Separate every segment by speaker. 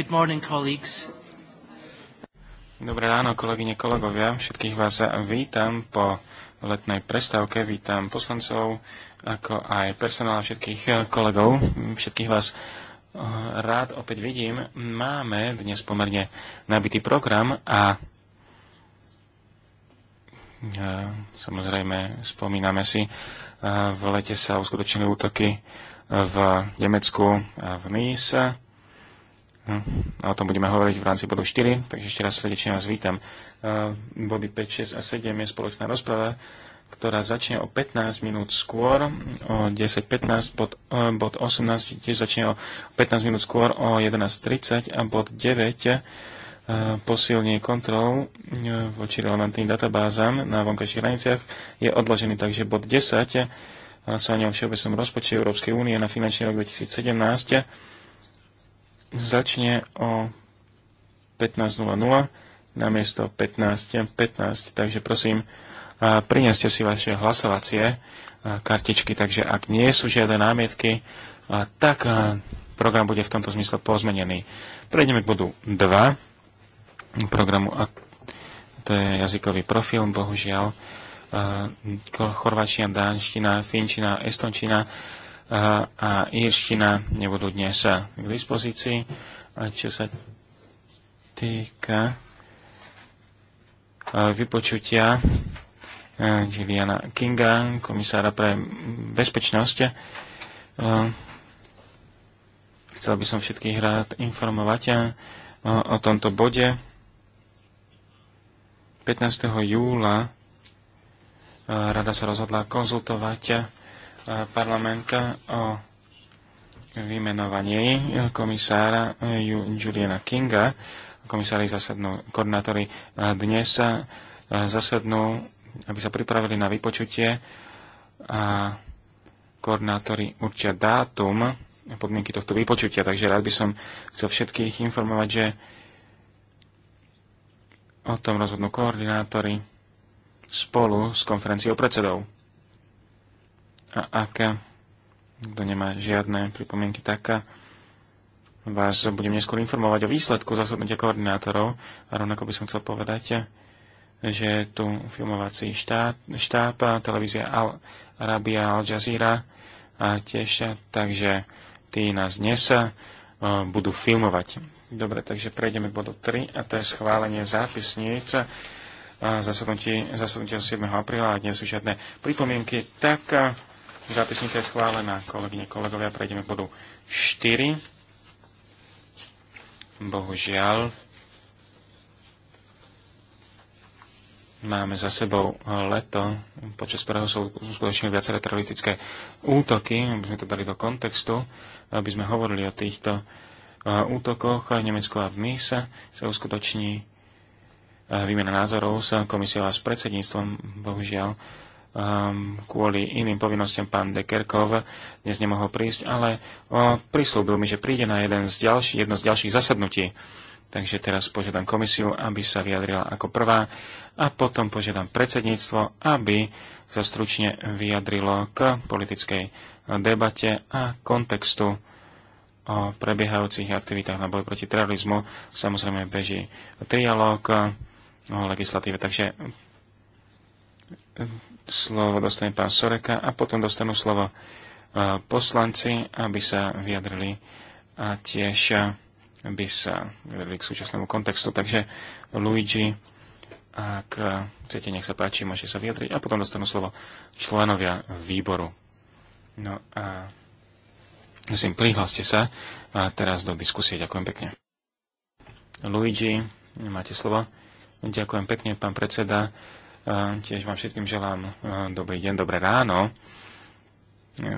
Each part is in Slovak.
Speaker 1: Good morning,
Speaker 2: colleagues.
Speaker 1: Dobré ráno, kolegyne, kolegovia. Všetkých vás vítam po letnej prestávke. Vítam poslancov, ako aj personál všetkých kolegov. Všetkých vás eh, rád opäť vidím. Máme dnes pomerne nabitý program a eh, samozrejme spomíname si, eh, v lete sa uskutočnili útoky v Nemecku a v Nice Hm. a o tom budeme hovoriť v rámci bodu 4, takže ešte raz srdečne vás vítam. Ehm, body 5, 6 a 7 je spoločná rozprava, ktorá začne o 15 minút skôr, o 10.15, e, bod, bod 18 tiež začne o 15 minút skôr, o 11.30 a bod 9 e, posilnenie kontrol e, voči relevantným databázam na vonkajších hraniciach je odložený, takže bod 10 sa o všeobecnom rozpočte Európskej únie na finančný rok 2017 začne o 15.00 namiesto 15.15, 15, takže prosím, prineste si vaše hlasovacie kartičky, takže ak nie sú žiadne námietky, tak program bude v tomto zmysle pozmenený. Prejdeme k bodu 2 programu a to je jazykový profil, bohužiaľ. Chorvačina, dánština, finčina, estončina a írština nebudú dnes k dispozícii. A čo sa týka e, vypočutia e, Juliana Kinga, komisára pre bezpečnosť, e, chcel by som všetkých rád informovať o tomto bode. 15. júla rada sa rozhodla konzultovať E, parlamenta o vymenovaní komisára e, Juliana Kinga. Komisári zasadnú, koordinátori e, dnes sa zasadnú, aby sa pripravili na vypočutie a koordinátori určia dátum a podmienky tohto vypočutia. Takže rád by som chcel všetkých informovať, že o tom rozhodnú koordinátori spolu s konferenciou predsedov. A aká, kto nemá žiadne pripomienky, taká vás budem neskôr informovať o výsledku zasadnutia koordinátorov. A rovnako by som chcel povedať, že tu filmovací štáb, televízia Al Arabia, Al Jazeera a tiež, takže tí nás dnes eh, budú filmovať. Dobre, takže prejdeme k bodu 3 a to je schválenie zápisníc eh, zasadnutia 7. apríla a dnes sú žiadne pripomienky. Tak eh, Zápisnica je schválená, kolegyne, kolegovia. Prejdeme k bodu 4. Bohužiaľ. Máme za sebou leto, počas ktorého sú skutočne viaceré teroristické útoky, aby sme to dali do kontextu, aby sme hovorili o týchto eh, útokoch v Nemecku a v Mise sa uskutoční eh, výmena názorov s komisiou a s predsedníctvom. Bohužiaľ, um, kvôli iným povinnostiam pán Dekerkov dnes nemohol prísť, ale o, prislúbil mi, že príde na jeden z ďalší, jedno z ďalších zasadnutí. Takže teraz požiadam komisiu, aby sa vyjadrila ako prvá a potom požiadam predsedníctvo, aby sa stručne vyjadrilo k politickej debate a kontextu o prebiehajúcich aktivitách na boj proti terorizmu. Samozrejme beží trialóg o legislatíve, takže slovo dostane pán Soreka a potom dostanú slovo e, poslanci, aby sa vyjadrili a tiež e, by sa vyjadrili k súčasnému kontextu. Takže Luigi, ak e, chcete, nech sa páči, môžete sa vyjadriť a potom dostanú slovo členovia výboru. No a musím, prihláste sa a teraz do diskusie. Ďakujem pekne. Luigi, máte slovo. Ďakujem pekne, pán predseda. Tiež vám všetkým želám e, dobrý deň, dobré ráno. E,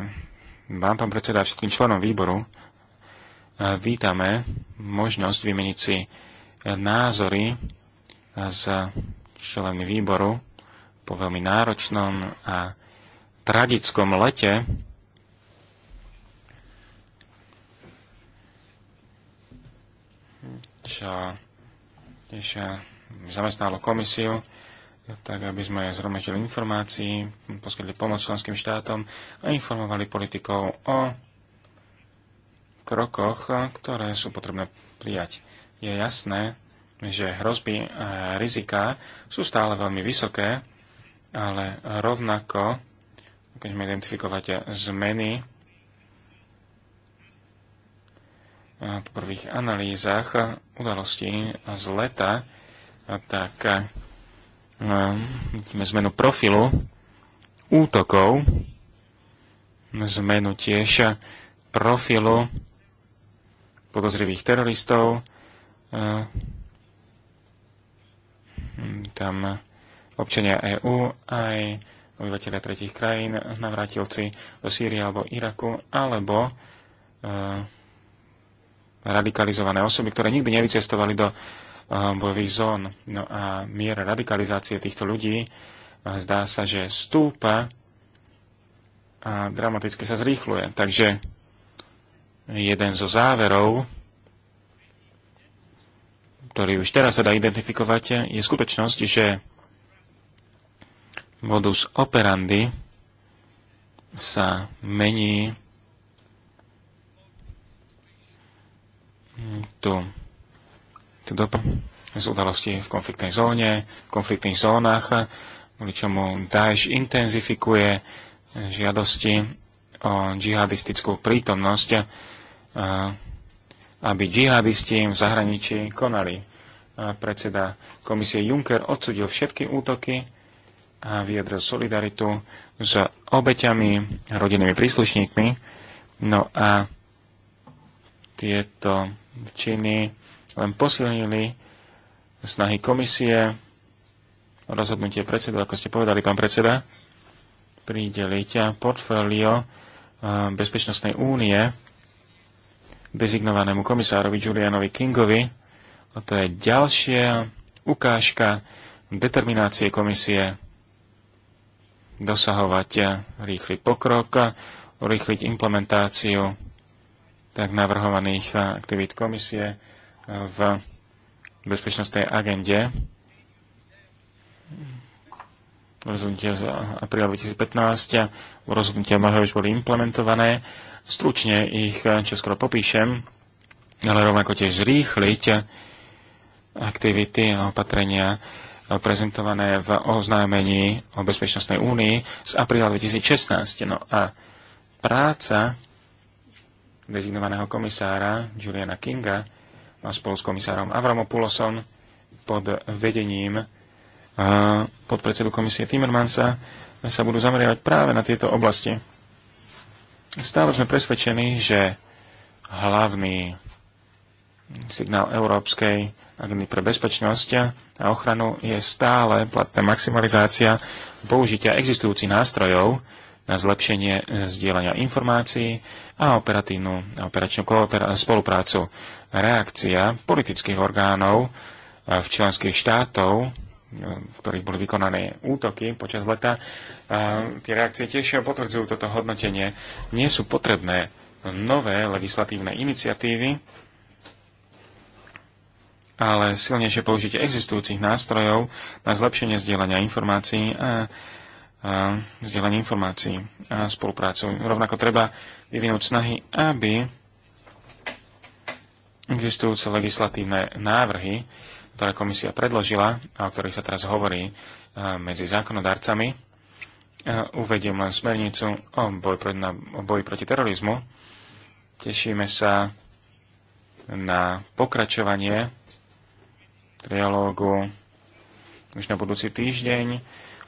Speaker 1: vám, pán predseda, všetkým členom výboru e, vítame možnosť vymeniť si názory s členmi výboru po veľmi náročnom a tragickom lete. Čo tiež zamestnalo komisiu tak aby sme zhromažili informácií, poskytli pomoc členským štátom a informovali politikov o krokoch, ktoré sú potrebné prijať. Je jasné, že hrozby a rizika sú stále veľmi vysoké, ale rovnako, keď sme identifikovať zmeny po prvých analýzach udalostí z leta, tak zmenu profilu útokov, zmenu tiež profilu podozrivých teroristov. E, tam občania EÚ aj obyvateľia tretich krajín, navrátilci do Sýrie alebo Iraku, alebo e, radikalizované osoby, ktoré nikdy nevycestovali do bojových zón. No a miera radikalizácie týchto ľudí zdá sa, že stúpa a dramaticky sa zrýchluje. Takže jeden zo záverov, ktorý už teraz sa dá identifikovať, je skutočnosť, že modus operandi sa mení hm, tu dob z udalostí v konfliktnej zóne, v konfliktných zónach, kvôli čomu Daesh intenzifikuje žiadosti o džihadistickú prítomnosť, aby džihadisti v zahraničí konali. Predseda komisie Juncker odsudil všetky útoky a vyjadril solidaritu s obeťami, rodinnými príslušníkmi. No a tieto činy len posilnili snahy komisie, rozhodnutie predsedu, ako ste povedali, pán predseda, prideliť portfólio Bezpečnostnej únie dezignovanému komisárovi Julianovi Kingovi. A to je ďalšia ukážka determinácie komisie dosahovať rýchly pokrok, urýchliť implementáciu tak navrhovaných aktivít komisie v bezpečnostnej agende rozhodnutia z apríla 2015 rozhodnutia mnohé už boli implementované. Stručne ich čoskoro popíšem, ale rovnako tiež zrýchliť aktivity a opatrenia prezentované v oznámení o Bezpečnostnej únii z apríla 2016. No a práca dezignovaného komisára Juliana Kinga spolu s komisárom Avramopulosom pod vedením podpredsedu komisie Timmermansa sa budú zameriavať práve na tieto oblasti. Stále sme presvedčení, že hlavný signál Európskej agendy pre bezpečnosť a ochranu je stále platná maximalizácia použitia existujúcich nástrojov na zlepšenie e, zdieľania informácií a operatívnu a operačnú spoluprácu. Reakcia politických orgánov e, v členských štátov, e, v ktorých boli vykonané útoky počas leta, tie reakcie tiež potvrdzujú toto hodnotenie. Nie sú potrebné nové legislatívne iniciatívy, ale silnejšie použitie existujúcich nástrojov na zlepšenie zdieľania informácií a vzdielanie informácií a spoluprácu. Rovnako treba vyvinúť snahy, aby existujúce legislatívne návrhy, ktoré komisia predložila a o ktorých sa teraz hovorí medzi zákonodarcami, uvediem len smernicu o boji proti, o boji proti terorizmu. Tešíme sa na pokračovanie trialógu už na budúci týždeň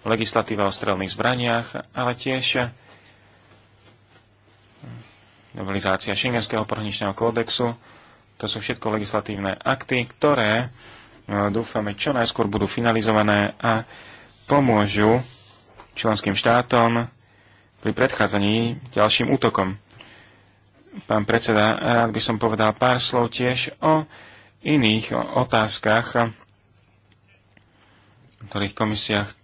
Speaker 1: legislatíva o strelných zbraniach, ale tiež novelizácia Schengenského prohničného kódexu. To sú všetko legislatívne akty, ktoré e, dúfame čo najskôr budú finalizované a pomôžu členským štátom pri predchádzaní ďalším útokom. Pán predseda, rád by som povedal pár slov tiež o iných otázkach ktorých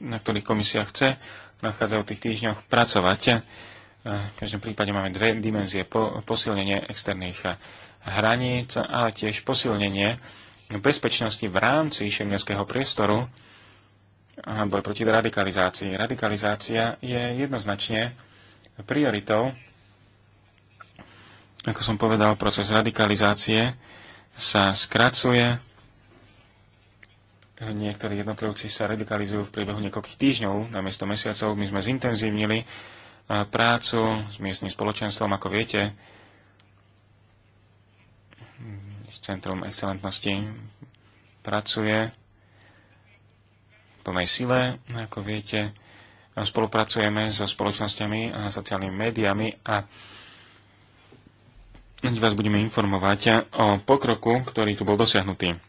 Speaker 1: na ktorých komisia chce v nadchádzajúcich týždňoch pracovať. V každom prípade máme dve dimenzie. Po, posilnenie externých hraníc, ale tiež posilnenie bezpečnosti v rámci šengenského priestoru a boj proti radikalizácii. Radikalizácia je jednoznačne prioritou. Ako som povedal, proces radikalizácie sa skracuje Niektorí jednotlivci sa radikalizujú v priebehu niekoľkých týždňov, namiesto mesiacov. My sme zintenzívnili prácu s miestnym spoločenstvom, ako viete, s Centrum excelentnosti pracuje v plnej sile, ako viete. Spolupracujeme so spoločnosťami a sociálnymi médiami a vás budeme informovať o pokroku, ktorý tu bol dosiahnutý.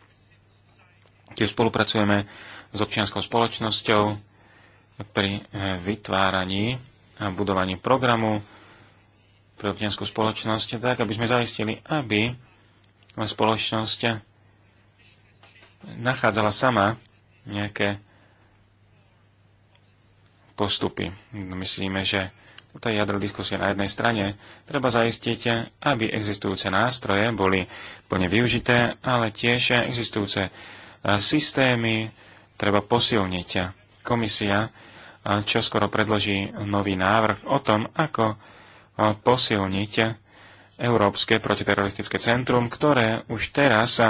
Speaker 1: Tiež spolupracujeme s občianskou spoločnosťou pri eh, vytváraní a budovaní programu pre občianskú spoločnosť, tak aby sme zaistili, aby spoločnosť nachádzala sama nejaké postupy. Myslíme, že to je jadro diskusie na jednej strane. Treba zaistiť, aby existujúce nástroje boli plne využité, ale tiež existujúce systémy treba posilniť. Komisia čoskoro predloží nový návrh o tom, ako posilniť Európske protiteroristické centrum, ktoré už teraz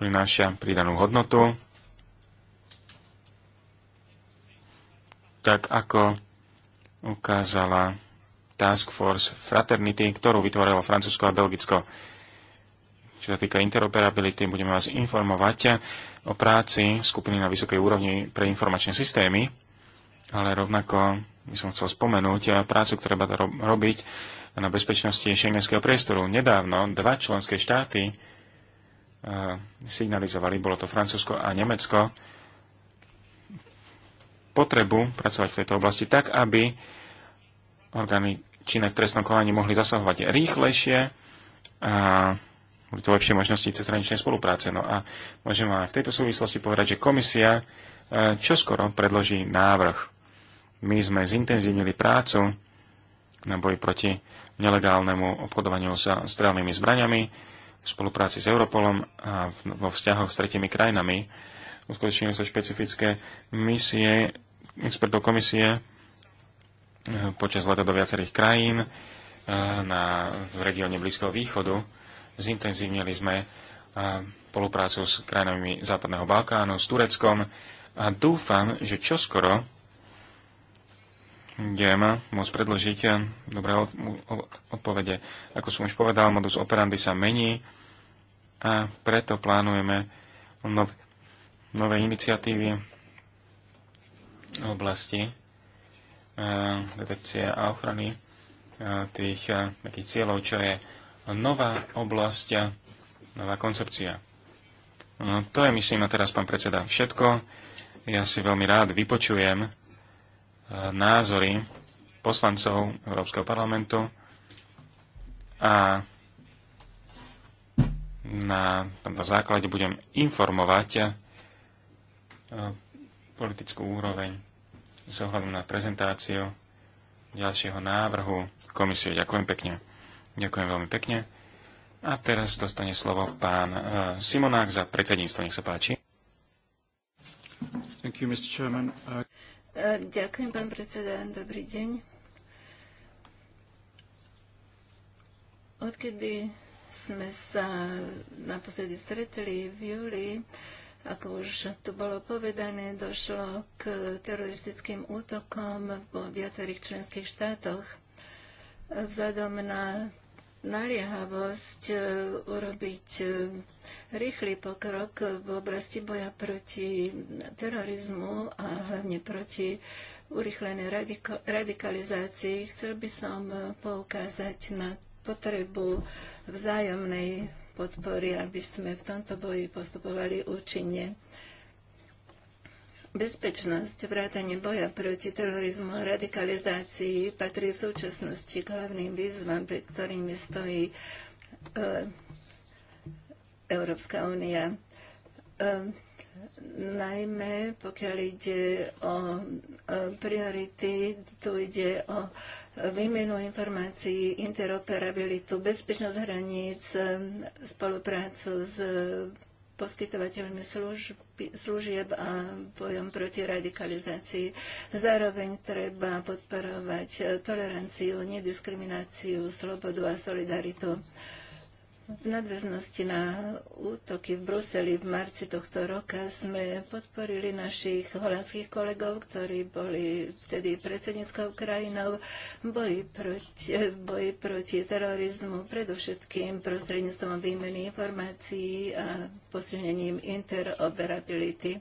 Speaker 1: prináša pridanú hodnotu, tak ako ukázala Task Force Fraternity, ktorú vytvorilo Francúzsko a Belgicko. Čo sa týka interoperability, budeme vás informovať o práci skupiny na vysokej úrovni pre informačné systémy, ale rovnako by som chcel spomenúť prácu, ktorá bude ro robiť na bezpečnosti šengenského priestoru. Nedávno dva členské štáty e, signalizovali, bolo to Francúzsko a Nemecko, potrebu pracovať v tejto oblasti tak, aby orgány činné v trestnom konaní mohli zasahovať rýchlejšie a boli to lepšie možnosti cezhraničnej spolupráce. No a môžem aj v tejto súvislosti povedať, že komisia e, čoskoro predloží návrh. My sme zintenzívnili prácu na boji proti nelegálnemu obchodovaniu sa strelnými zbraniami v spolupráci s Europolom a vo vzťahoch s tretimi krajinami. Uskutočnili sa špecifické misie expertov komisie e, počas leta do viacerých krajín e, na, v regióne Blízkeho východu Zintenzívnili sme eh, spoluprácu s krajinami Západného Balkánu, s Tureckom a dúfam, že čoskoro budem môcť predložiť eh, dobré odpovede. Ako som už povedal, modus operandi sa mení a preto plánujeme nov, nové iniciatívy v oblasti eh, detekcie a ochrany tých takých cieľov, čo je nová oblasť, nová koncepcia. No, to je, myslím, na teraz, pán predseda, všetko. Ja si veľmi rád vypočujem e, názory poslancov Európskeho parlamentu a na tomto základe budem informovať e, politickú úroveň s ohľadom na prezentáciu ďalšieho návrhu komisie. Ďakujem pekne. Ďakujem veľmi pekne. A teraz dostane slovo pán e, Simonák za predsedníctvo. Nech sa páči.
Speaker 2: You, uh,
Speaker 3: e, Ďakujem, pán predseda. Dobrý deň. Odkedy sme sa naposledy stretli v júli, ako už tu bolo povedané, došlo k teroristickým útokom vo viacerých členských štátoch. Vzhľadom na naliehavosť e, urobiť e, rýchly pokrok v oblasti boja proti terorizmu a hlavne proti urychlenej radikalizácii, chcel by som e, poukázať na potrebu vzájomnej podpory, aby sme v tomto boji postupovali účinne. Bezpečnosť, vrátanie boja proti terorizmu a radikalizácii patrí v súčasnosti k hlavným výzvam, pred ktorými stojí e, Európska únia. E, najmä pokiaľ ide o e, priority, tu ide o výmenu informácií, interoperabilitu, bezpečnosť hraníc, e, spoluprácu s e, poskytovateľmi služb služieb a bojom proti radikalizácii. Zároveň treba podporovať toleranciu, nediskrimináciu, slobodu a solidaritu. V nadväznosti na útoky v Bruseli v marci tohto roka sme podporili našich holandských kolegov, ktorí boli vtedy predsednickou krajinou v boji proti, boji proti terorizmu, predovšetkým prostredníctvom výmeny informácií a posilnením interoperability.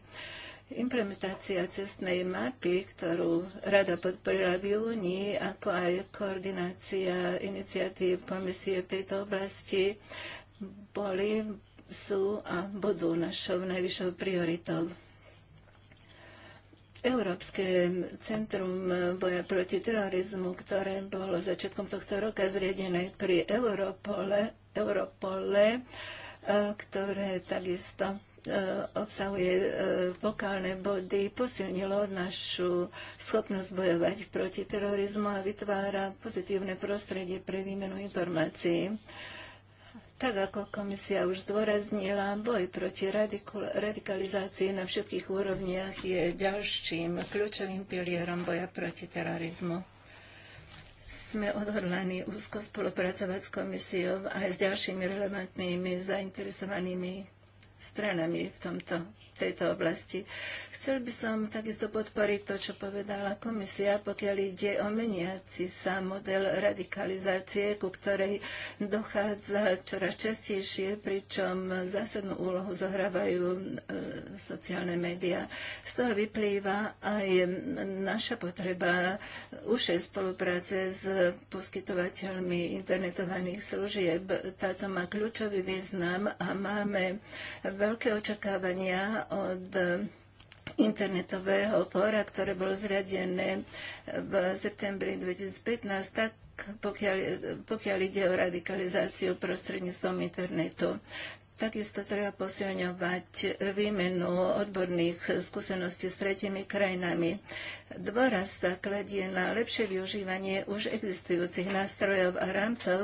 Speaker 3: Implementácia cestnej mapy, ktorú rada podporila v júni, ako aj koordinácia iniciatív komisie v tejto oblasti, boli, sú a budú našou najvyššou prioritou. Európske centrum boja proti terorizmu, ktoré bolo začiatkom tohto roka zriadené pri Europole, Europole eh, ktoré takisto E, obsahuje e, vokálne body, posilnilo našu schopnosť bojovať proti terorizmu a vytvára pozitívne prostredie pre výmenu informácií. Tak ako komisia už zdôraznila, boj proti radikalizácii na všetkých úrovniach je ďalším kľúčovým pilierom boja proti terorizmu. Sme odhodlaní úzko spolupracovať s komisiou aj s ďalšími relevantnými zainteresovanými stranami v tomto tejto oblasti. Chcel by som takisto podporiť to, čo povedala komisia, pokiaľ ide o meniaci sa model radikalizácie, ku ktorej dochádza čoraz častejšie, pričom zásadnú úlohu zohrávajú e, sociálne médiá. Z toho vyplýva aj naša potreba ušej spolupráce s poskytovateľmi internetovaných služieb. Táto má kľúčový význam a máme veľké očakávania od internetového fóra, ktoré bolo zriadené v septembri 2015, tak pokiaľ, pokiaľ ide o radikalizáciu prostredníctvom internetu. Takisto treba posilňovať výmenu odborných skúseností s tretimi krajinami. Dôraz sa kladie na lepšie využívanie už existujúcich nástrojov a rámcov,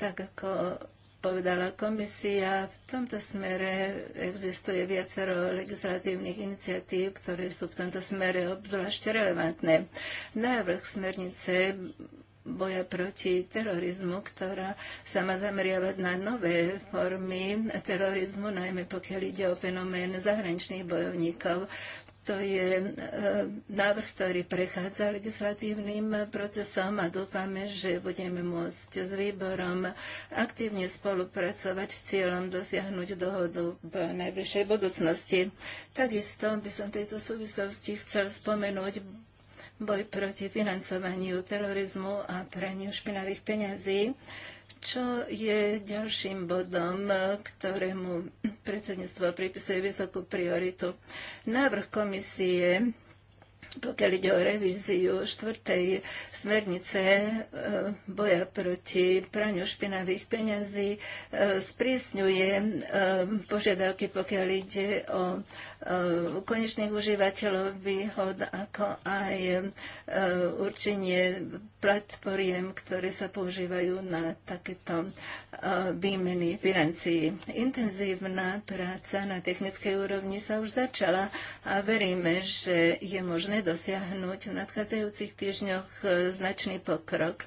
Speaker 3: tak ako povedala komisia. V tomto smere existuje viacero legislatívnych iniciatív, ktoré sú v tomto smere obzvlášť relevantné. Návrh smernice boja proti terorizmu, ktorá sa má zameriavať na nové formy terorizmu, najmä pokiaľ ide o fenomén zahraničných bojovníkov. To je e, návrh, ktorý prechádza legislatívnym procesom a dúfame, že budeme môcť s výborom aktívne spolupracovať s cieľom dosiahnuť dohodu v najbližšej budúcnosti. Takisto by som v tejto súvislosti chcel spomenúť boj proti financovaniu terorizmu a praniu špinavých peňazí čo je ďalším bodom, ktorému predsedníctvo pripisuje vysokú prioritu. Návrh komisie pokiaľ ide o revíziu štvrtej smernice e, boja proti praniu špinavých peňazí, e, sprísňuje e, požiadavky, pokiaľ ide o E, konečných užívateľov výhod, ako aj e, určenie platformiem, ktoré sa používajú na takéto e, výmeny financií. Intenzívna práca na technickej úrovni sa už začala a veríme, že je možné dosiahnuť v nadchádzajúcich týždňoch značný pokrok.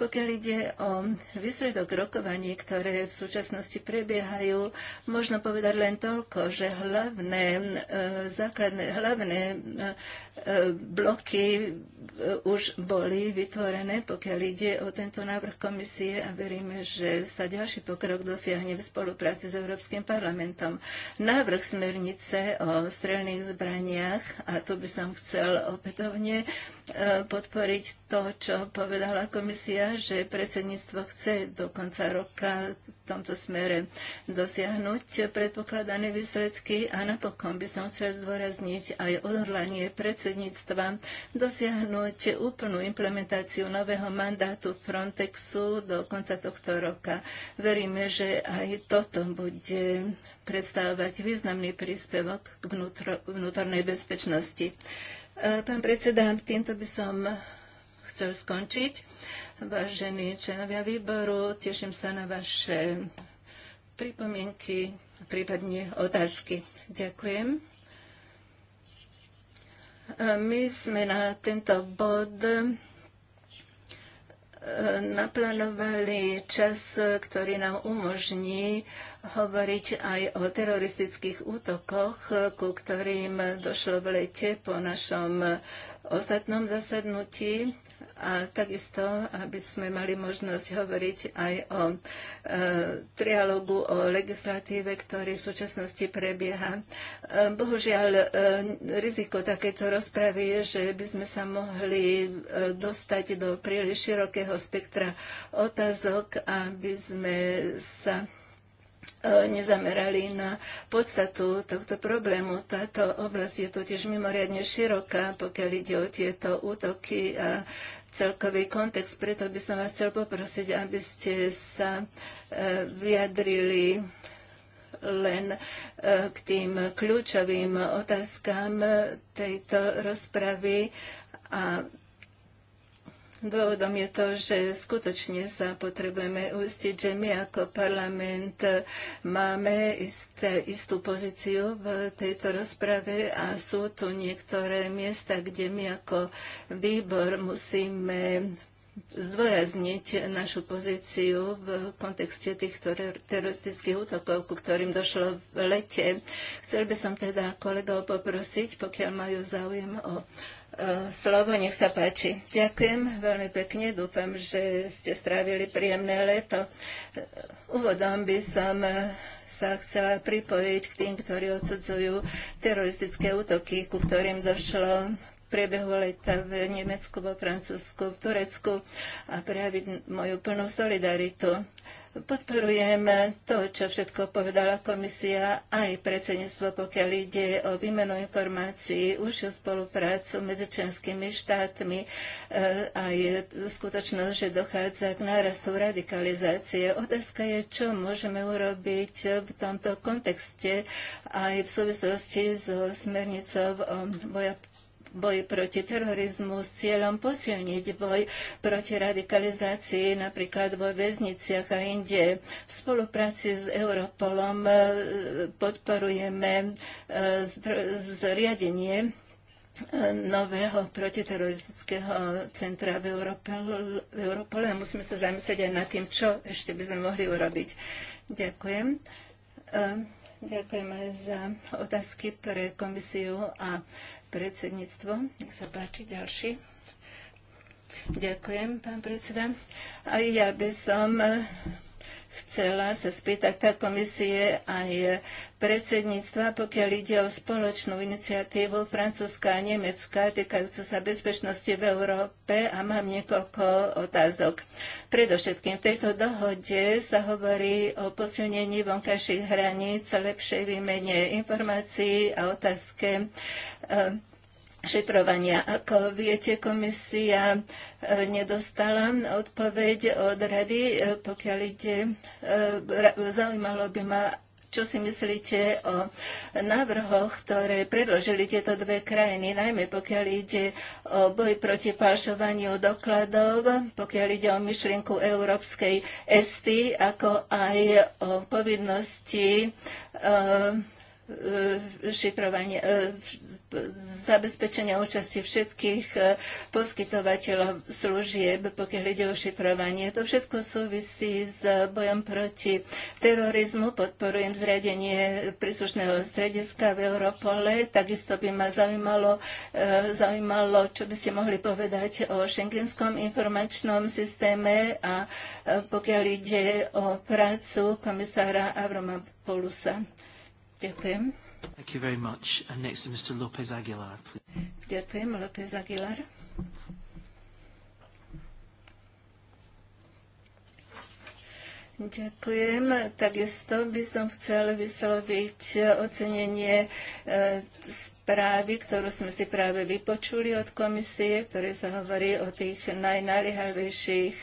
Speaker 3: Pokiaľ ide o výsledok rokovaní, ktoré v súčasnosti prebiehajú, možno povedať len toľko, že hlavné, e, základné, hlavné e, bloky e, už boli vytvorené, pokiaľ ide o tento návrh komisie a veríme, že sa ďalší pokrok dosiahne v spolupráci s Európskym parlamentom. Návrh smernice o strelných zbraniach, a tu by som chcel opätovne e, podporiť to, čo povedala komisia, že predsedníctvo chce do konca roka v tomto smere dosiahnuť predpokladané výsledky a napokon by som chcel zdôrazniť aj odhodlanie predsedníctva predsedníctva dosiahnuť úplnú implementáciu nového mandátu Frontexu do konca tohto roka. Veríme, že aj toto bude predstavovať významný príspevok k vnútro, vnútornej bezpečnosti. E, pán predseda, týmto by som chcel skončiť. Vážení členovia výboru, teším sa na vaše pripomienky, prípadne otázky. Ďakujem. My sme na tento bod e, naplánovali čas, ktorý nám umožní hovoriť aj o teroristických útokoch, ku ktorým došlo v lete po našom ostatnom zasadnutí a takisto, aby sme mali možnosť hovoriť aj o e, trialogu, o legislatíve, ktorý v súčasnosti prebieha. E, bohužiaľ, e, riziko takéto rozpravy je, že by sme sa mohli e, dostať do príliš širokého spektra otázok, aby sme sa e, nezamerali na podstatu tohto problému. Táto oblasť je totiž mimoriadne široká, pokiaľ ide o tieto útoky a celkový kontext. Preto by som vás chcel poprosiť, aby ste sa e, vyjadrili len e, k tým kľúčovým otázkam tejto rozpravy a Dôvodom je to, že skutočne sa potrebujeme uistiť, že my ako parlament máme isté, istú pozíciu v tejto rozprave a sú tu niektoré miesta, kde my ako výbor musíme zdôrazniť našu pozíciu v kontexte týchto teroristických útokov, ku ktorým došlo v lete. Chcel by som teda kolegov poprosiť, pokiaľ majú záujem o e, slovo, nech sa páči. Ďakujem veľmi pekne, dúfam, že ste strávili príjemné leto. Úvodom by som e, sa chcela pripojiť k tým, ktorí odsudzujú teroristické útoky, ku ktorým došlo priebehu leta v Nemecku, vo Francúzsku, v Turecku a prejaviť moju plnú solidaritu. Podporujem to, čo všetko povedala komisia, aj predsedníctvo, pokiaľ ide o výmenu informácií, užšiu spoluprácu medzi členskými štátmi, e, aj skutočnosť, že dochádza k nárastu radikalizácie. Otázka je, čo môžeme urobiť v tomto kontexte aj v súvislosti so smernicou o boja boji proti terorizmu s cieľom posilniť boj proti radikalizácii napríklad vo väzniciach a inde. V spolupráci s Europolom e, podporujeme e, zriadenie e, nového protiteroristického centra v Europole, a musíme sa zamyslieť aj nad tým, čo ešte by sme mohli urobiť. Ďakujem. Ďakujem aj za otázky pre komisiu a predsedníctvo. Nech sa páči ďalší. Ďakujem, pán predseda. Aj ja by som chcela sa spýtať tak komisie aj predsedníctva, pokiaľ ide o spoločnú iniciatívu Francúzska a Nemecka týkajúcu sa bezpečnosti v Európe a mám niekoľko otázok. Predovšetkým v tejto dohode sa hovorí o posilnení vonkajších hraníc, lepšej výmene informácií a otázke eh, šetrovania. Ako viete, komisia e, nedostala odpoveď od rady, e, pokiaľ ide, e, zaujímalo by ma, čo si myslíte o návrhoch, ktoré predložili tieto dve krajiny, najmä pokiaľ ide o boj proti falšovaniu dokladov, pokiaľ ide o myšlienku európskej esty, ako aj o povinnosti E, šifrovanie, e, zabezpečenia účasti všetkých e, poskytovateľov služieb, pokiaľ ide o šifrovanie. To všetko súvisí s bojom proti terorizmu. Podporujem zradenie príslušného strediska v Europole. Takisto by ma zaujímalo, zaujímalo čo by ste mohli povedať o šengenskom informačnom systéme a pokiaľ ide o prácu komisára Avroma Polusa. Ďakujem.
Speaker 2: Thank you very much. And next to Mr. López Aguilar, please.
Speaker 3: Ďakujem, López Aguilar. Ďakujem. Takisto by som chcel vysloviť eh, ocenenie eh, správy, ktorú sme si práve vypočuli od komisie, ktoré sa hovorí o tých najnaliehavejších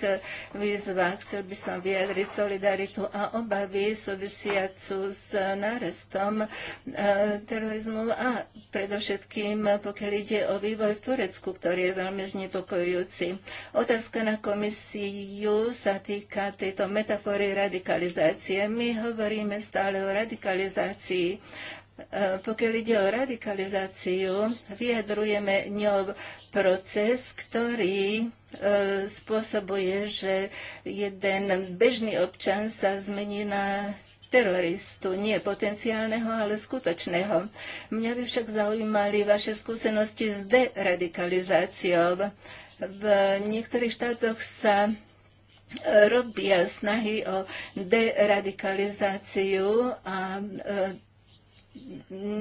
Speaker 3: výzvach. Chcel by som vyjadriť solidaritu a obavy súvisiacu s nárastom e, terorizmu a predovšetkým, pokiaľ ide o vývoj v Turecku, ktorý je veľmi znepokojujúci. Otázka na komisiu sa týka tejto metafory radikalizácie. My hovoríme stále o radikalizácii E, pokiaľ ide o radikalizáciu, vyjadrujeme ňou proces, ktorý e, spôsobuje, že jeden bežný občan sa zmení na teroristu, nie potenciálneho, ale skutočného. Mňa by však zaujímali vaše skúsenosti s deradikalizáciou. V niektorých štátoch sa e, robia snahy o deradikalizáciu a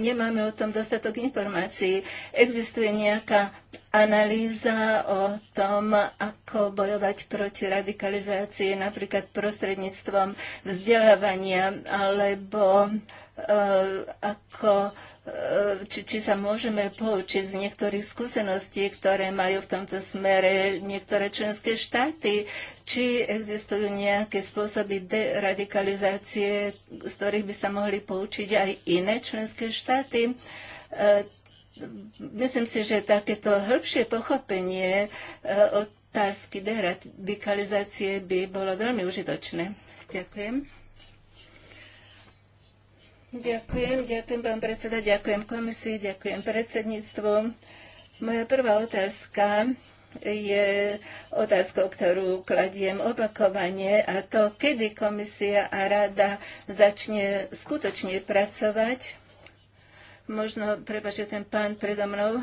Speaker 3: nemáme o tom dostatok informácií. Existuje nejaká analýza o tom, ako bojovať proti radikalizácii napríklad prostredníctvom vzdelávania alebo eh, ako, eh, či, či sa môžeme poučiť z niektorých skúseností, ktoré majú v tomto smere niektoré členské štáty, či existujú nejaké spôsoby deradikalizácie, z ktorých by sa mohli poučiť aj iné členské štáty eh, myslím si, že takéto hĺbšie pochopenie e, otázky deradikalizácie by bolo veľmi užitočné. Ďakujem. Ďakujem, ďakujem pán predseda, ďakujem komisii, ďakujem predsedníctvu. Moja prvá otázka je otázkou, ktorú kladiem opakovane a to, kedy komisia a rada začne skutočne pracovať Možno, prepačte, ten pán predo mnou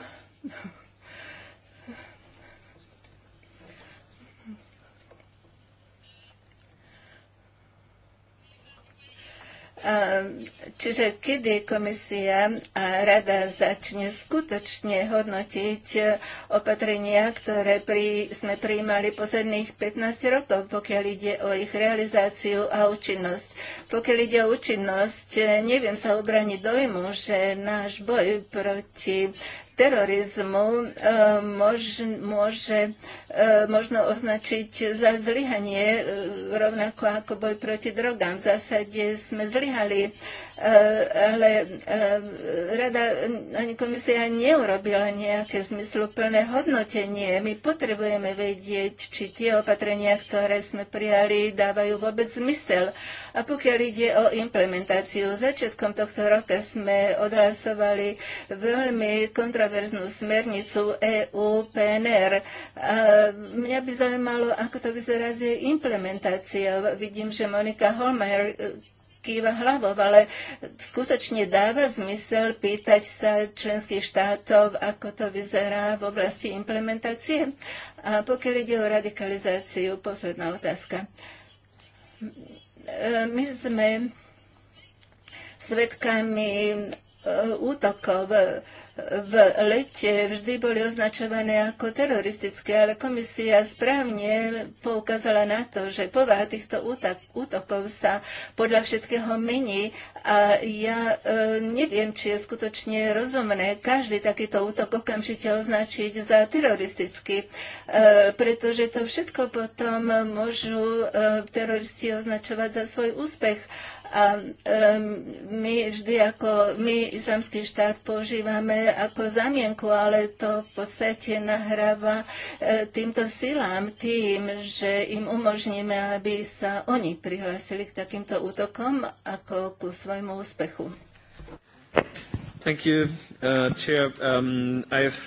Speaker 3: Čiže kedy komisia a rada začne skutočne hodnotiť opatrenia, ktoré pri, sme prijímali posledných 15 rokov, pokiaľ ide o ich realizáciu a účinnosť. Pokiaľ ide o účinnosť, neviem sa obraniť dojmu, že náš boj proti terorizmu e, mož, môže e, možno označiť za zlyhanie, e, rovnako ako boj proti drogám. V zásade sme zlyhali, ale rada ani komisia neurobila nejaké zmysluplné hodnotenie. My potrebujeme vedieť, či tie opatrenia, ktoré sme prijali, dávajú vôbec zmysel. A pokiaľ ide o implementáciu, začiatkom tohto roka sme odhlasovali veľmi kontrolované kontroverznú smernicu EU PNR. A mňa by zaujímalo, ako to vyzerá z jej implementáciou. Vidím, že Monika Holmeier e, kýva hlavou, ale skutočne dáva zmysel pýtať sa členských štátov, ako to vyzerá v oblasti implementácie. A pokiaľ ide o radikalizáciu, posledná otázka. E, my sme svedkami Eh, útokov v lete vždy boli označované ako teroristické, ale komisia správne poukázala na to, že povaha týchto útokov sa podľa všetkého mení a ja eh, neviem, či je skutočne rozumné každý takýto útok okamžite označiť za teroristický, eh, pretože to všetko potom môžu teroristi označovať za svoj úspech a my vždy ako, my islamský štát používame ako zamienku, ale to v podstate nahráva e, týmto silám tým, že im umožníme, aby sa oni prihlásili k takýmto útokom ako ku svojmu úspechu.
Speaker 2: Thank you, uh, Chair. Um, I have...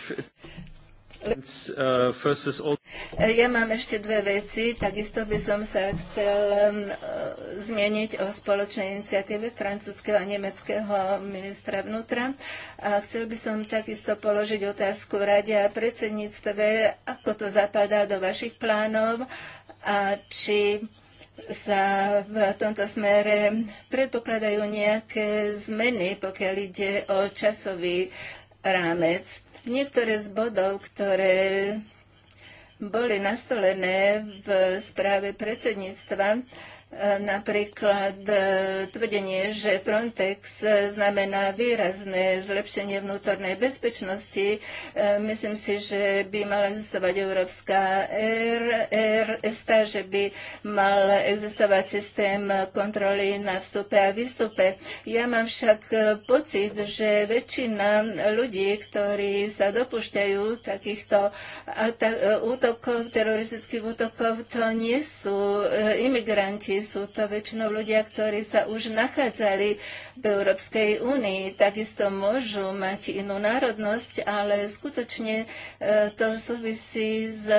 Speaker 3: Ja mám ešte dve veci. Takisto by som sa chcel um, e, zmieniť o spoločnej iniciatíve francúzského a nemeckého ministra vnútra. A chcel by som takisto položiť otázku rade a predsedníctve, ako to zapadá do vašich plánov a či sa v tomto smere predpokladajú nejaké zmeny, pokiaľ ide o časový rámec. Niektoré z bodov, ktoré boli nastolené v správe predsedníctva, Napríklad e, tvrdenie, že Frontex e, znamená výrazné zlepšenie vnútornej bezpečnosti. E, myslím si, že by mala existovať Európska RSTA, že by mal existovať systém kontroly na vstupe a výstupe. Ja mám však pocit, že väčšina ľudí, ktorí sa dopúšťajú takýchto útokov, teroristických útokov, to nie sú imigranti, sú to väčšinou ľudia, ktorí sa už nachádzali v Európskej únii. Takisto môžu mať inú národnosť, ale skutočne e, to súvisí s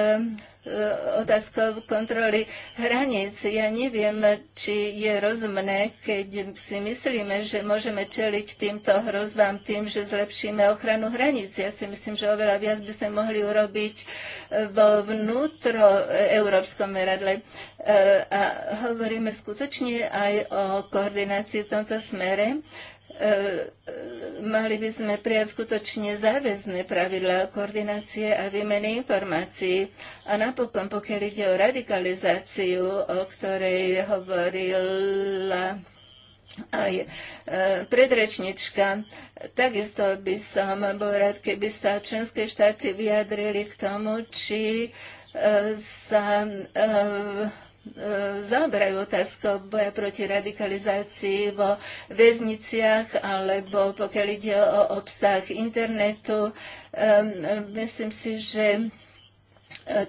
Speaker 3: E, otázkou kontroly hraníc. Ja neviem, či je rozumné, keď si myslíme, že môžeme čeliť týmto hrozbám tým, že zlepšíme ochranu hraníc. Ja si myslím, že oveľa viac by sme mohli urobiť vo vnútro európskom meradle. E, a hovoríme skutočne aj o koordinácii v tomto smere. E, e, mali by sme prijať skutočne pravidla pravidlá koordinácie a výmeny informácií. A napokon, pokiaľ ide o radikalizáciu, o ktorej hovorila aj e, predrečnička. Takisto by som bol rád, keby sa členské štáty vyjadrili k tomu, či sa zaoberajú otázkou boja proti radikalizácii vo väzniciach alebo pokiaľ ide o obsah internetu. Myslím si, že e,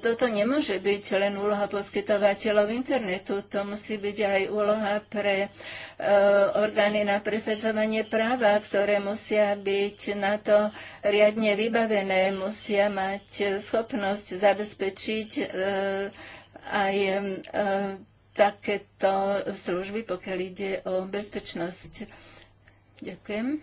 Speaker 3: toto nemôže byť len úloha poskytovateľov internetu, to musí byť aj úloha pre e, orgány na presadzovanie práva, ktoré musia byť na to riadne vybavené, musia mať schopnosť zabezpečiť e, aj takéto služby, pokiaľ ide o bezpečnosť. Ďakujem.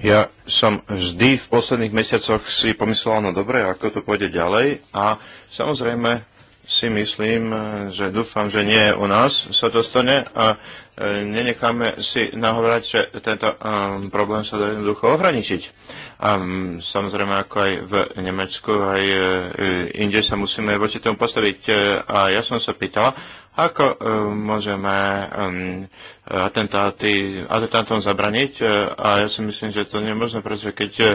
Speaker 2: Ja som vždy v posledných mesiacoch si pomyslela, no dobre, ako to pôjde ďalej a samozrejme si myslím, že dúfam, že nie u nás sa to stane a E, nenecháme si nahovorať, že tento um, problém sa dá jednoducho ohraničiť. A um, samozrejme, ako aj v Nemecku, aj uh, inde sa musíme voči tomu postaviť. E, a ja som sa pýtala, ako eh, môžeme atentáty, atentátom zabraniť? Eh, a ja si myslím, že to nie je možné, pretože keď eh,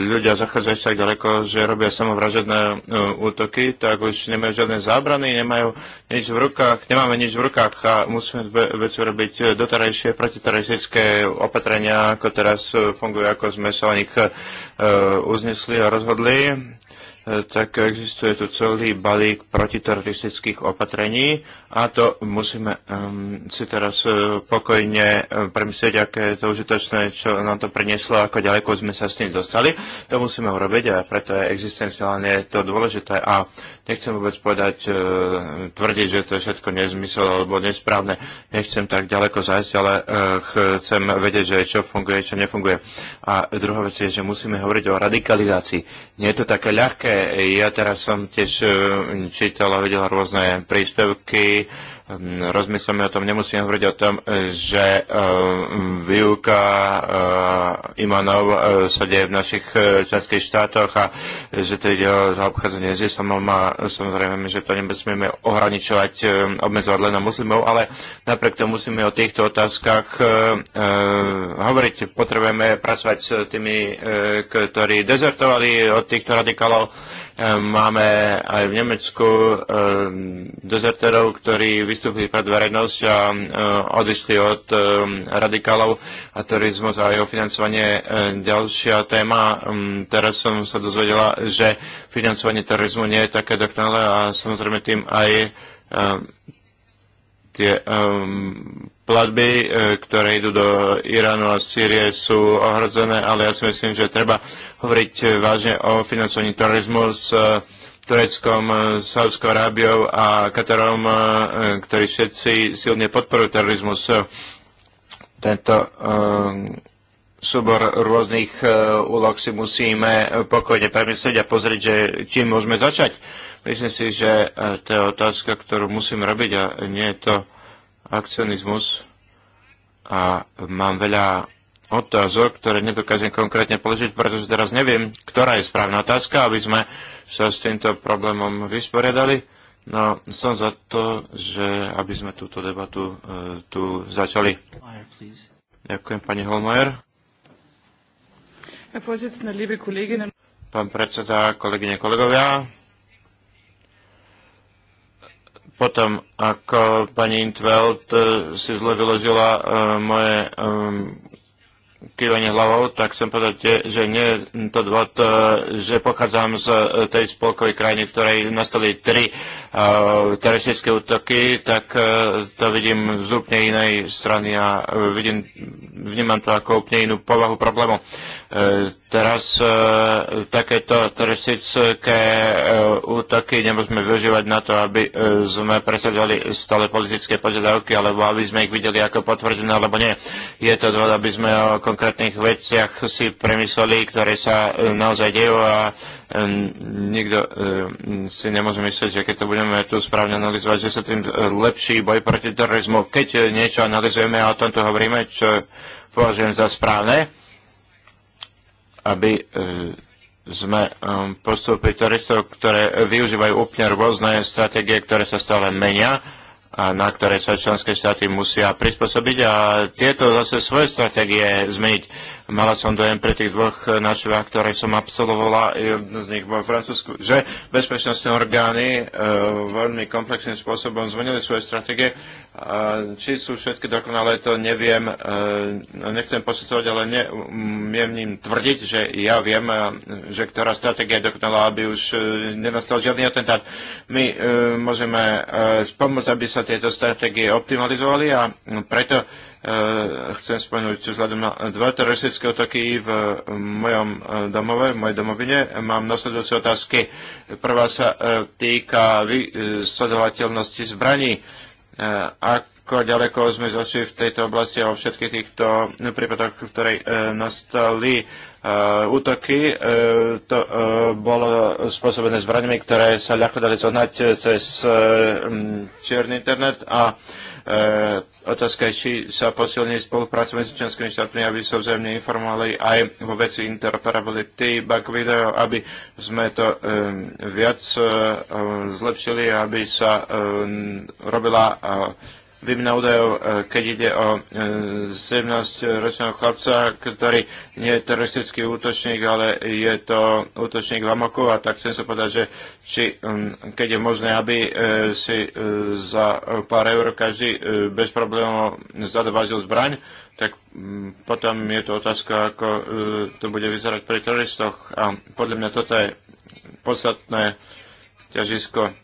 Speaker 2: ľudia zachádzajú tak ďaleko, že robia samovražedné útoky, tak už nemajú žiadne zábrany, nemajú nič v rukách, nemáme nič v rukách a musíme veci robiť doterajšie protiteroristické opatrenia, ako teraz fungujú, ako sme sa o nich uznesli a rozhodli E, tak existuje tu celý balík protiteroristických opatrení a to musíme um, si teraz uh, pokojne um, premyslieť, aké je to užitočné, čo nám to prinieslo, ako ďaleko sme sa s tým dostali. To musíme urobiť a preto je existenciálne to dôležité a nechcem vôbec povedať, uh, tvrdiť, že to je všetko nezmysel alebo nesprávne. Nechcem tak ďaleko zájsť, ale uh, chcem vedieť, že čo funguje, čo nefunguje. A druhá vec je, že musíme hovoriť o radikalizácii. Nie je to také ľahké, ja teraz som tiež eh, čítal a videl rôzne príspevky rozmyslíme o tom, nemusíme hovoriť o tom, že e, výuka e, imanov e, sa deje v našich členských štátoch a že to ide o obchádzanie s islamom a samozrejme, že to nebesmieme ohraničovať, obmedzovať len na muslimov, ale napriek tomu musíme o týchto otázkach hovoriť. Potrebujeme pracovať s tými, ktorí dezertovali od týchto radikálov Ehm, máme aj v Nemecku ehm, dezerterov, ktorí vystúpili pred verejnosť a ehm, odišli od radikálov a turizmus a jeho financovanie ďalšia téma. Teraz som sa dozvedela, že financovanie terorizmu nie je také dokonalé a samozrejme tým aj tie um, platby, e, ktoré idú do Iránu a Sýrie, sú ohrozené, ale ja si myslím, že treba hovoriť vážne o financovaní terorizmu s e, Tureckom, e, Sávskou Arábiou a Katarom, ktorí všetci silne podporujú terorizmus. Tento um, súbor rôznych uh, úloh si musíme pokojne premyslieť a pozrieť, že čím môžeme začať. Myslím si, že to je otázka, ktorú musím robiť a nie je to akcionizmus a mám veľa otázok, ktoré nedokážem konkrétne položiť, pretože teraz neviem, ktorá je správna otázka, aby sme sa s týmto problémom vysporiadali. No, som za to, že aby sme túto debatu e, tu začali. Ďakujem, pani Holmajer. Pán predseda, kolegyne, kolegovia, potom, ako pani Intveld eh, si zle vyložila eh, moje eh, kývanie hlavou, tak chcem povedať, že nie to dôvod, že pochádzam z tej spolkovej krajiny, v ktorej nastali tri uh, teroristické útoky, tak uh, to vidím z úplne inej strany a vidím, vnímam to ako úplne inú povahu problému. E, teraz e, takéto teroristické e, útoky nemôžeme využívať na to, aby sme presadzovali stále politické požiadavky, alebo aby sme ich videli ako potvrdené, alebo nie. Je to dôvod, aby sme o konkrétnych veciach si premysleli, ktoré sa naozaj dejú a nikto si nemôže myslieť, že keď to budeme tu správne analyzovať, že sa tým lepší boj proti terorizmu. Keď niečo analyzujeme a o tomto hovoríme, čo považujem za správne, aby e, sme e, postupili, turistov, ktoré využívajú úplne rôzne stratégie, ktoré sa stále menia a na ktoré sa členské štáty musia prispôsobiť a tieto zase svoje stratégie zmeniť. Mala som dojem pre tých dvoch eh, našich, ktoré som absolvovala, jedno z nich vo Francúzsku, že bezpečnostné orgány e, veľmi komplexným spôsobom zmenili svoje stratégie. Či sú všetky dokonalé, to neviem, e, nechcem posudzovať, ale neviem miem tvrdiť, že ja viem, že ktorá stratégia je dokonalá, aby už nenastal žiadny atentát. My e, môžeme e, spomôcť, aby sa tieto stratégie optimalizovali a preto e, Eh, chcem spomenúť vzhľadom na dva teroristické otoky v mojom eh, domove, v mojej domovine. Mám nasledujúce otázky. Prvá sa eh, týka sledovateľnosti zbraní. Ako ďaleko sme zašli v tejto oblasti a vo všetkých týchto prípadoch, v ktorej nastali útoky. To bolo spôsobené zbraniami, ktoré sa ľahko dali zohnať cez čierny internet a E, otázka je, či sa posilní spolupráca medzi členskými štátmi, aby sa vzájomne informovali aj vo veci interoperability back video, aby sme to e, viac e, zlepšili, aby sa robila výmena údajov, e, keď ide o 17-ročného e, chlapca, ktorý nie je teroristický útočník, ale je to útočník v Amoku a tak chcem sa povedať, že či, keď je možné, aby e, si za pár eur každý bez problémov zadovážil zbraň, tak potom je to otázka, ako to bude vyzerať pri teroristoch a podľa mňa toto je podstatné ťažisko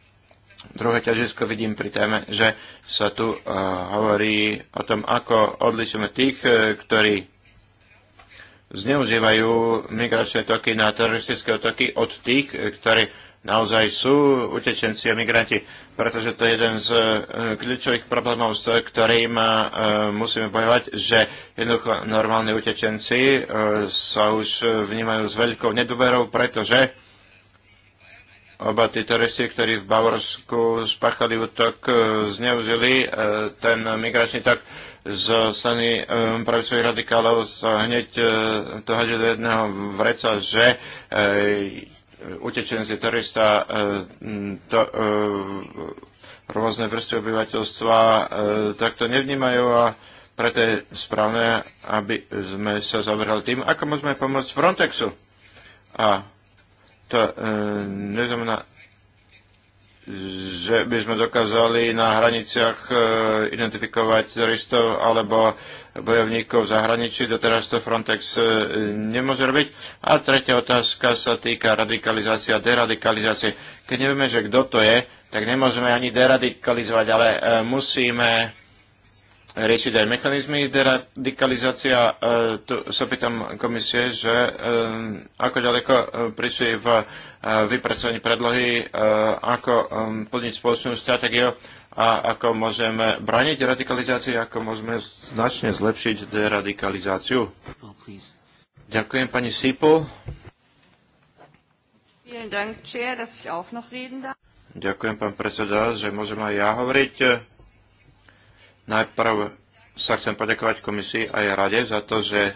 Speaker 2: druhé ťažisko vidím pri téme, že sa tu eh, hovorí o tom, ako odlišujeme tých, eh, ktorí zneužívajú migračné toky na teroristické toky od tých, eh, ktorí naozaj sú utečenci a migranti, pretože to je jeden z kľúčových problémov, s ktorým musíme bojovať, že jednoducho normálni utečenci sa už vnímajú s veľkou nedôverou, pretože Oba títo teroristi, ktorí v Bavorsku spáchali útok, e, zneužili e, ten migračný tak z strany e, pravicových radikálov sa hneď to hodí do jedného vreca, že utečenci terorista to, rôzne vrstvy obyvateľstva takto nevnímajú a preto je správne, aby sme sa zaberali tým, ako môžeme pomôcť Frontexu. A to e, neznamená, že by sme dokázali na hraniciach e, identifikovať teroristov alebo bojovníkov v zahraničí. Doteraz to Frontex e, nemôže robiť. A tretia otázka sa týka radikalizácie a deradikalizácie. Keď nevieme, že kto to je, tak nemôžeme ani deradikalizovať, ale e, musíme riešiť aj mechanizmy deradikalizácia. E, tu sa pýtam komisie, že e, ako ďaleko e, prišli v vypracovaní predlohy, ako plniť spoločnú stratégiu a ako môžeme braniť radikalizácii, ako môžeme značne zlepšiť deradikalizáciu. Ďakujem pani Sipol. Ďakujem, pán predseda, že môžem aj ja hovoriť. Najprv sa chcem poďakovať komisii aj rade za to, že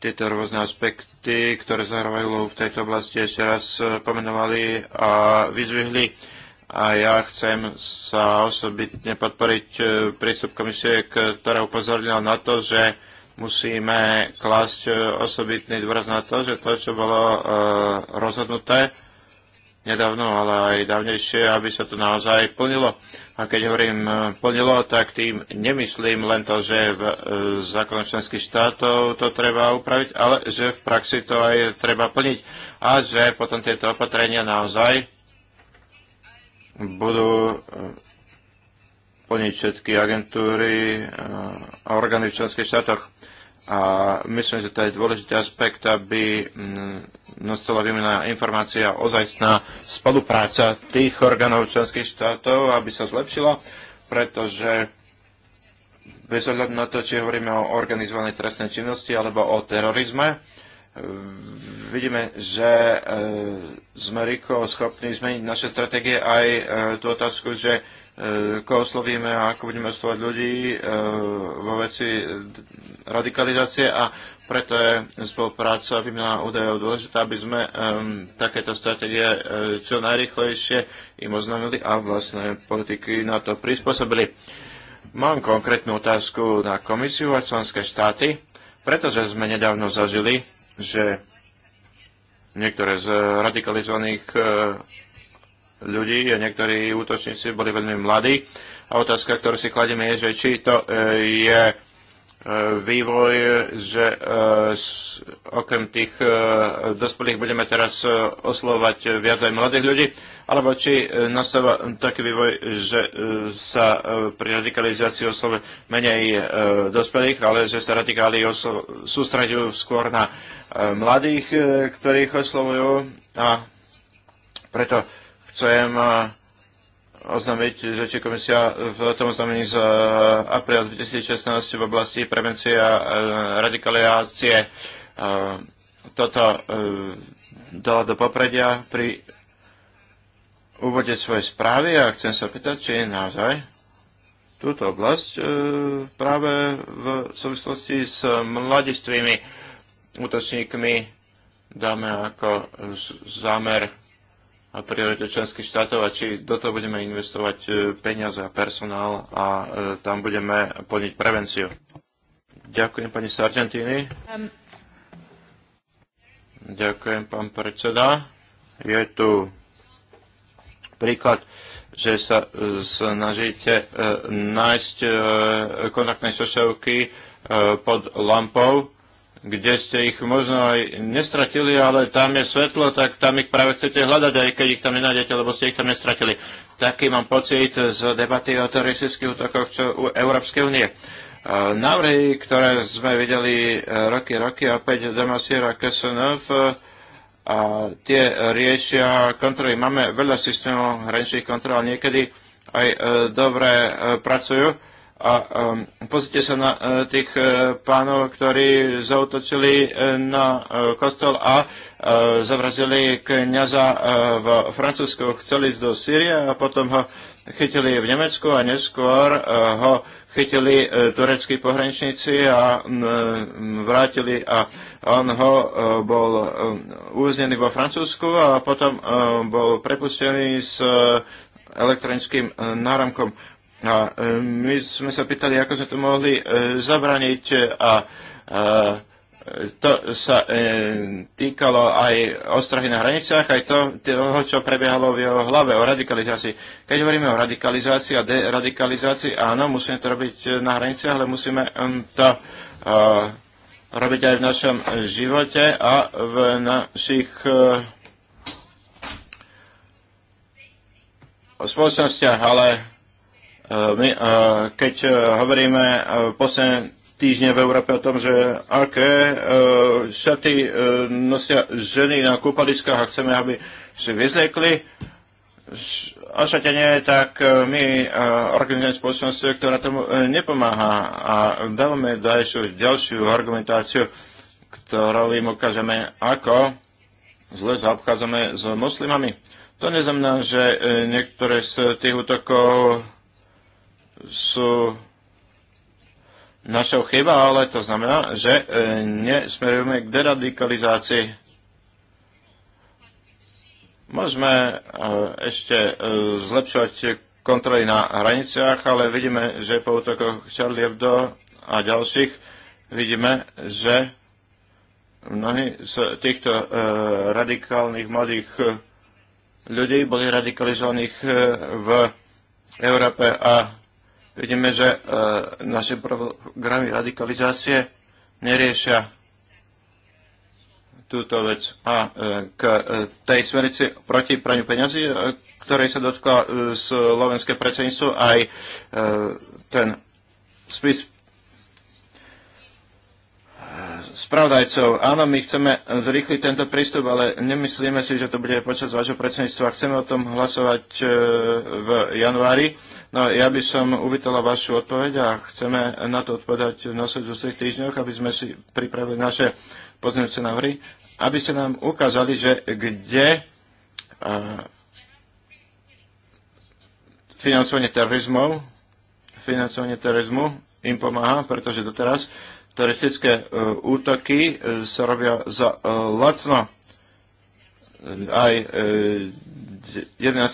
Speaker 2: tieto rôzne aspekty, ktoré zahrávajú v tejto oblasti, ešte raz pomenovali a vyzvihli. A ja chcem sa osobitne podporiť e, prístup komisie, ktorá upozornila na to, že musíme klásť e, osobitný dôraz na to, že to, čo bolo e, rozhodnuté, nedávno, ale aj dávnejšie, aby sa to naozaj plnilo. A keď hovorím e, plnilo, tak tým nemyslím len to, že v e, zákonoch členských štátov to treba upraviť, ale že v praxi to aj treba plniť a že potom tieto opatrenia naozaj budú e, plniť všetky agentúry a orgány v členských štátoch. A myslím, že to je dôležitý aspekt, aby mm, nastala výmena informácia ozajstná spolupráca tých orgánov členských štátov, aby sa zlepšila, pretože bez ohľadu na to, či hovoríme o organizovanej trestnej činnosti alebo o terorizme, vidíme, že e, sme rýchlo schopní zmeniť naše stratégie aj e, tú otázku, že E, koho oslovíme a ako budeme oslovať ľudí e, vo veci radikalizácie a preto je spolupráca výmena údajov dôležitá, aby sme e, takéto stratégie čo najrychlejšie im oznámili a vlastné politiky na to prispôsobili. Mám konkrétnu otázku na komisiu a členské štáty, pretože sme nedávno zažili, že niektoré z radikalizovaných ľudí a niektorí útočníci boli veľmi mladí. A otázka, ktorú si kladieme, je, že či to e, je e, vývoj, že e, okrem tých dospelých budeme teraz oslovať viac aj mladých ľudí, alebo či nastáva taký vývoj, že sa pri radikalizácii oslove menej dospelých, ale že sa radikáli sústredujú skôr na mladých, ktorých oslovujú a preto Chcem eh, oznámiť, že či komisia v tom oznámení z eh, apríla 2016 v oblasti prevencie a eh, radikalizácie toto dala do popredia pri úvode svojej správy a chcem sa pýtať, či naozaj túto oblasť práve v súvislosti s mladistvými útočníkmi dáme ako zámer a priorite členských štátov a či do toho budeme investovať e, peniaze a personál a e, tam budeme plniť prevenciu. Ďakujem pani Sargentini. Um. Ďakujem pán predseda. Je tu príklad že sa e, snažíte nájsť kontaktné šošovky pod lampou kde ste ich možno aj nestratili, ale tam je svetlo, tak tam ich práve chcete hľadať, aj keď ich tam nenájdete, lebo ste ich tam nestratili. Taký mám pocit z debaty o teroristických útokoch u Európskej únie. E, návrhy, ktoré sme videli e, roky, roky, opäť Demasiera KSNF, e, a tie riešia kontroly. Máme veľa systémov hraničných kontrol, niekedy aj dobre pracujú a um, pozrite sa na uh, tých uh, pánov, ktorí zautočili uh, na uh, kostol a uh, zavraždili kniaza uh, v Francúzsku. Chceli ísť do Sýrie a potom ho chytili v Nemecku a neskôr uh, ho chytili uh, tureckí pohraničníci a um, vrátili a on ho uh, bol um, vo Francúzsku a potom uh, bol prepustený s uh, elektronickým náramkom. A e, my sme sa pýtali, ako sme to mohli e, zabraniť e, a to sa e, týkalo aj ostrahy na hraniciach, aj to, toho, čo prebiehalo v jeho hlave, o radikalizácii. Keď hovoríme o radikalizácii a deradikalizácii, áno, musíme to robiť na hraniciach, ale musíme to uh, robiť aj v našom živote a v našich uh, spoločnostiach, ale Eh, my, eh, keď eh, hovoríme posledné týždne v Európe o tom, že aké šaty nosia ženy na kúpaliskách a chceme, aby si vyzliekli nie, tak my organizujeme spoločnosť, ktorá tomu nepomáha a dávame ďalšiu, ďalšiu argumentáciu, ktorou im ukážeme, ako zle zaobchádzame s moslimami. To neznamená, že niektoré z tých útokov sú našou chyba, ale to znamená, že e, nesmerujeme k deradikalizácii. Môžeme e, ešte e, zlepšovať kontroly na hraniciach, ale vidíme, že po útokoch Charlie Hebdo a ďalších vidíme, že mnohí z týchto e, radikálnych mladých ľudí boli radikalizovaných v Európe a vidíme, že e, naše programy radikalizácie neriešia túto vec. A e, k e, tej smerici proti praniu peňazí, ktorej sa dotkla slovenské predsedníctvo, aj ten spis spravodajcov. Áno, my chceme zrýchliť tento prístup, ale nemyslíme si, že to bude počas vášho predsedníctva. Chceme o tom hlasovať e, v januári. No, ja by som uvítala vašu odpoveď a chceme na to odpovedať v nasledujúcich týždňoch, aby sme si pripravili naše pozmeňujúce návrhy, aby ste nám ukázali, že kde e, financovanie terorizmu. financovanie terorizmu im pomáha, pretože doteraz teroristické e, útoky e, sa robia za e, lacno. Aj 11.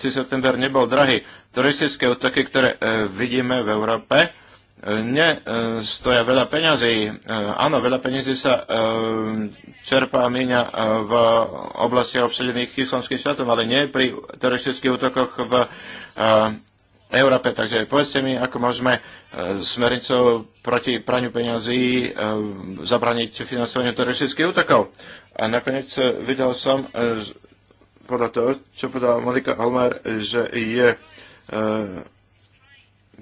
Speaker 2: september nebol drahý. Teroristické útoky, ktoré vidíme v Európe, ne stoja veľa peňazí. Áno, veľa peňazí sa čerpá a míňa v oblasti obsadených islamským štátom, ale nie pri teroristických útokoch v Európe. Takže povedzte mi, ako môžeme e, smernicou proti praniu peňazí e, zabraniť financovanie teroristických útokov. A nakoniec e, videl som podľa toho, čo povedala Monika Almer, že je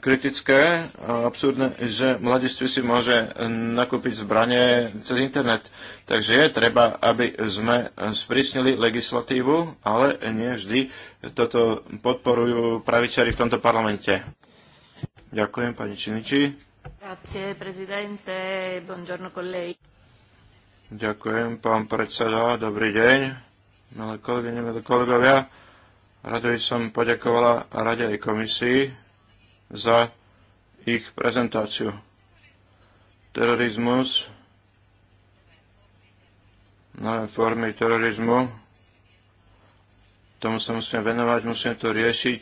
Speaker 2: kritické a absurdné, že mladiství si môže nakúpiť zbranie cez internet. Takže je treba, aby sme sprísnili legislatívu, ale nie vždy toto podporujú pravičari v tomto parlamente. Ďakujem, pani Činiči.
Speaker 3: Grazie, prezidente. Buongiorno con
Speaker 2: Ďakujem, pán predseda. Dobrý deň, milé kolegyne, milé kolegovia. Rado by som poďakovala Rade aj komisii za ich prezentáciu. Terorizmus, nové formy terorizmu, tomu sa musíme venovať, musíme to riešiť.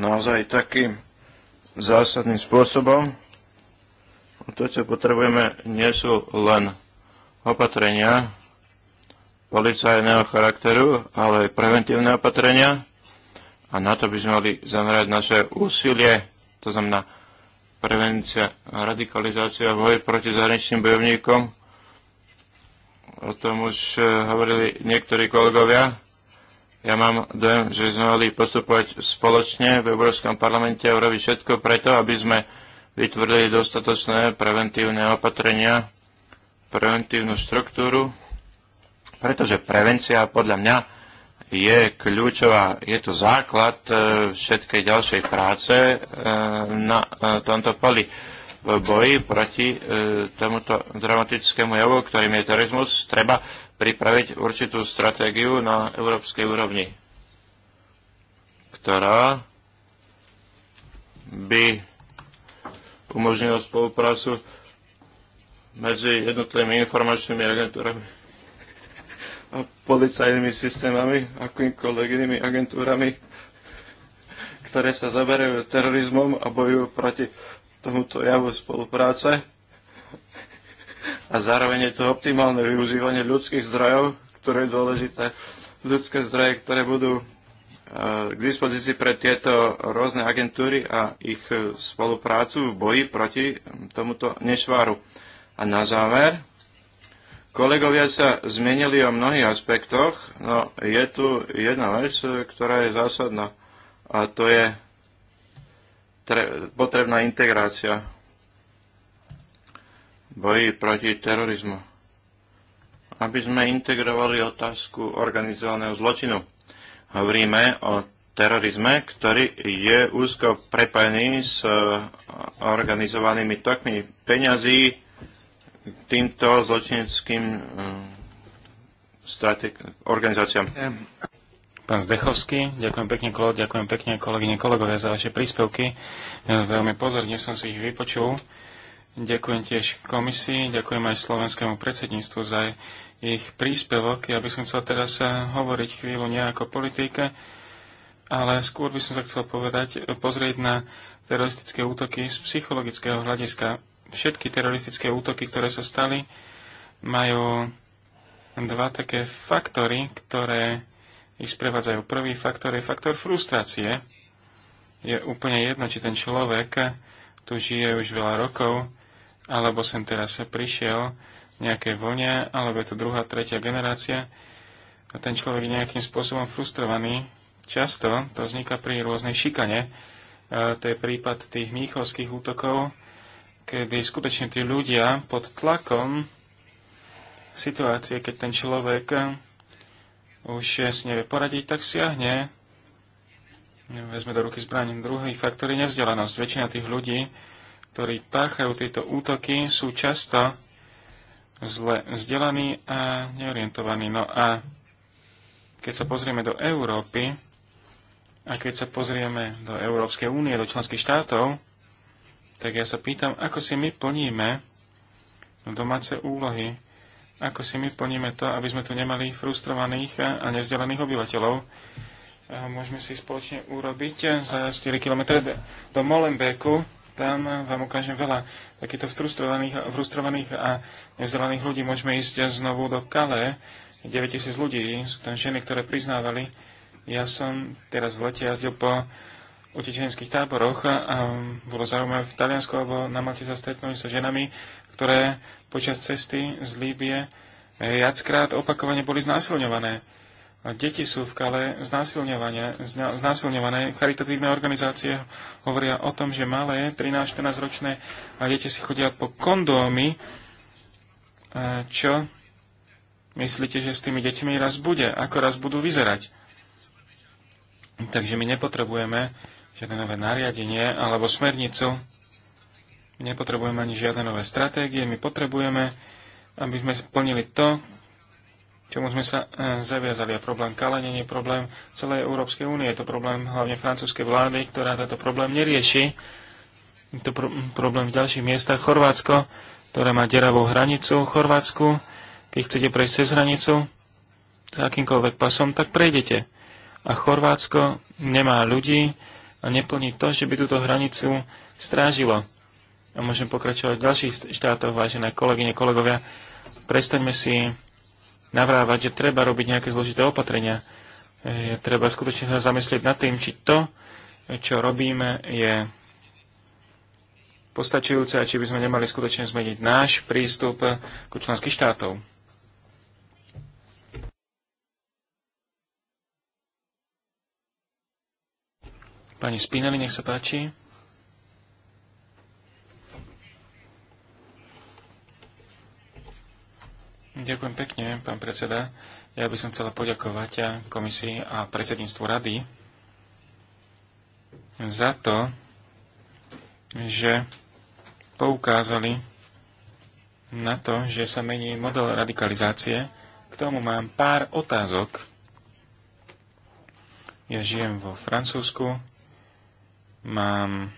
Speaker 2: Naozaj takým zásadným spôsobom. To, čo potrebujeme, nie sú len opatrenia policajného charakteru, ale aj preventívne opatrenia. A na to by sme mali zamerať naše úsilie, to znamená prevencia a radikalizácia voj proti zahraničným bojovníkom O tom už eh, hovorili niektorí kolegovia. Ja mám dojem, že sme mali postupovať spoločne v Európskom parlamente a urobiť všetko preto, aby sme vytvorili dostatočné preventívne opatrenia, preventívnu štruktúru, pretože prevencia podľa mňa je kľúčová, je to základ eh, všetkej ďalšej práce eh, na tomto poli v boji proti e, tomuto dramatickému javu, ktorým je terorizmus, treba pripraviť určitú stratégiu na európskej úrovni, ktorá by umožnila spoluprácu medzi jednotlivými informačnými agentúrami a policajnými systémami, akýmkoľvek inými agentúrami, ktoré sa zaberajú terorizmom a bojujú proti tomuto javu spolupráce a zároveň je to optimálne využívanie ľudských zdrojov, ktoré je dôležité, ľudské zdroje, ktoré budú e, k dispozícii pre tieto rôzne agentúry a ich spoluprácu v boji proti tomuto nešváru. A na záver, kolegovia sa zmenili o mnohých aspektoch, no je tu jedna vec, ktorá je zásadná a to je potrebná integrácia boji proti terorizmu, aby sme integrovali otázku organizovaného zločinu. Hovoríme o terorizme, ktorý je úzko prepojený s e, organizovanými tokmi peňazí týmto zločineckým e, organizáciám.
Speaker 1: Pán Zdechovský, ďakujem pekne, Klod, ďakujem pekne, kolegyne, kolegovia, za vaše príspevky. E, veľmi pozorne som si ich vypočul. Ďakujem tiež komisii, ďakujem aj slovenskému predsedníctvu za ich príspevok. Ja by som chcel teraz e, hovoriť chvíľu nie ako politike, ale skôr by som sa chcel povedať, e, pozrieť na teroristické útoky z psychologického hľadiska. Všetky teroristické útoky, ktoré sa stali, majú dva také faktory, ktoré ich sprevádzajú. Prvý faktor je faktor frustrácie. Je úplne jedno, či ten človek tu žije už veľa rokov, alebo sem teraz prišiel nejaké vlne, alebo je to druhá, tretia generácia a ten človek je nejakým spôsobom frustrovaný. Často to vzniká pri rôznej šikane. A to je prípad tých mníchovských útokov, kedy skutočne tí ľudia pod tlakom situácie, keď ten človek už si nevie poradiť, tak siahne, vezme do ruky zbraním. Druhý faktor je nevzdelanosť. Väčšina tých ľudí, ktorí páchajú tieto útoky, sú často zle vzdelaní a neorientovaní. No a keď sa pozrieme do Európy a keď sa pozrieme do Európskej únie, do členských štátov, tak ja sa pýtam, ako si my plníme domáce úlohy ako si my plníme to, aby sme tu nemali frustrovaných a nevzdelených obyvateľov. Môžeme si spoločne urobiť za 4 km do Molenbeku. Tam vám ukážem veľa takýchto frustrovaných, frustrovaných a nevzdelaných ľudí. Môžeme ísť znovu do Kale. 9000 ľudí, sú tam ženy, ktoré priznávali. Ja som teraz v lete jazdil po utečenských táboroch a, a bolo zaujímavé v Taliansku alebo na Malte sa stretnúť so ženami, ktoré počas cesty z Líbie eh, viackrát opakovane boli znásilňované. Deti sú v Kale znásilňované, znásilňované. Charitatívne organizácie hovoria o tom, že malé 13-14 ročné a deti si chodia po kondómy. Čo myslíte, že s tými deťmi raz bude? Ako raz budú vyzerať? Takže my nepotrebujeme žiadne nové nariadenie alebo smernicu my nepotrebujeme ani žiadne nové stratégie, my potrebujeme, aby sme splnili to, čomu sme sa e, zaviazali. A problém kalenie nie je problém celej Európskej únie. Je to problém hlavne francúzskej vlády, ktorá tento problém nerieši. Je to pro, problém v ďalších miestach. Chorvátsko, ktoré má deravú hranicu v Chorvátsku, keď chcete prejsť cez hranicu s akýmkoľvek pasom, tak prejdete. A Chorvátsko nemá ľudí a neplní to, že by túto hranicu strážilo a môžem pokračovať v ďalších štátoch, vážené kolegyne, kolegovia. Prestaňme si navrávať, že treba robiť nejaké zložité opatrenia. Je treba skutočne sa zamyslieť nad tým, či to, čo robíme, je postačujúce a či by sme nemali skutočne zmeniť náš prístup k členských štátov. Pani Spinelli, nech sa páči. Ďakujem pekne, pán predseda. Ja by som chcela poďakovať eh, komisii a predsedníctvu rady za to, že poukázali na to, že sa mení model radikalizácie. K tomu mám pár otázok. Ja žijem vo Francúzsku, mám...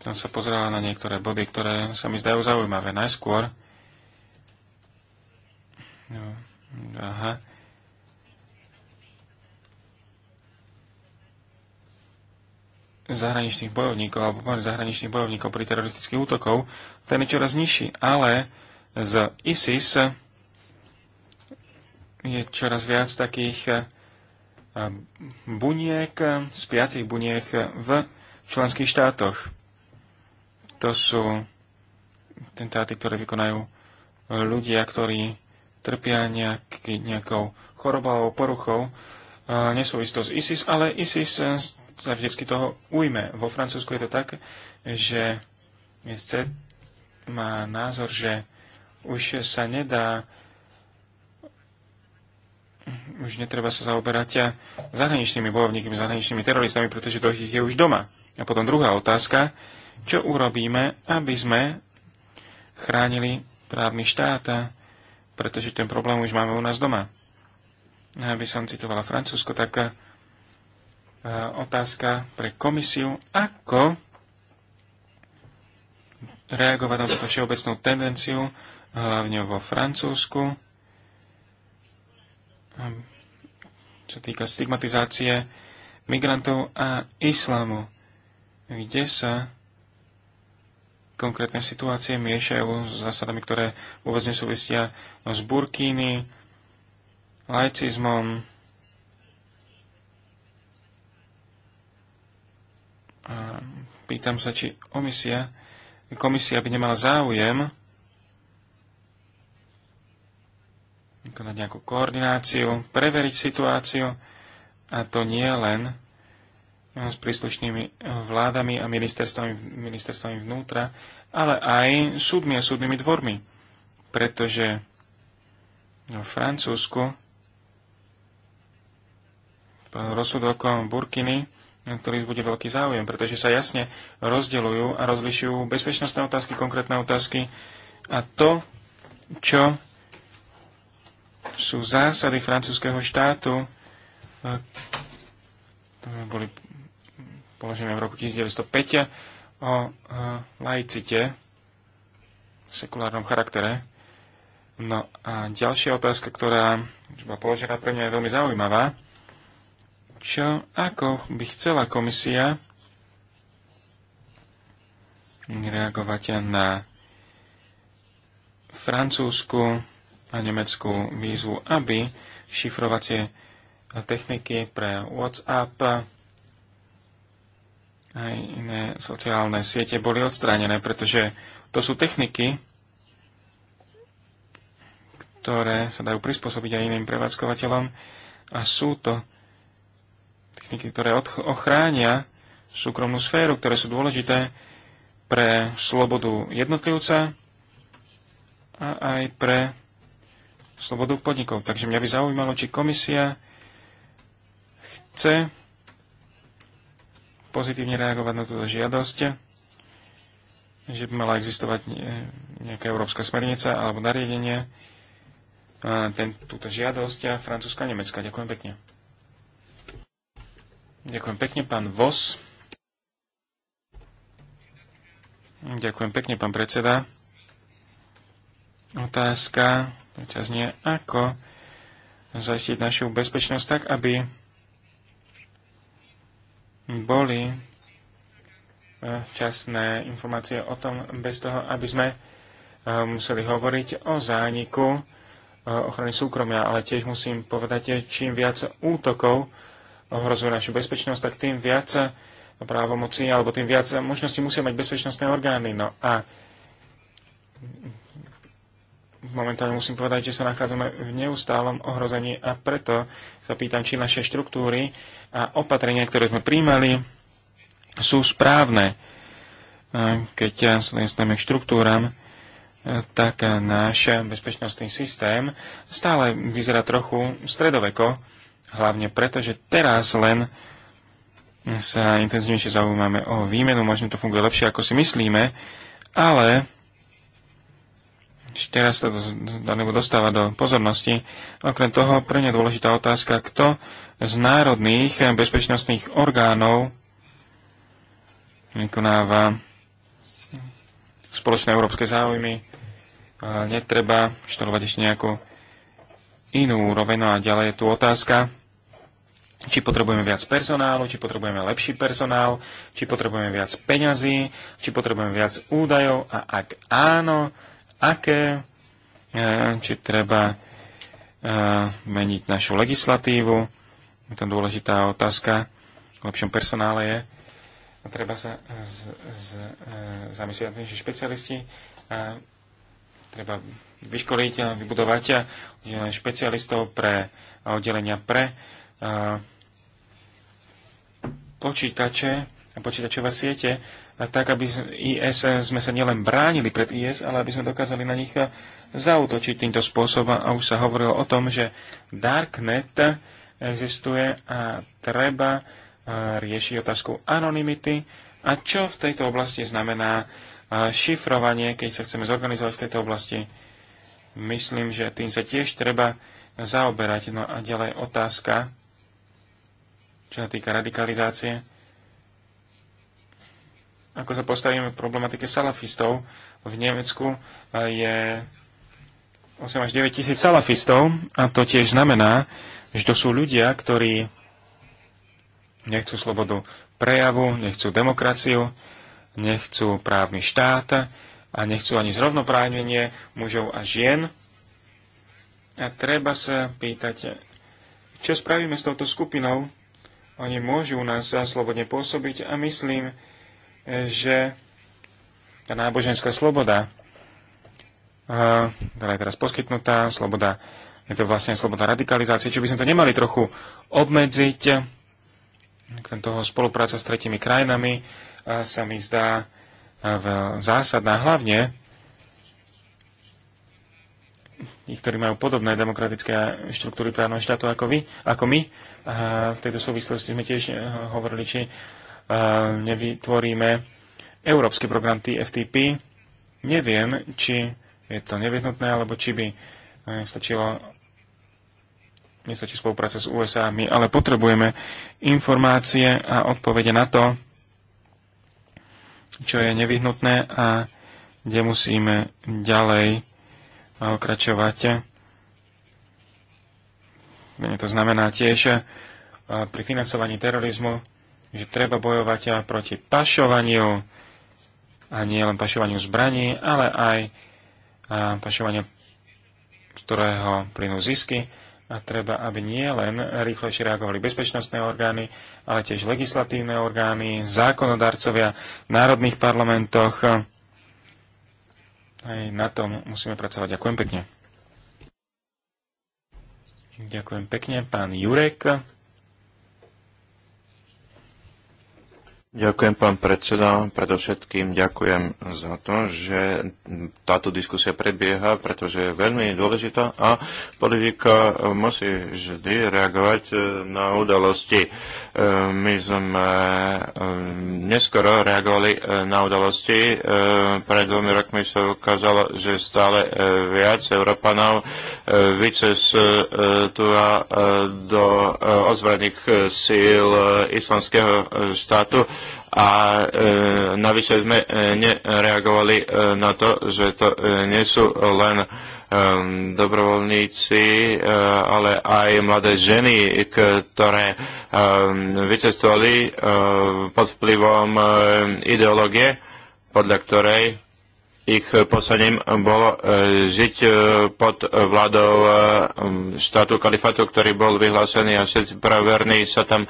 Speaker 1: Som sa pozerala na niektoré body, ktoré sa mi zdajú zaujímavé. Najskôr No, aha. zahraničných bojovníkov alebo pán zahraničných bojovníkov pri teroristických útokov, ten je čoraz nižší, ale z ISIS je čoraz viac takých eh, buniek, spiacich buniek v členských štátoch. To sú tentáty, ktoré vykonajú ľudia, ktorí trpia nejaký, nejakou chorobou alebo poruchou, nesúvisto s ISIS, ale ISIS e, sa vždycky toho ujme. Vo Francúzsku je to tak, že SC má názor, že už sa nedá už netreba sa zaoberať zahraničnými bojovníkmi, zahraničnými teroristami, pretože to ich je už doma. A potom druhá otázka, čo urobíme, aby sme chránili právny štát pretože ten problém už máme u nás doma. Aby som citovala Francúzsko, tak eh, otázka pre komisiu, ako reagovať na túto všeobecnú tendenciu, hlavne vo Francúzsku, čo týka stigmatizácie migrantov a islámu, kde sa konkrétne situácie miešajú s zásadami, ktoré vôbec nesúvisia s Burkíny, laicizmom a pýtam sa, či komisia, komisia by nemala záujem nejakú koordináciu, preveriť situáciu a to nie len Eh, s príslušnými eh, vládami a ministerstvami, ministerstvami vnútra, ale aj súdmi a súdnymi dvormi. Pretože v Francúzsku rozsudok Burkiny, na ktorých bude veľký záujem, pretože sa jasne rozdeľujú a rozlišujú bezpečnostné otázky, konkrétne otázky a to, čo sú zásady francúzského štátu, eh, boli položené v roku 1905 o e, laicite v sekulárnom charaktere. No a ďalšia otázka, ktorá už bola položená pre mňa je veľmi zaujímavá. Čo, ako by chcela komisia reagovať na francúzsku a nemeckú výzvu, aby šifrovacie techniky pre WhatsApp aj iné sociálne siete boli odstránené, pretože to sú techniky, ktoré sa dajú prispôsobiť aj iným prevádzkovateľom a sú to techniky, ktoré ochránia súkromnú sféru, ktoré sú dôležité pre slobodu jednotlivca a aj pre slobodu podnikov. Takže mňa by zaujímalo, či komisia chce pozitívne reagovať na túto žiadosť, že by mala existovať nejaká európska smernica alebo nariadenie ten, túto žiadosť a Francúzska a Nemecka. Ďakujem pekne. Ďakujem pekne, pán Vos. Ďakujem pekne, pán predseda. Otázka, znie, ako zajistiť našu bezpečnosť tak, aby boli eh, časné informácie o tom, bez toho, aby sme eh, museli hovoriť o zániku eh, ochrany súkromia, ale tiež musím povedať, čím viac útokov ohrozuje našu bezpečnosť, tak tým viac právomocí alebo tým viac možností musia mať bezpečnostné orgány. No a momentálne musím povedať, že sa nachádzame v neustálom ohrození a preto sa pýtam, či naše štruktúry a opatrenia, ktoré sme príjmali, sú správne. Keď ja sledujem štruktúram, e, tak náš bezpečnostný systém stále vyzerá trochu stredoveko, hlavne preto, že teraz len sa intenzívnejšie zaujímame o výmenu, možno to funguje lepšie, ako si myslíme, ale teraz sa to dostáva do pozornosti. Okrem toho, pre mňa dôležitá otázka, kto z národných bezpečnostných orgánov vykonáva spoločné európske záujmy. Netreba štolovať ešte nejakú inú úroveň. No a ďalej je tu otázka, či potrebujeme viac personálu, či potrebujeme lepší personál, či potrebujeme viac peňazí, či potrebujeme viac údajov a ak áno, aké, e, či treba e, meniť našu legislatívu. Je to dôležitá otázka v lepšom personále je. A treba sa z, z, e, zamyslieť že špecialisti a treba vyškoliť a vybudovať a špecialistov pre a oddelenia pre a počítače počítačové siete, tak aby IS sme sa nielen bránili pred IS, ale aby sme dokázali na nich e, zautočiť týmto spôsobom. A už sa hovorilo o tom, že Darknet existuje a treba e, riešiť otázku anonymity a čo v tejto oblasti znamená e, šifrovanie, keď sa chceme zorganizovať v tejto oblasti. Myslím, že tým sa tiež treba zaoberať. No a ďalej otázka, čo sa týka radikalizácie ako sa postavíme k problematike salafistov v Nemecku, eh, je 8 až 9 tisíc salafistov a to tiež znamená, že to sú ľudia, ktorí nechcú slobodu prejavu, nechcú demokraciu, nechcú právny štát a nechcú ani zrovnoprávnenie mužov a žien. A treba sa pýtať, čo spravíme s touto skupinou? Oni môžu u nás slobodne pôsobiť a myslím, že tá náboženská sloboda, eh, ktorá je teraz poskytnutá, sloboda, je to vlastne sloboda radikalizácie, či by sme to nemali trochu obmedziť, okrem toho spolupráca s tretimi krajinami sa mi zdá eh, zásadná, hlavne tí, ktorí majú podobné demokratické štruktúry právneho štátu ako, vy, ako my. A v tejto súvislosti sme tiež eh, hovorili, či nevytvoríme európsky program TFTP, neviem, či je to nevyhnutné, alebo či by e, stačilo nestačí spolupráca s USA, my ale potrebujeme informácie a odpovede na to, čo je nevyhnutné a kde musíme ďalej okračovať. E, to znamená tiež e, pri financovaní terorizmu že treba bojovať proti pašovaniu, a nie len pašovaniu zbraní, ale aj pašovania, z ktorého plynú zisky. A treba, aby nie len rýchlejšie reagovali bezpečnostné orgány, ale tiež legislatívne orgány, zákonodarcovia v národných parlamentoch. Aj na tom musíme pracovať. Ďakujem pekne. Ďakujem pekne,
Speaker 2: pán Jurek. Ďakujem, pán predseda. Predovšetkým ďakujem za to, že táto diskusia prebieha, pretože je veľmi dôležitá a politika musí vždy reagovať e, na udalosti. E, my sme e, neskoro reagovali na udalosti. Pred dvomi rokmi sa ukázalo, že stále viac Európanov vycestúva do ozbrojených síl islamského štátu a e, navyše sme e, nereagovali e, na to, že to e, nie sú len e, dobrovoľníci, e, ale aj mladé ženy, ktoré e, vycestovali e, pod vplyvom ideológie, podľa ktorej ich eh, poslaním eh, bolo eh, žiť pod vládou mm, štátu kalifátu, ktorý bol vyhlásený a všetci praverní sa tam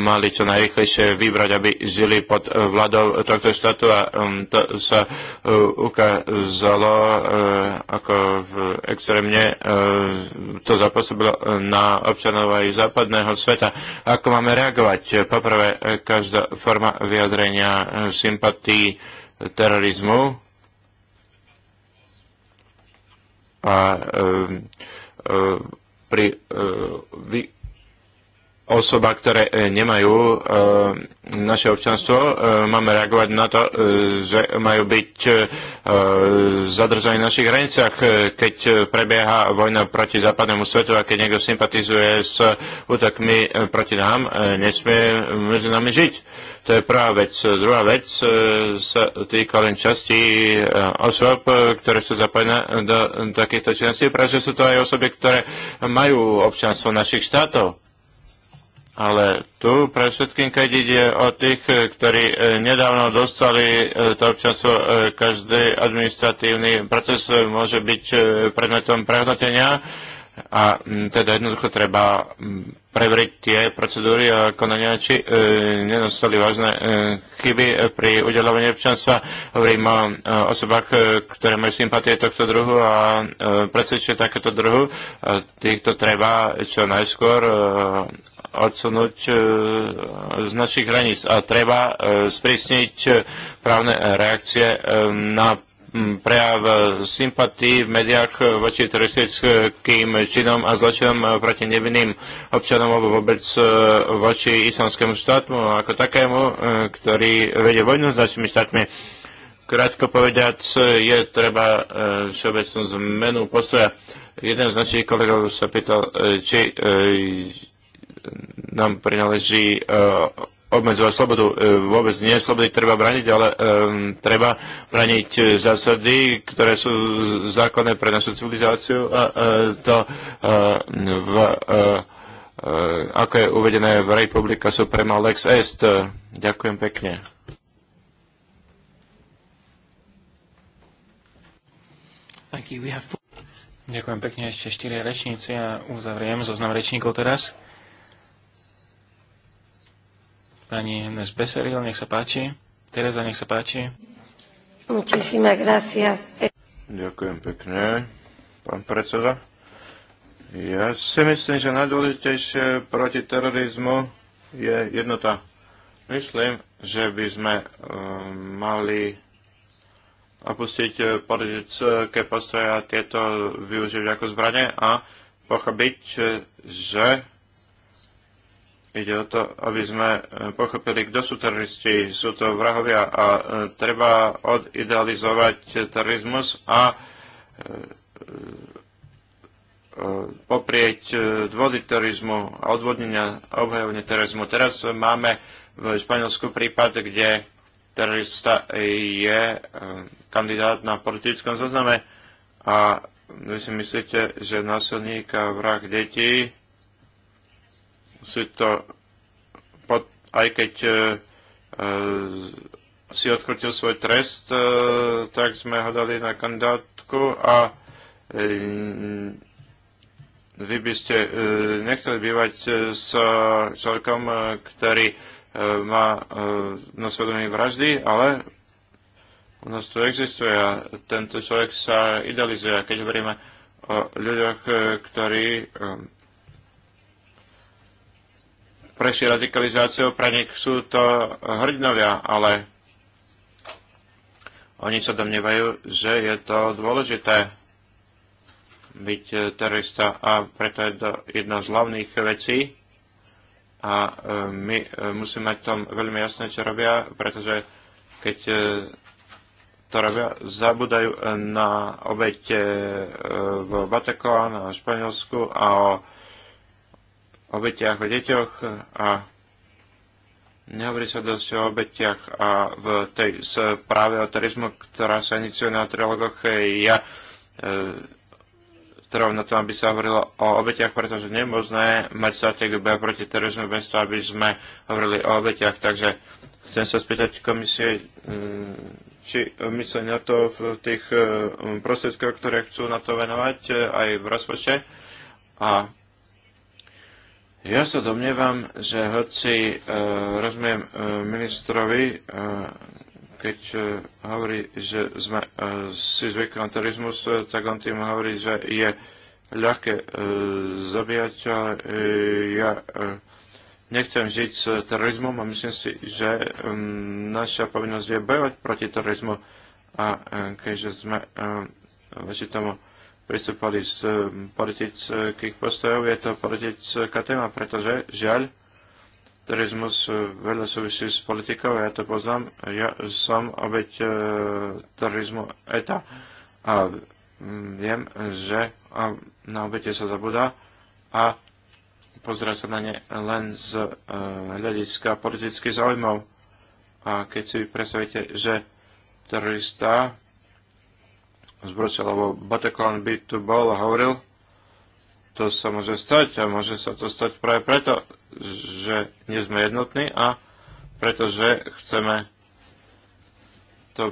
Speaker 2: mali čo najrychlejšie vybrať, aby žili pod vládou tohto štátu a mm, to sa ukázalo ako v extrémne to zapôsobilo na občanov aj západného sveta. Ako máme reagovať? Poprvé, každá forma vyjadrenia sympatí terorizmu a ehm, ehm, pri ehm, vy, osoba, ktoré e, nemajú e, naše občanstvo, e, máme reagovať na to, že majú byť zadržaní v našich hraniciach, keď prebieha vojna proti západnému svetu a keď niekto sympatizuje s útokmi proti nám, nesmie medzi nami žiť. To je prvá vec. Druhá vec sa týka len časti osôb, ktoré sú zapojené do takýchto činností, pretože sú to aj osoby, ktoré majú občanstvo našich štátov ale tu pre všetkým, keď ide o tých, eh, ktorí eh, nedávno dostali eh, to občanstvo, každý administratívny proces môže byť predmetom prehnotenia. A mm, teda jednoducho treba mm, prevrieť tie procedúry a konania, či e, nenastali vážne e, chyby pri udelovaní občanstva. Hovorím o e, osobách, e, ktoré majú sympatie tohto druhu a e, presvedčie takéto druhu. A týchto treba čo najskôr e, odsunúť e, z našich hraníc. A treba e, sprísniť e, právne reakcie e, na prejav e, sympatí v médiách e, voči teroristickým činom a zločinom e, proti nevinným občanom alebo vôbec voči islamskému štátu ako takému, ktorý vedie vojnu s našimi štátmi. Krátko povediac, je treba všeobecnú zmenu postoja. Jeden z našich kolegov sa pýtal, či nám prináleží obmedzovať slobodu. E, vôbec nie, slobody treba braniť, ale um, treba braniť e, zásady, ktoré sú zákonné pre našu civilizáciu a uh, to uh, v, uh, uh, ako je uvedené v Republika Suprema Lex Est. Ďakujem pekne.
Speaker 1: Ďakujem pekne ešte štyri rečníci a uzavriem zoznam rečníkov teraz. Pani Nes Beseril, nech sa páči. Tereza, nech sa páči.
Speaker 3: Muchísimas gracias.
Speaker 2: Ďakujem pekne, pán predseda. Ja si myslím, že najdôležitejšie proti terorizmu je jednota. Myslím, že by sme um, mali opustiť politické postoje a tieto využiť ako zbranie a pochopiť, že Ide o to, aby sme e, pochopili, kto sú teroristi. Sú to vrahovia a e, treba odidealizovať terorizmus a e, poprieť dôvody terorizmu a odvodnenia a obhajovanie terorizmu. Teraz máme v Španielsku prípad, kde terorista je kandidát na politickom zozname a vy si myslíte, že násilník a vrah detí si to, pod, aj keď e, e si odkrutil svoj trest, e, tak sme ho dali na kandidátku a e, vy by ste e, nechceli bývať e, s človekom, e, ktorý e, má e, na svedomí vraždy, ale u nás to existuje a tento človek sa idealizuje. Keď hovoríme o ľuďoch, ktorí prešli radikalizáciou, pre nich sú to hrdinovia, ale oni sa domnievajú, že je to dôležité byť terorista a preto je to jedna z hlavných vecí a e, my e, musíme mať tom veľmi jasné, čo robia, pretože keď e, to robia, zabudajú na obete v Batekova, a Španielsku a o obetiach, o deťoch a Nehovorí sa dosť o obetiach a v tej správe o terizmu, ktorá sa iniciuje na trilogoch, ja e, trvám na tom, aby sa hovorilo o obetiach, pretože nie je možné mať stratégiu proti terorizmu bez toho, aby sme hovorili o obetiach. Takže chcem sa spýtať komisie, e, či myslí na to v tých e, prostriedkoch, ktoré chcú na to venovať e, aj v rozpočte. A ja sa domnievam, že hoci e, rozumiem e, ministrovi, e, keď e, hovorí, že sme e, si zvykli na terorizmus, e, tak on tým hovorí, že je ľahké e, zabíjať a e, ja e, nechcem žiť s terorizmom a myslím si, že e, naša povinnosť je bojovať proti terorizmu a e, keďže sme e, voči tomu pristúpali z eh, politických postojov, je to politická téma, pretože žiaľ, terorizmus eh, veľa súvisí s politikou, ja to poznám, ja som obeď eh, terorizmu ETA a mm, viem, že na obete sa zabudá a pozera sa na ne len z hľadiska politických záujmov. A keď si predstavíte, že terorista z Brusela, lebo Bataclan by tu bol a hovoril, to sa môže stať a môže sa to stať práve preto, že nie sme jednotní a pretože chceme to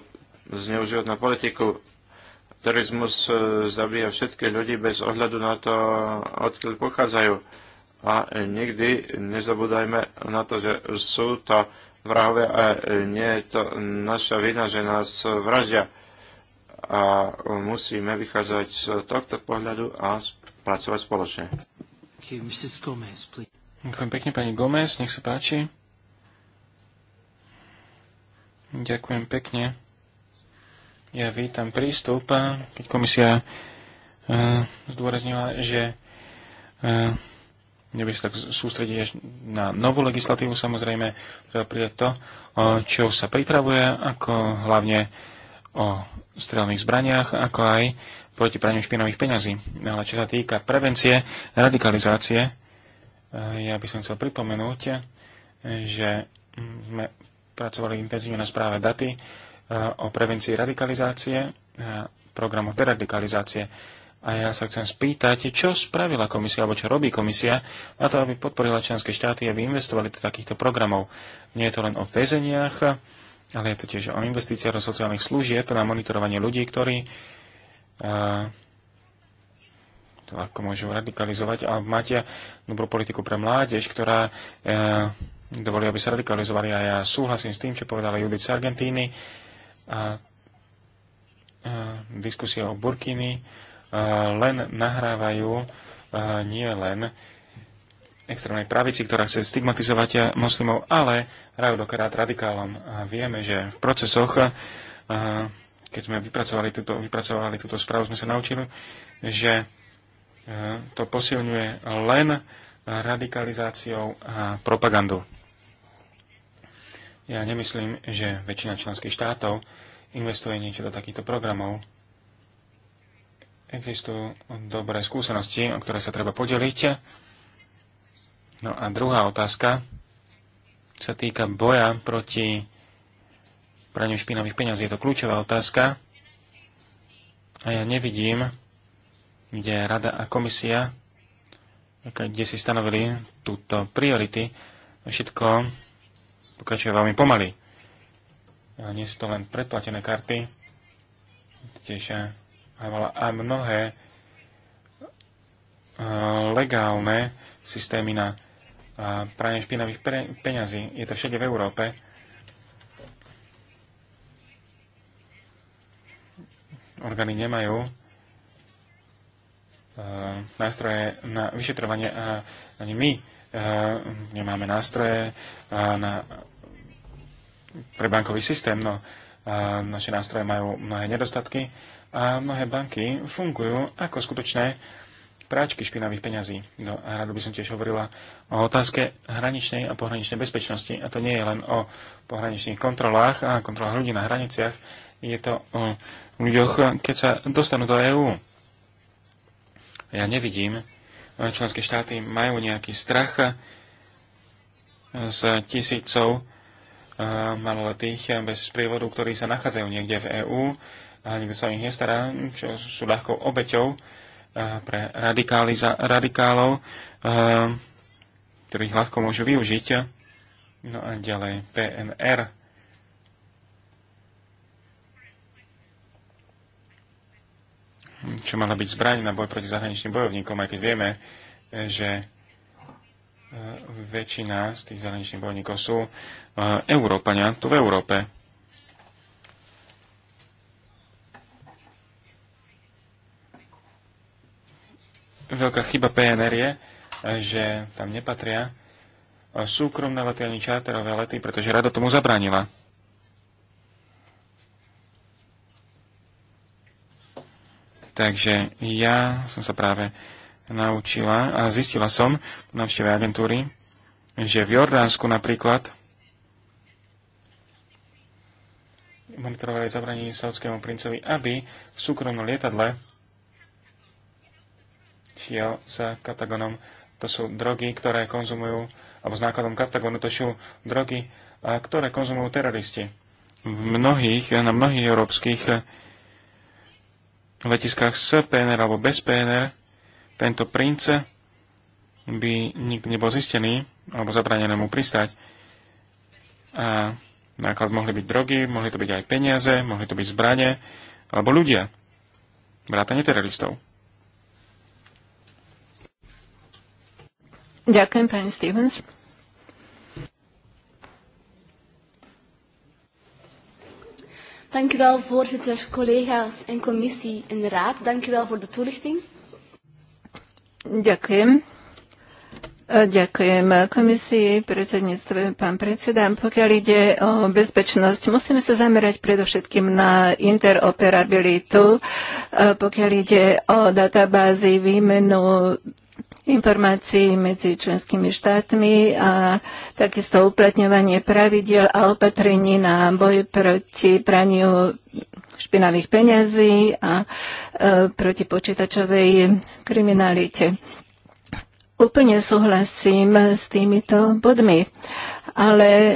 Speaker 2: zneužívať na politiku. Terorizmus e, zabíja všetky ľudí bez ohľadu na to, odkiaľ pochádzajú. A nikdy nezabúdajme na to, že sú to vrahovia a nie je to naša vina, že nás vražia a musíme vychádzať z tohto pohľadu a pracovať spoločne.
Speaker 1: Ďakujem pekne pani Gomez, nech sa páči. Ďakujem pekne. Ja vítam prístup, keď komisia uh, zdôraznila, že uh, neby sa tak sústrediť na novú legislatívu, samozrejme treba prijať to, čo sa pripravuje, ako hlavne o strelných zbraniach, ako aj proti praniu špinových peňazí. Ale čo sa týka prevencie radikalizácie, eh, ja by som chcel pripomenúť, eh, že sme pracovali intenzívne na správe daty eh, o prevencii radikalizácie a programu deradikalizácie. A ja sa chcem spýtať, čo spravila komisia, alebo čo robí komisia na to, aby podporila členské štáty, aby investovali do takýchto programov. Nie je to len o väzeniach, ale je to tiež o investíciách do sociálnych služieb na monitorovanie ľudí, ktorí uh, to ľahko môžu radikalizovať a máte dobrú politiku pre mládež, ktorá uh, dovolí, aby sa radikalizovali a ja súhlasím s tým, čo povedala Judith z Argentíny a, a diskusie o Burkiny len nahrávajú nie len extrémnej pravici, ktorá chce stigmatizovať moslimov, ale hrajú dokrát radikálom. A vieme, že v procesoch, keď sme vypracovali túto, vypracovali túto správu, sme sa naučili, že e, to posilňuje len radikalizáciou a propagandou. Ja nemyslím, že väčšina členských štátov investuje niečo do takýchto programov. Existujú dobré skúsenosti, o ktoré sa treba podeliť No a druhá otázka sa týka boja proti praniu špinavých peňazí. Je to kľúčová otázka a ja nevidím, kde rada a komisia, kde si stanovili túto priority, všetko pokračuje veľmi pomaly. A nie sú to len predplatené karty, tiež eh, a mnohé eh, legálne systémy na a pranie špinavých peňazí. Je to všade v Európe. Orgány nemajú e, nástroje na vyšetrovanie a ani my e, nemáme nástroje e, na, pre bankový systém. No, naše nástroje majú mnohé nedostatky a mnohé banky fungujú ako skutočné práčky špinavých peňazí. No a rado by som tiež hovorila o otázke hraničnej a pohraničnej bezpečnosti. A to nie je len o pohraničných kontrolách a kontrolách ľudí na hraniciach. Je to o ľuďoch, keď sa dostanú do EÚ. Ja nevidím, eh, členské štáty majú nejaký strach eh, z tisícov eh, maloletých bez sprievodu, ktorí sa nachádzajú niekde v EÚ a nikto sa o nich nestará, čo sú ľahkou obeťou Eh, pre radikálov, eh, ktorých ľahko môžu využiť. No a ďalej PNR. Čo mala byť zbraň na boj proti zahraničným bojovníkom, aj keď vieme, eh, že väčšina z tých zahraničných bojovníkov sú Európania tu v Európe. veľká chyba PNR je, že tam nepatria súkromné lety ani čárterové lety, pretože rada tomu zabránila. Takže ja som sa práve naučila a zistila som na návšteve agentúry, že v Jordánsku napríklad monitorovali zabranenie saudskému princovi, aby v súkromnom lietadle šiel s katagonom. To sú drogy, ktoré konzumujú, alebo s nákladom katagonu to sú drogy, ktoré konzumujú teroristi. V mnohých, na mnohých európskych letiskách s PNR alebo bez PNR tento prince by nikdy nebol zistený alebo zabranené mu pristať. A náklad mohli byť drogy, mohli to byť aj peniaze, mohli to byť zbranie alebo ľudia, vrátane teroristov.
Speaker 3: Ďakujem, pani Stevens. Dank u wel, voorzitter, collega's en commissie en de raad. Dank u wel voor de toelichting. Ďakujem. Ďakujem komisii, predsedníctve, pán predseda. Pokiaľ ide o bezpečnosť, musíme sa zamerať predovšetkým na interoperabilitu. Pokiaľ ide o databázy, výmenu informácií medzi členskými štátmi a takisto uplatňovanie pravidel a opatrení na boj proti praniu špinavých peňazí a e, proti počítačovej kriminalite. Úplne súhlasím s týmito bodmi, ale e,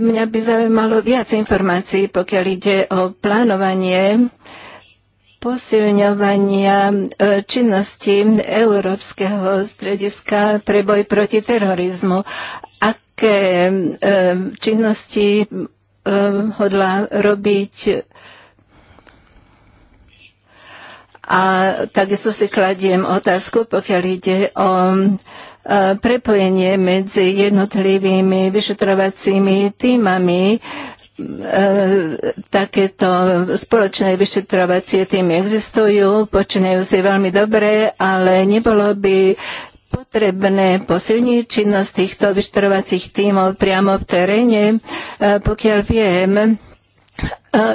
Speaker 3: mňa by zaujímalo viac informácií, pokiaľ ide o plánovanie posilňovania e, činnosti Európskeho strediska pre boj proti terorizmu. Aké e, činnosti e, hodla robiť a takisto si kladiem otázku, pokiaľ ide o prepojenie medzi jednotlivými vyšetrovacími týmami E, takéto spoločné vyšetrovacie týmy existujú, počínajú si veľmi dobre, ale nebolo by potrebné posilniť činnosť týchto vyšetrovacích tímov priamo v teréne. E, pokiaľ viem, e,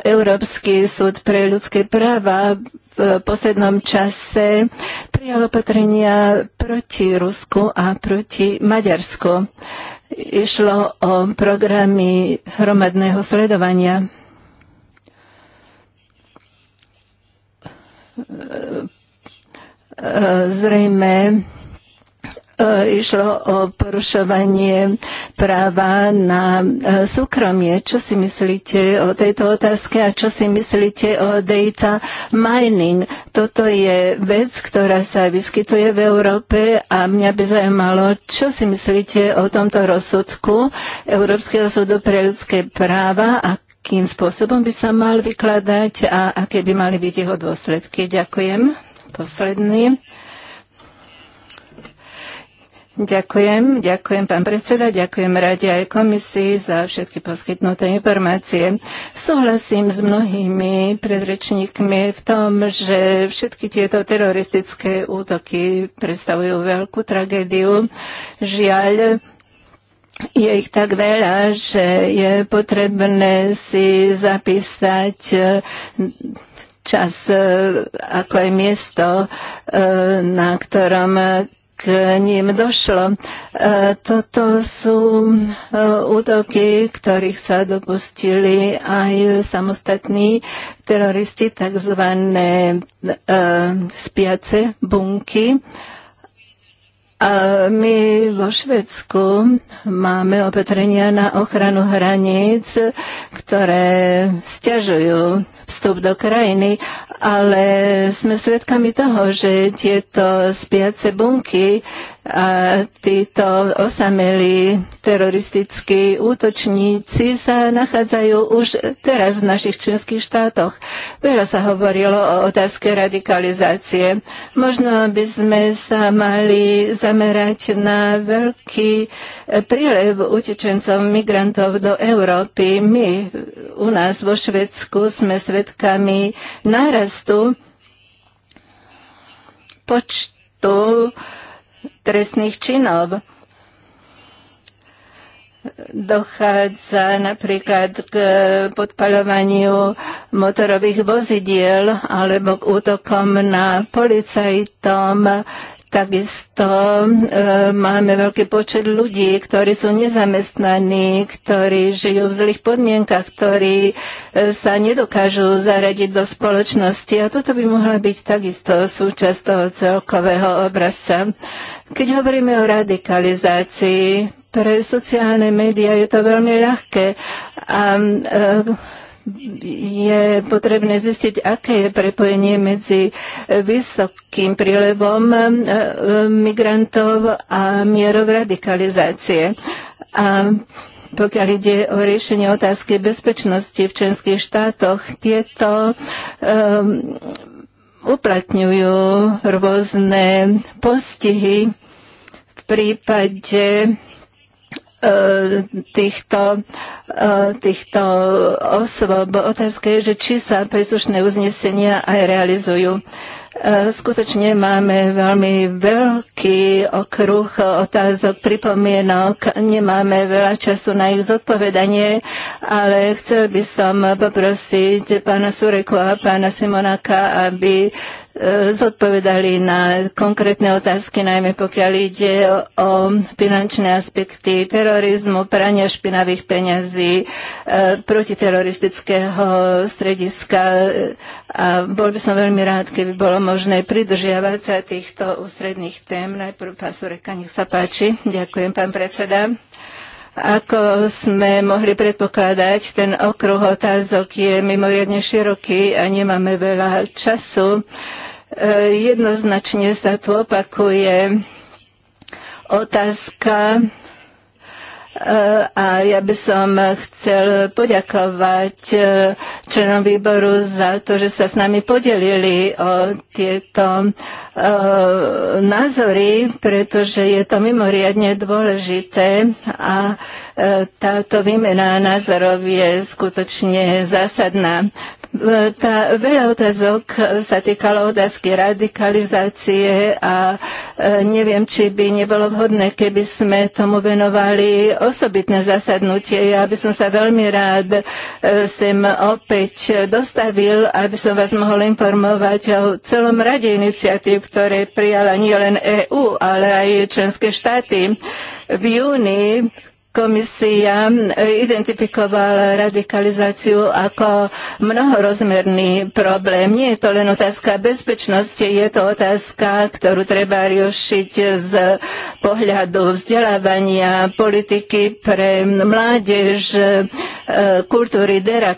Speaker 3: Európsky súd pre ľudské práva v poslednom čase prijal opatrenia proti Rusku a proti Maďarsku. Išlo o programy hromadného sledovania. Zrejme E, išlo o porušovanie práva na e, súkromie. Čo si myslíte o tejto otázke a čo si myslíte o data mining? Toto je vec, ktorá sa vyskytuje v Európe a mňa by zaujímalo, čo si myslíte o tomto rozsudku Európskeho súdu pre ľudské práva a kým spôsobom by sa mal vykladať a aké by mali byť jeho dôsledky. Ďakujem. Posledný. Ďakujem, ďakujem pán predseda, ďakujem rade aj komisii za všetky poskytnuté informácie. Súhlasím s mnohými predrečníkmi v tom, že všetky tieto teroristické útoky predstavujú veľkú tragédiu. Žiaľ, je ich tak veľa, že je potrebné si zapísať eh, čas eh, ako aj miesto, eh, na ktorom k ním došlo. E, toto sú e, útoky, ktorých sa dopustili aj samostatní teroristi, tzv. E, spiace bunky a my vo Švedsku máme opatrenia na ochranu hraníc, ktoré stiažujú vstup do krajiny, ale sme svedkami toho, že tieto spiace bunky a títo osamelí teroristickí útočníci sa nachádzajú už teraz v našich členských štátoch. Veľa sa hovorilo o otázke radikalizácie. Možno by sme sa mali zamerať na veľký e, prílev utečencov, migrantov do Európy. My u nás vo Švedsku sme svedkami nárastu počtu trestných činov. Dochádza napríklad k podpaľovaniu motorových vozidiel alebo k útokom na policajtom Takisto e, máme veľký počet ľudí, ktorí sú nezamestnaní, ktorí žijú v zlých podmienkach, ktorí e, sa nedokážu zaradiť do spoločnosti a toto by mohla byť takisto súčasť toho celkového obrazca. Keď hovoríme o radikalizácii, pre sociálne médiá je to veľmi ľahké a e, je potrebné zistiť, aké je prepojenie medzi vysokým prílevom e, migrantov a mierou radikalizácie. A pokiaľ ide o riešenie otázky bezpečnosti v členských štátoch, tieto um, uplatňujú rôzne postihy v prípade týchto, e, týchto osôb. Otázka je, že či sa príslušné uznesenia aj realizujú. E, skutočne máme veľmi veľký okruh otázok, pripomienok. Nemáme veľa času na ich zodpovedanie, ale chcel by som poprosiť pána Sureku a pána Simonáka, aby E, zodpovedali na konkrétne otázky, najmä pokiaľ ide o finančné aspekty terorizmu, prania špinavých peňazí, e, protiteroristického strediska. E, a bol by som veľmi rád, keby bolo možné pridržiavať sa týchto ústredných tém. Najprv pán Sureka, nech sa páči. Ďakujem, pán predseda. Ako sme mohli predpokladať, ten okruh otázok je mimoriadne široký a nemáme veľa času. E, jednoznačne sa tu opakuje otázka Eh, a ja by som chcel poďakovať eh, členom výboru za to, že sa s nami podelili o tieto eh, názory, pretože je to mimoriadne dôležité a táto výmena názorov je skutočne zásadná. Tá, veľa otázok sa týkalo otázky radikalizácie a e, neviem, či by nebolo vhodné, keby sme tomu venovali osobitné zasadnutie. Ja by som sa veľmi rád e, sem opäť dostavil, aby som vás mohol informovať o celom rade iniciatív, ktoré prijala nielen EÚ, ale aj členské štáty. V júni Komisia e, identifikovala radikalizáciu ako mnohorozmerný problém. Nie je to len otázka bezpečnosti, je to otázka, ktorú treba riešiť z pohľadu vzdelávania, politiky pre mládež, e, kultúry e,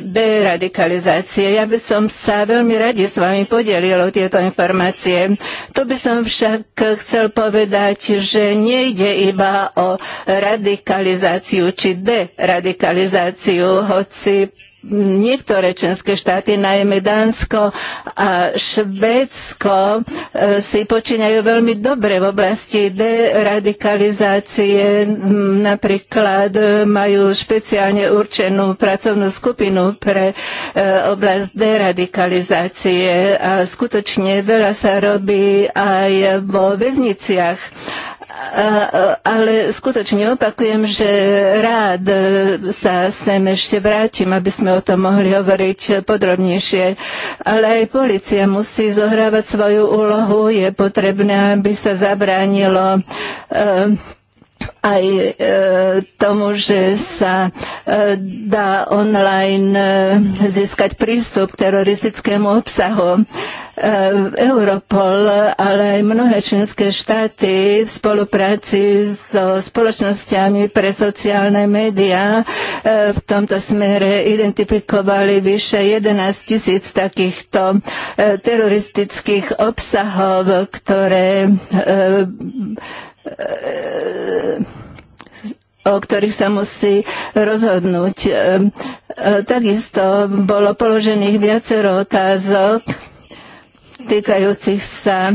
Speaker 3: deradikalizácie. Ja by som sa veľmi radi s vami podelil o tieto informácie. Tu by som však chcel povedať, že nejde iba o radikalizáciu, radikalizáciu či deradikalizáciu, hoci niektoré členské štáty, najmä Dánsko a Švédsko, e, si počínajú veľmi dobre v oblasti deradikalizácie. Napríklad e, majú špeciálne určenú pracovnú skupinu pre e, oblasť deradikalizácie a skutočne veľa sa robí aj vo väzniciach ale skutočne opakujem, že rád e, sa sem ešte vrátim, aby sme o tom mohli hovoriť podrobnejšie. Ale aj policia musí zohrávať svoju úlohu. Je potrebné, aby sa zabránilo e, aj e, tomu, že sa e, dá online e, získať prístup k teroristickému obsahu. E, Europol, ale aj mnohé členské štáty v spolupráci so spoločnosťami pre sociálne médiá e, v tomto smere identifikovali vyše 11 tisíc takýchto e, teroristických obsahov, ktoré e, o ktorých sa musí rozhodnúť. E, e, takisto bolo položených viacero otázok týkajúcich sa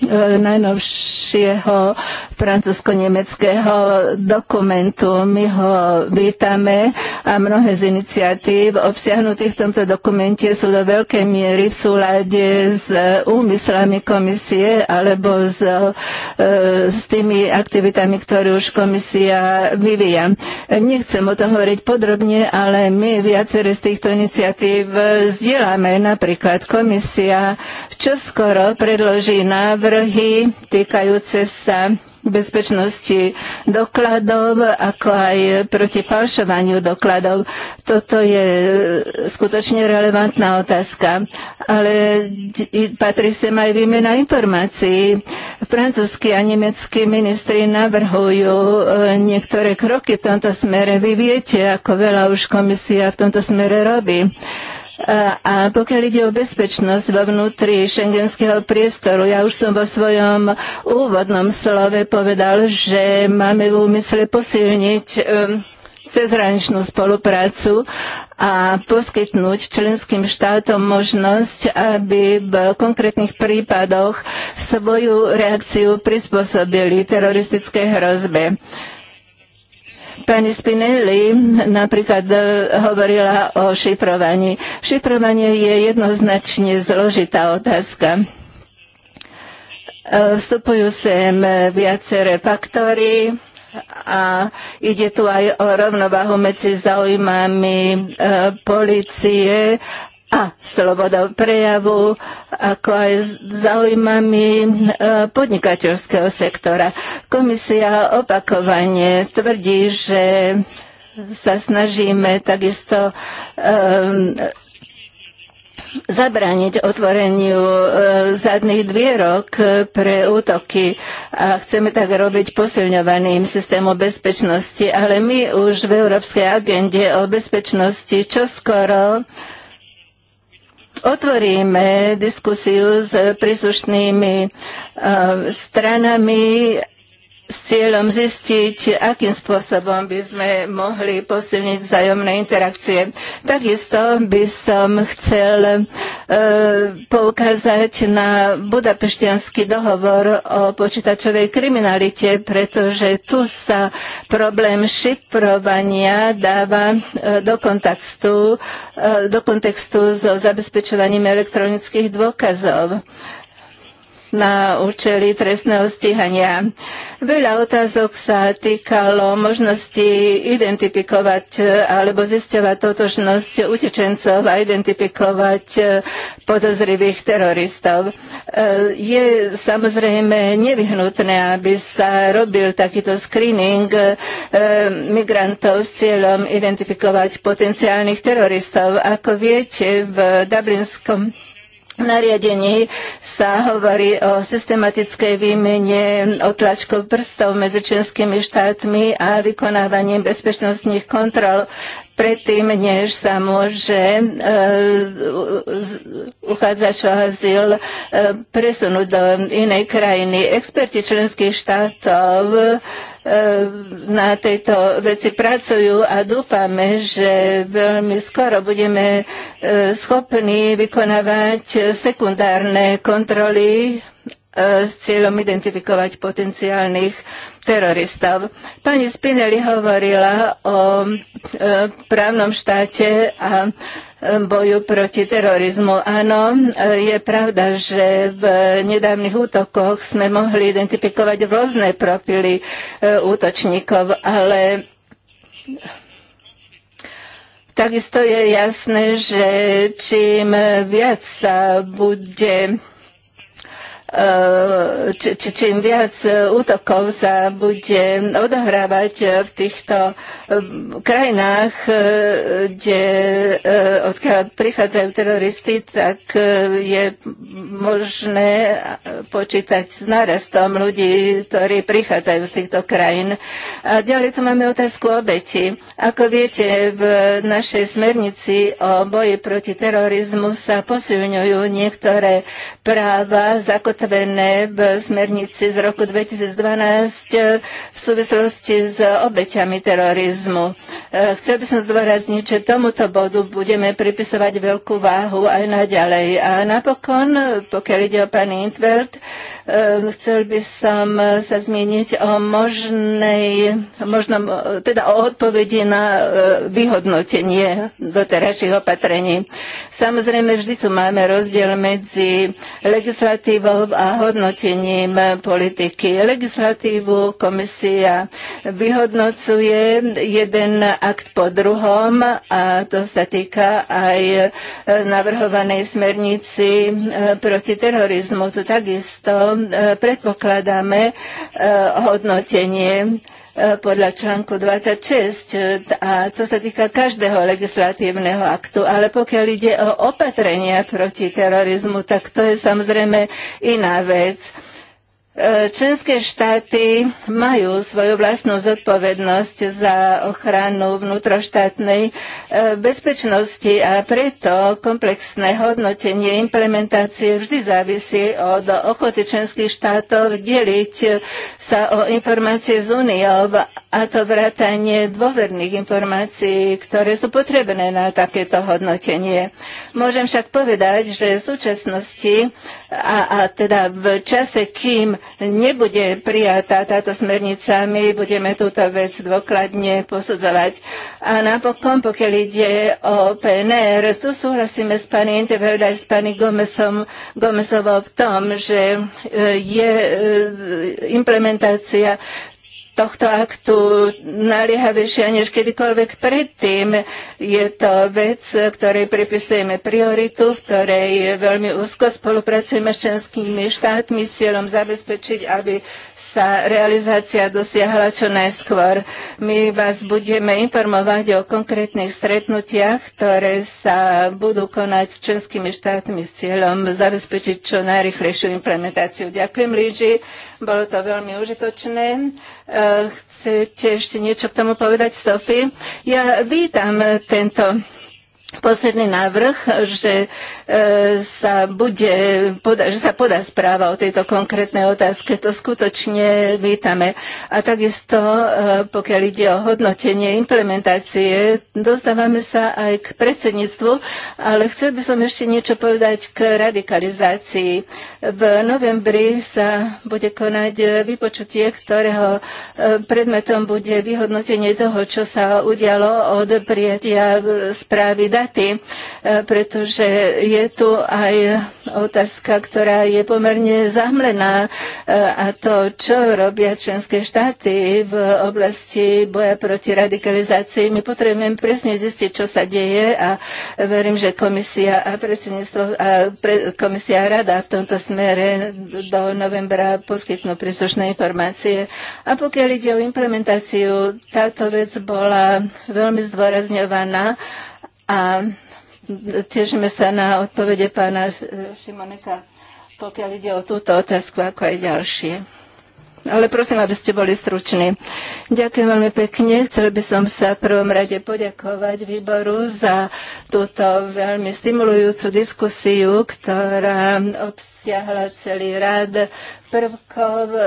Speaker 3: E, najnovšieho francúzsko-nemeckého dokumentu. My ho vítame a mnohé z iniciatív obsiahnutých v tomto dokumente sú do veľkej miery v súlade s e, úmyslami komisie alebo s, e, s tými aktivitami, ktoré už komisia vyvíja. Nechcem o tom hovoriť podrobne, ale my viaceré z týchto iniciatív zdieľame. Napríklad komisia čoskoro predloží návrh návrhy týkajúce sa bezpečnosti dokladov, ako aj proti falšovaniu dokladov. Toto je skutočne relevantná otázka, ale patrí sem aj výmena informácií. Francúzsky a nemeckí ministri navrhujú eh, niektoré kroky v tomto smere. Vy viete, ako veľa už komisia v tomto smere robí. A pokiaľ ide o bezpečnosť vo vnútri šengenského priestoru, ja už som vo svojom úvodnom slove povedal, že máme v úmysle posilniť um, cezhraničnú spoluprácu a poskytnúť členským štátom možnosť, aby v konkrétnych prípadoch svoju reakciu prispôsobili teroristické hrozbe. Pani Spinelli napríklad e, hovorila o šifrovaní. Šifrovanie je jednoznačne zložitá otázka. E, vstupujú sem viaceré faktory, a ide tu aj o rovnováhu medzi zaujímami e, policie a slobodou prejavu, ako aj zaujímami e, podnikateľského sektora. Komisia opakovane tvrdí, že sa snažíme takisto um, e, zabrániť otvoreniu e, zadných dvierok pre útoky a chceme tak robiť posilňovaným systémom bezpečnosti, ale my už v Európskej agende o bezpečnosti čoskoro skoro otvoríme diskusiu s príslušnými eh, stranami s cieľom zistiť, akým spôsobom by sme mohli posilniť vzájomné interakcie. Takisto by som chcel e, poukázať na budapešťanský dohovor o počítačovej kriminalite, pretože tu sa problém šiprovania dáva e, do, kontextu, e, do kontextu so zabezpečovaním elektronických dôkazov na účely trestného stíhania. Veľa otázok sa týkalo možnosti identifikovať e, alebo zisťovať totožnosť utečencov a identifikovať e, podozrivých teroristov. E, je samozrejme nevyhnutné, aby sa robil takýto screening migrantov s cieľom identifikovať potenciálnych teroristov. Ako viete, v Dublinskom nariadení sa hovorí o systematickej výmene otlačkov prstov medzi členskými štátmi a vykonávaním bezpečnostných kontrol predtým, než sa môže e, uchádzač o azyl e, presunúť do inej krajiny. Experti členských štátov e, na tejto veci pracujú a dúfame, že veľmi skoro budeme schopní vykonávať sekundárne kontroly E, s cieľom identifikovať potenciálnych teroristov. Pani Spinelli hovorila o e, právnom štáte a e, boju proti terorizmu. Áno, je pravda, že v nedávnych útokoch sme mohli identifikovať rôzne profily útočníkov, ale Takisto je jasné, že čím viac sa bude či, či, čím viac e, útokov sa bude odohrávať e, v týchto e, krajinách, kde, odkiaľ prichádzajú teroristi, tak je možné počítať s narastom ľudí, ktorí prichádzajú z týchto krajín. A ďalej tu máme otázku obeti. Ako viete, v našej smernici o boji proti terorizmu sa posilňujú niektoré práva zakotvené zakotvené v smernici z roku 2012 v súvislosti s obeťami terorizmu. E, chcel by som zdôrazniť, že tomuto bodu budeme pripisovať veľkú váhu aj naďalej. A napokon, pokiaľ ide o pani Intveld, e, chcel by som sa zmieniť o možnej, možno, teda o odpovedi na e, vyhodnotenie doterajších opatrení. Samozrejme, vždy tu máme rozdiel medzi legislatívou spôsob a hodnotením politiky. Legislatívu komisia vyhodnocuje jeden akt po druhom a to sa týka aj navrhovanej smernici e, proti terorizmu. to takisto e, predpokladáme e, hodnotenie E, podľa článku 26 e, a to sa týka každého legislatívneho aktu, ale pokiaľ ide o opatrenia proti terorizmu, tak to je samozrejme iná vec. E, členské štáty majú svoju vlastnú zodpovednosť za ochranu vnútroštátnej e, bezpečnosti a preto komplexné hodnotenie implementácie vždy závisí od ochoty členských štátov deliť sa o informácie z úniou a to vrátanie dôverných informácií, ktoré sú potrebné na takéto hodnotenie. Môžem však povedať, že v súčasnosti a, a teda v čase, kým nebude prijatá táto smernica, my budeme túto vec dôkladne posudzovať. A napokon, pokiaľ ide o PNR, tu súhlasíme s pani Intervelda s pani Gomesom, Gomesovou v tom, že e, je e, implementácia tohto aktu naliehavejšia než kedykoľvek predtým. Je to vec, ktorej pripisujeme prioritu, v ktorej veľmi úzko spolupracujeme s členskými štátmi s cieľom zabezpečiť, aby sa realizácia dosiahla čo najskôr. My vás budeme informovať o konkrétnych stretnutiach, ktoré sa budú konať s členskými štátmi s cieľom zabezpečiť čo najrychlejšiu implementáciu. Ďakujem, Líži, bolo to veľmi užitočné. E, chcete ešte niečo k tomu povedať, Sofie. Ja vítam tento posledný návrh, že, e, sa bude, poda, že sa podá správa o tejto konkrétnej otázke. To skutočne vítame. A takisto, e, pokiaľ ide o hodnotenie implementácie, dostávame sa aj k predsedníctvu, ale chcel by som ešte niečo povedať k radikalizácii. V novembri sa bude konať vypočutie, ktorého e, predmetom bude vyhodnotenie toho, čo sa udialo od prijatia správy debaty, e, pretože je tu aj otázka, ktorá je pomerne zahmlená e, a to, čo robia členské štáty v oblasti boja proti radikalizácii. My potrebujeme presne zistiť, čo sa deje a verím, že komisia a predsedníctvo a pre, komisia a rada v tomto smere do novembra poskytnú príslušné informácie. A pokiaľ ide o implementáciu, táto vec bola veľmi zdôrazňovaná a tešíme sa na odpovede pána Šimoneka, pokiaľ ide o túto otázku, ako aj ďalšie ale prosím, aby ste boli struční. Ďakujem veľmi pekne. Chcel by som sa v prvom rade poďakovať výboru za túto veľmi stimulujúcu diskusiu, ktorá obsiahla celý rad prvkov, e,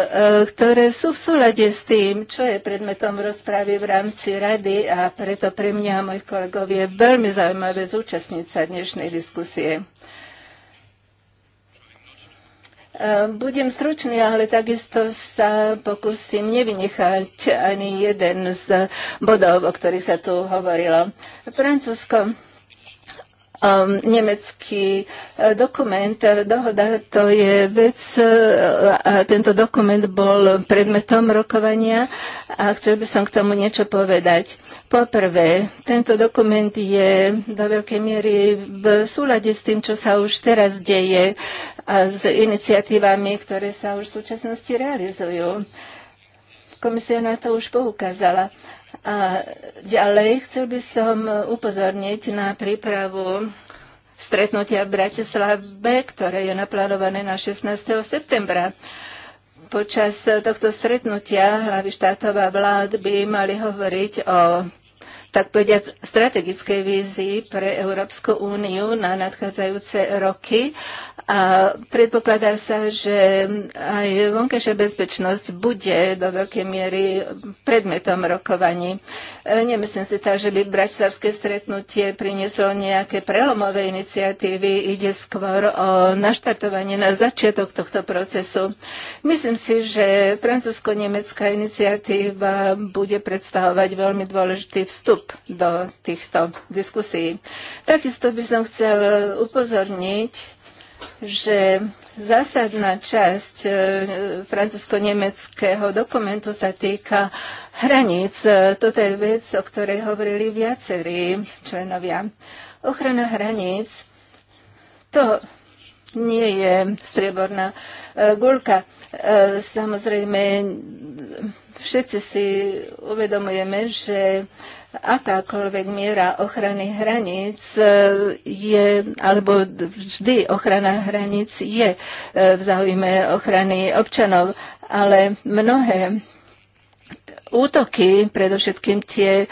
Speaker 3: ktoré sú v súlade s tým, čo je predmetom rozpravy v rámci rady a preto pre mňa a mojich kolegov je veľmi zaujímavé zúčastniť sa dnešnej diskusie. Budem stručný, ale takisto sa pokúsim nevynechať ani jeden z bodov, o ktorých sa tu hovorilo. Francúzsko um, nemecký eh, dokument, eh, dohoda, to je vec, eh, a tento dokument bol predmetom rokovania a chcel by som k tomu niečo povedať. Poprvé, tento dokument je do veľkej miery v súlade s tým, čo sa už teraz deje a s iniciatívami, ktoré sa už v súčasnosti realizujú. Komisia na to už poukázala. A ďalej chcel by som upozorniť na prípravu stretnutia v Bratislave, ktoré je naplánované na 16. septembra. Počas tohto stretnutia hlavy štátov a vlád by mali hovoriť o tak povediať, strategickej vízii pre Európsku úniu na nadchádzajúce roky a predpokladá sa, že aj vonkajšia bezpečnosť bude do veľkej miery predmetom rokovaní. E, nemyslím si tak, že by bratislavské stretnutie prinieslo nejaké prelomové iniciatívy. Ide skôr o naštartovanie na začiatok tohto procesu. Myslím si, že francúzsko-nemecká iniciatíva bude predstavovať veľmi dôležitý vstup do týchto diskusí. Takisto by som chcel upozorniť, že zásadná časť e, francúzsko-nemeckého dokumentu sa týka hraníc. E, Toto je vec, o ktorej hovorili viacerí členovia. Ochrana hraníc to nie je strieborná e, gulka. samozrejme, všetci si uvedomujeme, že akákoľvek miera ochrany hraníc e, je, alebo vždy ochrana hraníc je e, v záujme ochrany občanov, ale mnohé útoky, predovšetkým tie e,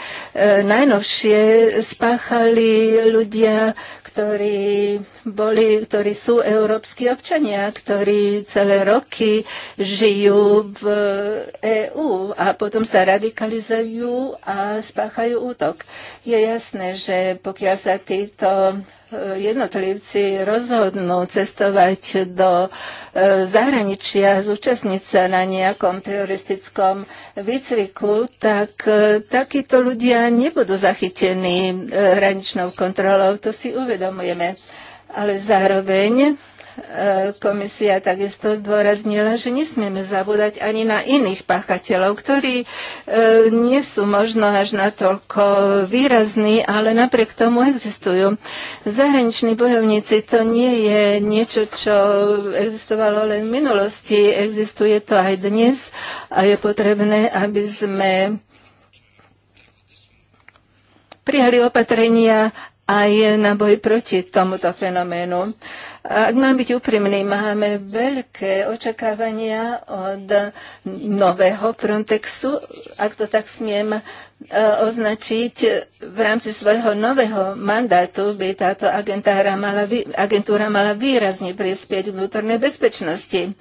Speaker 3: najnovšie, spáchali ľudia, ktorí, boli, ktorí sú európsky občania, ktorí celé roky žijú v EÚ a potom sa radikalizujú a spáchajú útok. Je jasné, že pokiaľ sa títo E, jednotlivci rozhodnú cestovať do e, zahraničia, zúčastniť sa na nejakom teroristickom výcviku, tak e, takíto ľudia nebudú zachytení hraničnou kontrolou. To si uvedomujeme. Ale zároveň E, komisia takisto zdôraznila, že nesmieme zabúdať ani na iných páchateľov, ktorí e, nie sú možno až natoľko výrazní, ale napriek tomu existujú. Zahraniční bojovníci to nie je niečo, čo existovalo len v minulosti, existuje to aj dnes a je potrebné, aby sme prijali opatrenia, aj na boj proti tomuto fenoménu. Ak mám byť úprimný, máme veľké očakávania od nového Frontexu, ak to tak smiem e, označiť. V rámci svojho nového mandátu by táto agentúra mala, agentúra mala výrazne prispieť k vnútornej bezpečnosti.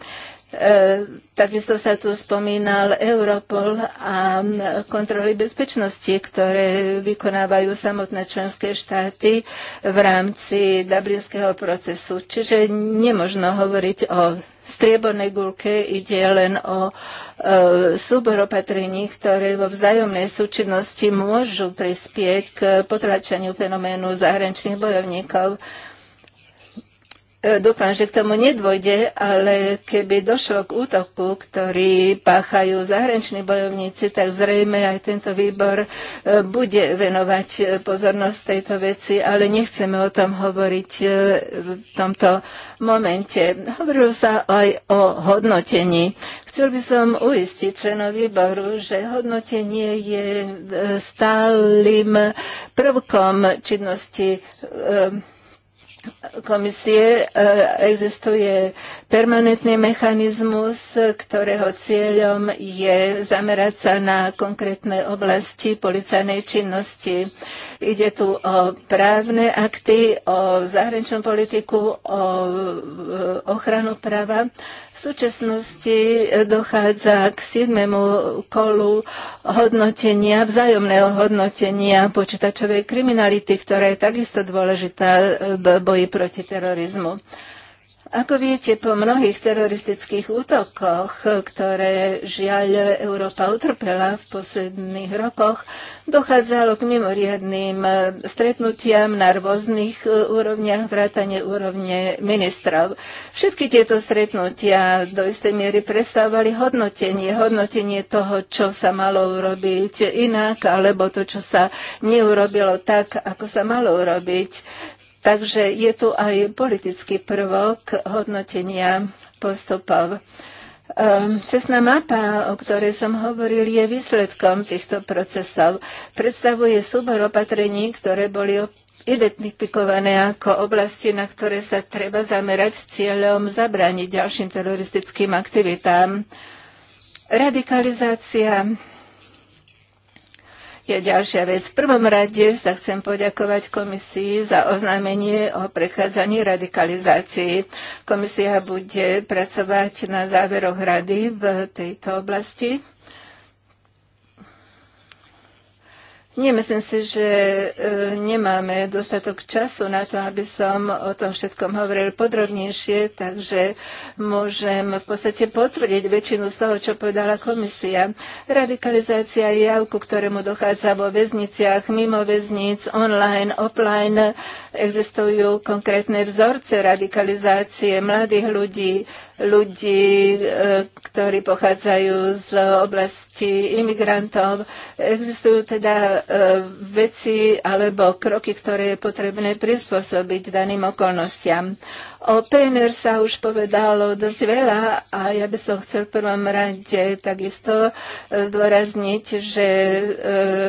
Speaker 3: E, takisto sa tu spomínal Europol a kontroly bezpečnosti, ktoré vykonávajú samotné členské štáty v rámci dublinského procesu. Čiže nemožno hovoriť o striebornej gulke, ide len o e, súbor opatrení, ktoré vo vzájomnej súčinnosti môžu prispieť k potlačeniu fenoménu zahraničných bojovníkov. E, dúfam, že k tomu nedôjde, ale keby došlo k útoku, ktorý páchajú zahraniční bojovníci, tak zrejme aj tento výbor e, bude venovať e, pozornosť tejto veci, ale nechceme o tom hovoriť v tomto momente. Hovorilo sa aj o hodnotení. Chcel by som uistiť členov výboru, že hodnotenie je stálym prvkom činnosti komisie e, existuje permanentný mechanizmus, ktorého cieľom je zamerať sa na konkrétne oblasti policajnej činnosti. Ide tu o právne akty, o zahraničnú politiku, o e, ochranu práva v súčasnosti e, dochádza k 7. kolu hodnotenia, vzájomného hodnotenia počítačovej kriminality, ktorá je takisto dôležitá e, v boji proti terorizmu. Ako viete, po mnohých teroristických útokoch, ktoré žiaľ Európa utrpela v posledných rokoch, dochádzalo k mimoriadným eh, stretnutiam na rôznych eh, úrovniach, vrátane úrovne ministrov. Všetky tieto stretnutia do istej miery predstavovali hodnotenie, hodnotenie toho, čo sa malo urobiť inak, alebo to, čo sa neurobilo tak, ako sa malo urobiť. Takže je tu aj politický prvok hodnotenia postupov. Ehm, cestná mapa, o ktorej som hovoril, je výsledkom týchto procesov. Predstavuje súbor opatrení, ktoré boli identifikované ako oblasti, na ktoré sa treba zamerať s cieľom zabrániť ďalším teroristickým aktivitám. Radikalizácia je ďalšia vec. V prvom rade sa chcem poďakovať komisii za oznámenie o prechádzaní radikalizácii. Komisia bude pracovať na záveroch rady v tejto oblasti. Nie, myslím si, že e, nemáme dostatok času na to, aby som o tom všetkom hovoril podrobnejšie, takže môžem v podstate potvrdiť väčšinu z toho, čo povedala komisia. Radikalizácia je jav, ku ktorému dochádza vo väzniciach, mimo väznic, online, offline. Existujú konkrétne vzorce radikalizácie mladých ľudí, ľudí, e, ktorí pochádzajú z oblasti imigrantov. Existujú teda e, veci alebo kroky, ktoré je potrebné prispôsobiť daným okolnostiam. O PNR sa už povedalo dosť veľa a ja by som chcel v prvom rade takisto e, zdôrazniť, že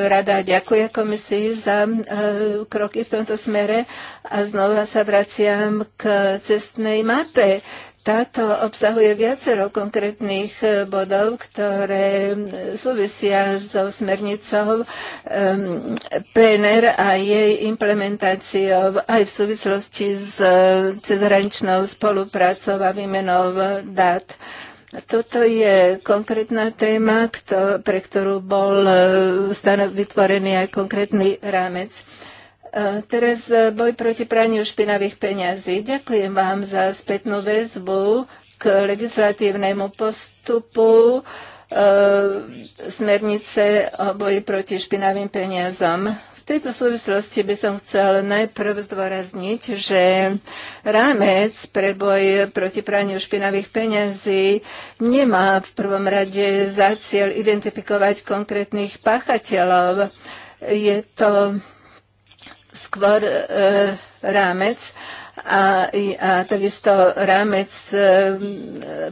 Speaker 3: rada ďakuje komisii za kroky v tomto smere a znova sa vraciam k cestnej mape. Táto obsahuje viacero konkrétnych e, bodov, ktoré e, súvisia so smernicou e, PNR a jej implementáciou aj v súvislosti s cezhraničnou spoluprácou a výmenou dát. Toto je konkrétna téma, pre ktorú bol vytvorený aj konkrétny rámec. Teraz boj proti praniu špinavých peňazí. Ďakujem vám za spätnú väzbu k legislatívnemu postupu eh, smernice o boji proti špinavým peniazom. V tejto súvislosti by som chcel najprv zdôrazniť, že rámec pre boj proti praniu špinavých peňazí nemá v prvom rade za cieľ identifikovať konkrétnych páchateľov. Je to skôr e, rámec a, a takisto rámec e,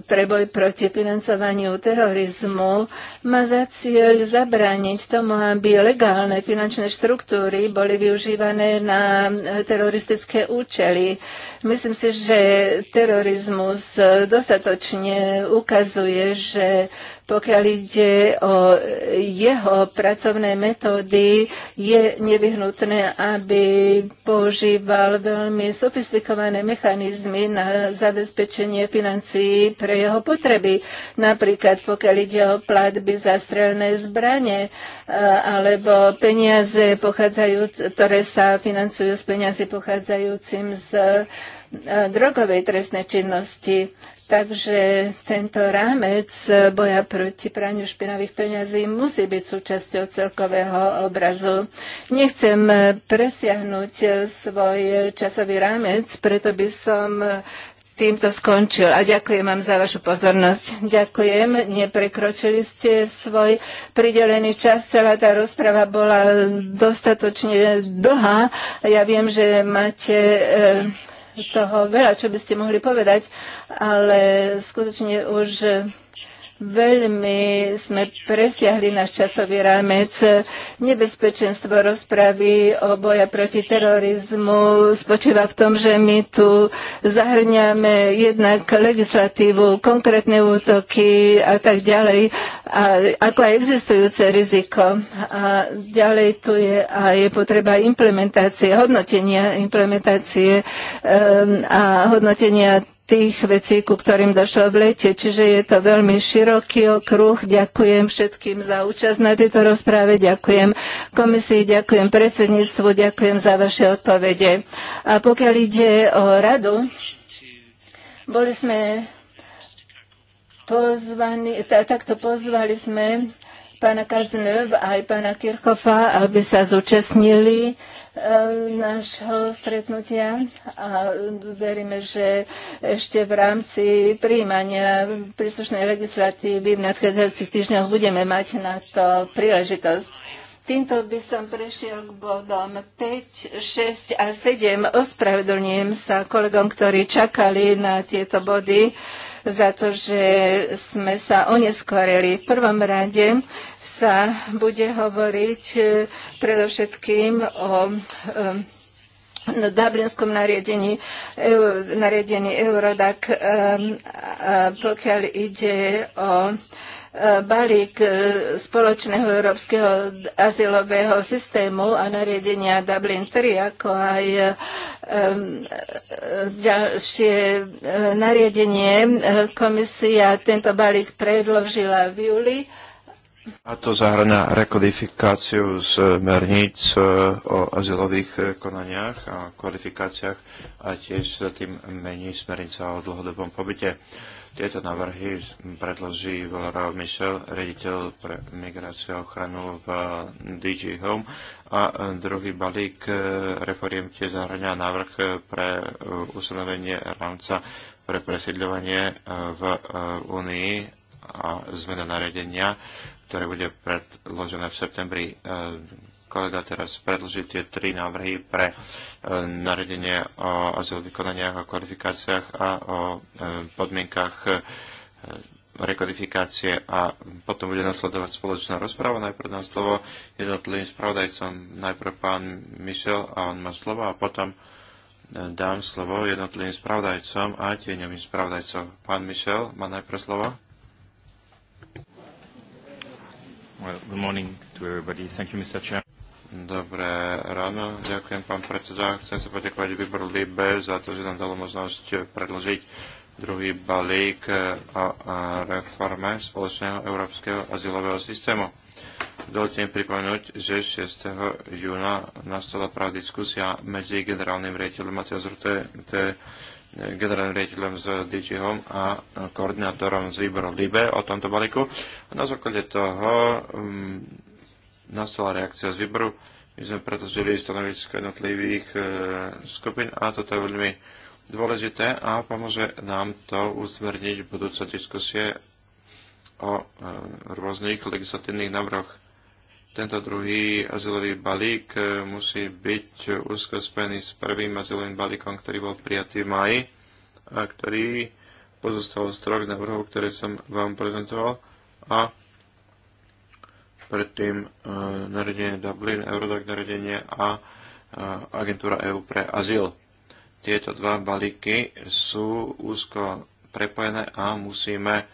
Speaker 3: preboj proti financovaniu terorizmu má za cieľ zabrániť tomu, aby legálne finančné štruktúry boli využívané na e, teroristické účely. Myslím si, že terorizmus e, dostatočne ukazuje, že pokiaľ ide o jeho pracovné metódy, je nevyhnutné, aby používal veľmi sofistikované mechanizmy na zabezpečenie financií pre jeho potreby. Napríklad, pokiaľ ide o platby za strelné zbranie alebo peniaze, ktoré sa financujú z peniazy pochádzajúcim z drogovej trestnej činnosti. Takže tento rámec boja proti praniu špinavých peňazí musí byť súčasťou celkového obrazu. Nechcem presiahnuť svoj časový rámec, preto by som týmto skončil a ďakujem vám za vašu pozornosť. Ďakujem, neprekročili ste svoj pridelený čas. Celá tá rozprava bola dostatočne dlhá. Ja viem, že máte e, toho veľa, čo by ste mohli povedať, ale skutočne už Veľmi sme presiahli náš časový rámec. Nebezpečenstvo rozpravy o boja proti terorizmu spočíva v tom, že my tu zahrňame jednak legislatívu, konkrétne útoky a tak ďalej, a, ako aj existujúce riziko. A ďalej tu je a je potreba implementácie, hodnotenia implementácie um, a hodnotenia tých vecí, ku ktorým došlo v lete. Čiže je to veľmi široký okruh. Ďakujem všetkým za účasť na tejto rozpráve. Ďakujem komisii, ďakujem predsedníctvu, ďakujem za vaše odpovede. A pokiaľ ide o radu, boli sme pozvaní, takto pozvali sme pána Kazneb a aj pána Kirchhoffa, aby sa zúčastnili e, nášho stretnutia a veríme, že ešte v rámci príjmania príslušnej legislatívy v nadchádzajúcich týždňoch budeme mať na to príležitosť. Týmto by som prešiel k bodom 5, 6 a 7. Ospravedlňujem sa kolegom, ktorí čakali na tieto body za to, že sme sa oneskorili. V prvom rade sa bude hovoriť e, predovšetkým o e, no, Dublinskom nariadení, e, nariadení Eurodac, pokiaľ ide o balík e, spoločného európskeho azylového systému a nariadenia Dublin 3, ako aj e, e, ďalšie nariadenie. Komisia tento balík predložila v júli. A to
Speaker 2: zahrania rekodifikáciu smerníc o azylových konaniach a kvalifikáciách a tiež sa tým mení smernica o dlhodobom pobyte. Tieto návrhy predloží Valorao Michel, rediteľ pre migráciu a ochranu v eh, DG Home a eh, druhý balík eh, reforiem tie zahrania návrh pre ustanovenie rámca pre presiedľovanie v Únii a zmena nariadenia, ktoré bude predložené v septembri kolega teraz predlží tie tri návrhy pre e, naredenie o azyl vykonaniach, o kvalifikáciách a o e, podmienkach e, rekodifikácie a potom bude nasledovať spoločná rozpráva. Najprv na slovo jednotlivým spravodajcom, najprv pán Mišel a on má slovo a potom dám slovo jednotlivým spravodajcom a tieňovým spravodajcom. Pán Mišel má najprv slovo. Well, good morning to everybody. Thank you, Mr. Chairman. Dobré ráno, ďakujem pán predseda. Chcem sa poďakovať výboru LIBE za to, že nám dalo možnosť predložiť druhý balík o reforme spoločného európskeho azylového systému. Dovolte mi pripomenúť, že 6. júna nastala práve diskusia medzi generálnym riaditeľom a Rute, e, generálnym riaditeľom z DG Home a koordinátorom z výboru LIBE o tomto balíku. A na základe toho um, nastala reakcia z výboru. My sme predložili stanovisko jednotlivých e, skupín a toto je veľmi dôležité a pomôže nám to usmerniť budúce diskusie o e, rôznych legislatívnych návrhoch. Tento druhý azylový balík e, musí byť úzko spojený s prvým azylovým balíkom, ktorý bol prijatý v maji a ktorý pozostal z troch návrhov, ktoré som vám prezentoval a predtým e, naredenie Dublin, Eurodac naredenie a e, agentúra EU pre azyl. Tieto dva balíky sú úzko prepojené a musíme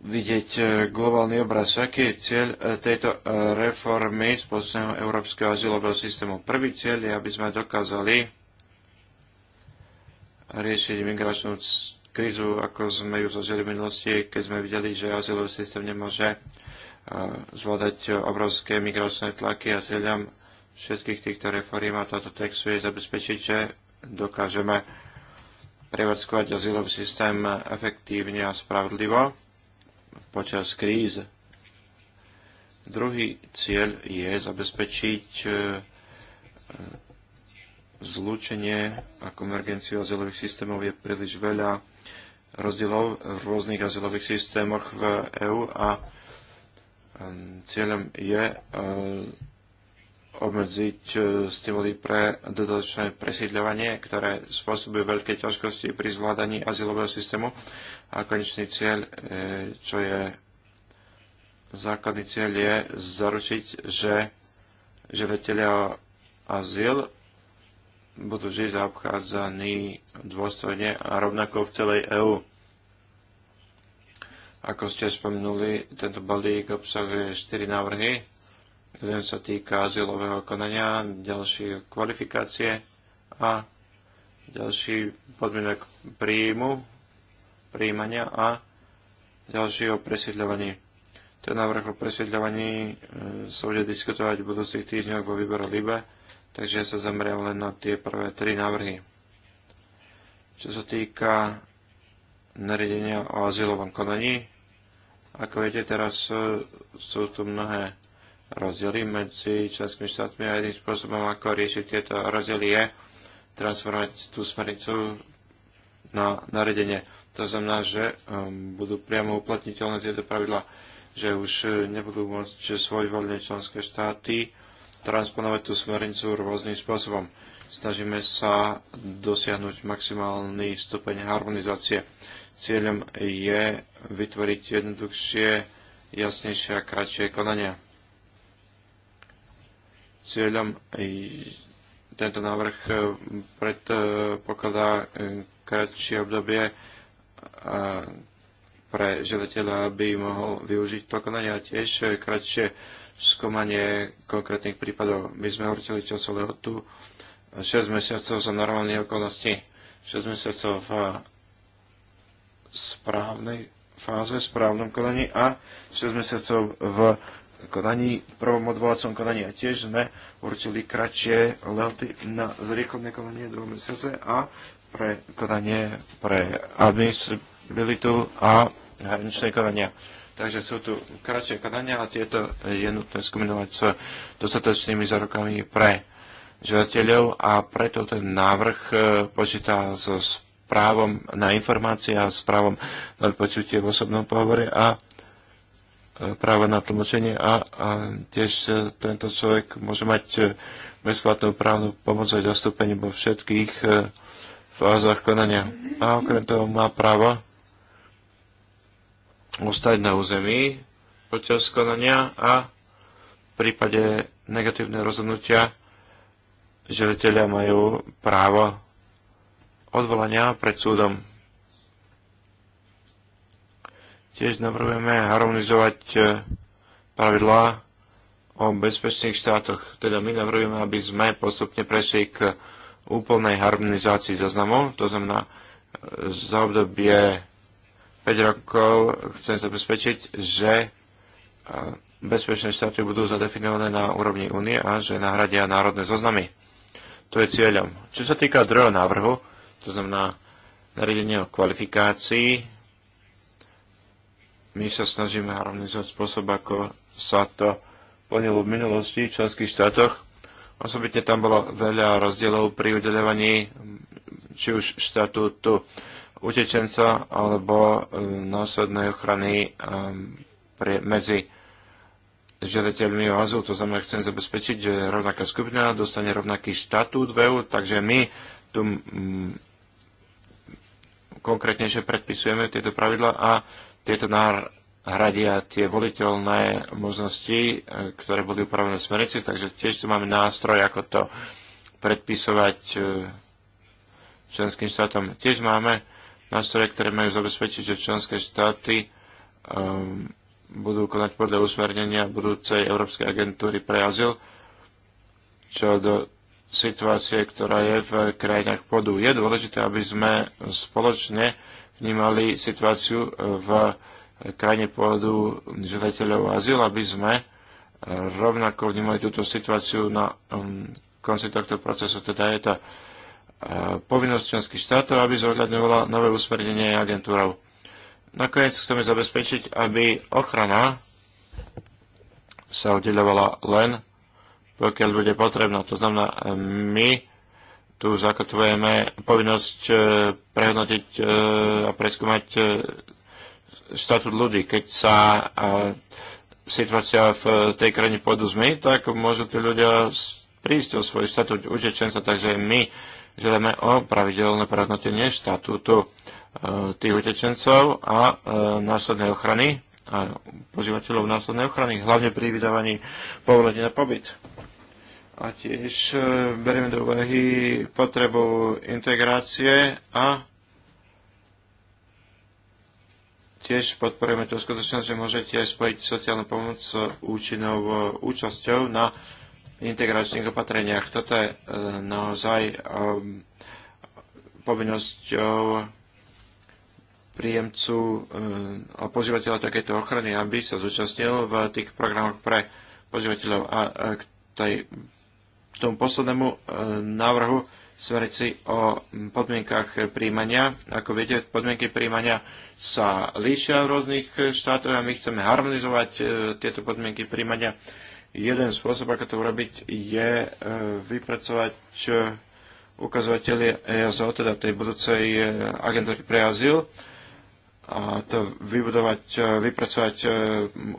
Speaker 2: vidieť e, globálny obraz. Aký je cieľ tejto reformy spôsobného európskeho azylového systému? Prvý cieľ je, aby sme dokázali riešiť migračnú krízu, ako sme ju zažili v minulosti, keď sme videli, že azylový systém nemôže zvládať obrovské migračné tlaky a cieľom všetkých týchto reforiem a táto textu je zabezpečiť, že dokážeme prevádzkovať azylový systém efektívne a spravodlivo počas kríz. Druhý cieľ je zabezpečiť e, zlúčenie a konvergenciu azylových systémov je príliš veľa rozdielov v rôznych azylových systémoch v EÚ a Ehm, cieľom je ehm, obmedziť e, stimuly pre dodatočné presídľovanie, ktoré spôsobujú veľké ťažkosti pri zvládaní azylového systému. A konečný cieľ, e, čo je základný cieľ, je zaručiť, že žiadatelia o azyl budú žiť zaobchádzaní dôstojne a rovnako v celej EÚ. Ako ste spomenuli, tento balík obsahuje 4 návrhy. Jeden sa týka azylového konania, ďalší kvalifikácie a ďalší podmienok príjmu, príjmania a ďalší o presiedľovaní. Ten návrh o presiedľovaní e, sa bude diskutovať v budúcich týždňoch vo výbore LIBE, takže ja sa zameriam len na tie prvé tri návrhy. Čo sa týka nariadenia o azylovom konaní. Ako viete, teraz e, sú tu mnohé rozdiely medzi členskými štátmi a jedným spôsobom, ako riešiť tieto rozdiely, je transformovať tú smernicu na naredenie. To znamená, že um, budú priamo uplatniteľné tieto pravidla, že už e, nebudú môcť voľne členské štáty transponovať tú smernicu rôznym spôsobom. Snažíme sa dosiahnuť maximálny stupeň harmonizácie. Cieľom je vytvoriť jednoduchšie, jasnejšie a kratšie konania. Cieľom tento návrh eh, predpokladá eh, kratšie obdobie eh, pre želiteľa, aby mohol využiť to konanie a tiež kratšie skúmanie konkrétnych prípadov. My sme určili časové lehotu 6 mesiacov za normálne okolnosti, 6 mesiacov v správnej fáze, správnom konaní a 6 mesiacov v konaní, prvom odvolacom konaní a tiež sme určili kratšie lehoty na zrýchlené konanie 2 mesiace a pre konanie pre administrabilitu a hraničné konania. Takže sú tu kratšie konania a tieto je nutné skombinovať s dostatočnými zárokami pre žiadateľov a preto ten návrh e, počíta so právom na informácie a s právom na počutie v osobnom pohovore a e, právo na tlmočenie a, a tiež tento človek môže mať e, bezplatnú právnu pomoc a zastúpenie vo všetkých e, fázach konania. A okrem toho má právo ostať na území počas konania a v prípade negatívneho rozhodnutia žiadateľia majú právo odvolania pred súdom. Tiež navrhujeme harmonizovať e, pravidlá o bezpečných štátoch. Teda my navrhujeme, aby sme postupne prešli k úplnej harmonizácii zaznamov. To znamená, e, za obdobie 5 rokov chcem zabezpečiť, že e, bezpečné štáty budú zadefinované na úrovni únie a že nahradia národné zoznamy. To je cieľom. Čo sa týka druhého návrhu, to znamená nariadenie o kvalifikácii. My sa snažíme harmonizovať spôsob, ako sa to plnilo v minulosti v členských štátoch. Osobitne tam bolo veľa rozdielov pri udeľovaní či už štatútu utečenca alebo e, následnej ochrany e, medzi žiadateľmi o azyl. To znamená, chcem zabezpečiť, že rovnaká skupina dostane rovnaký štatút v EU, takže my tu konkrétnejšie predpisujeme tieto pravidla a tieto nahradia tie voliteľné možnosti, e, ktoré boli upravené v smernici, takže tiež tu máme nástroj, ako to predpisovať e, členským štátom. Tiež máme nástroje, ktoré majú zabezpečiť, že členské štáty um, budú konať podľa usmernenia budúcej Európskej agentúry pre azyl, čo do situácie, ktorá je v krajinách podu. Je dôležité, aby sme spoločne vnímali situáciu v krajine podu žiadateľov azyl, aby sme rovnako vnímali túto situáciu na um, konci tohto procesu. Teda je tá uh, povinnosť členských štátov, aby zohľadňovala nové usmernenie agentúrov. Nakoniec chceme zabezpečiť, aby ochrana sa udeľovala len pokiaľ bude potrebná. To znamená, e, my tu zakotvujeme povinnosť e, prehodnotiť e, a preskúmať štatút ľudí. Keď sa situácia v tej krajine pôjdu zmy, tak môžu tí ľudia prísť o svoj štatút utečenca, takže my želeme o pravidelné prehodnotenie štatútu tých utečencov a následnej ochrany a požívateľov následnej ochrany, hlavne pri vydávaní povolenia na pobyt a tiež e, berieme do úvahy potrebu integrácie a tiež podporujeme tú skutočnosť, že môžete aj spojiť sociálnu pomoc s účinnou e, účasťou na integračných opatreniach. Toto je e, naozaj povinnosťou príjemcu a požívateľa takéto ochrany, aby sa zúčastnil v tých programoch pre požívateľov a k tej tomu poslednému e, návrhu smernici o podmienkach príjmania. Ako viete, podmienky príjmania sa líšia v rôznych štátoch a my chceme harmonizovať e, tieto podmienky príjmania. Jeden spôsob, ako to urobiť, je e, vypracovať ukazovateľe EASO, teda tej budúcej agentúry pre azyl, to vybudovať, e, vypracovať e,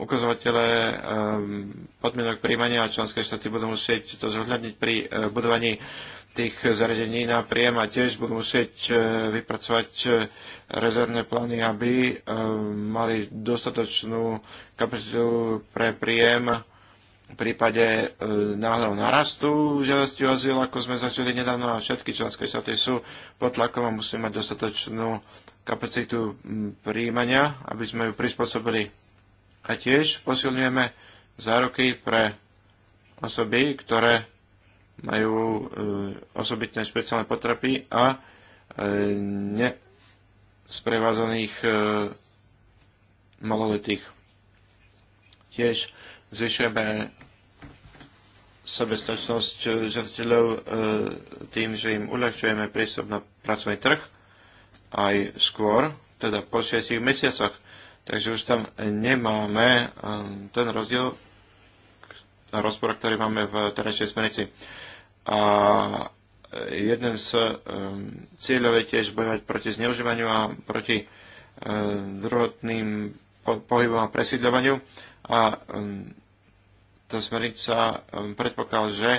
Speaker 2: ukazovatele e, podmienok príjmania a členské štáty budú musieť to zohľadniť pri budovaní tých zariadení na príjem a tiež budú musieť vypracovať rezervné plány, aby mali dostatočnú kapacitu pre príjem v prípade náhleho narastu žiadosti o azyl, ako sme začali nedávno, a všetky členské štáty sú pod tlakom a musíme mať dostatočnú kapacitu príjmania, aby sme ju prispôsobili. A tiež posilňujeme zároky pre osoby, ktoré majú e, osobitné špeciálne potreby a e, nesprevázaných e, maloletých. Tiež zvyšujeme sebestačnosť žiadateľov tým, že im uľahčujeme prístup na pracovný trh aj skôr, teda po šiestich mesiacoch. Takže už tam nemáme ehm, ten rozdiel, rozpor, ktorý máme v terajšej smernici. A jeden z ehm, cieľov je tiež bojovať proti zneužívaniu a proti ehm, druhotným pohybom a presídľovaniu. A tá smernica predpokladá, že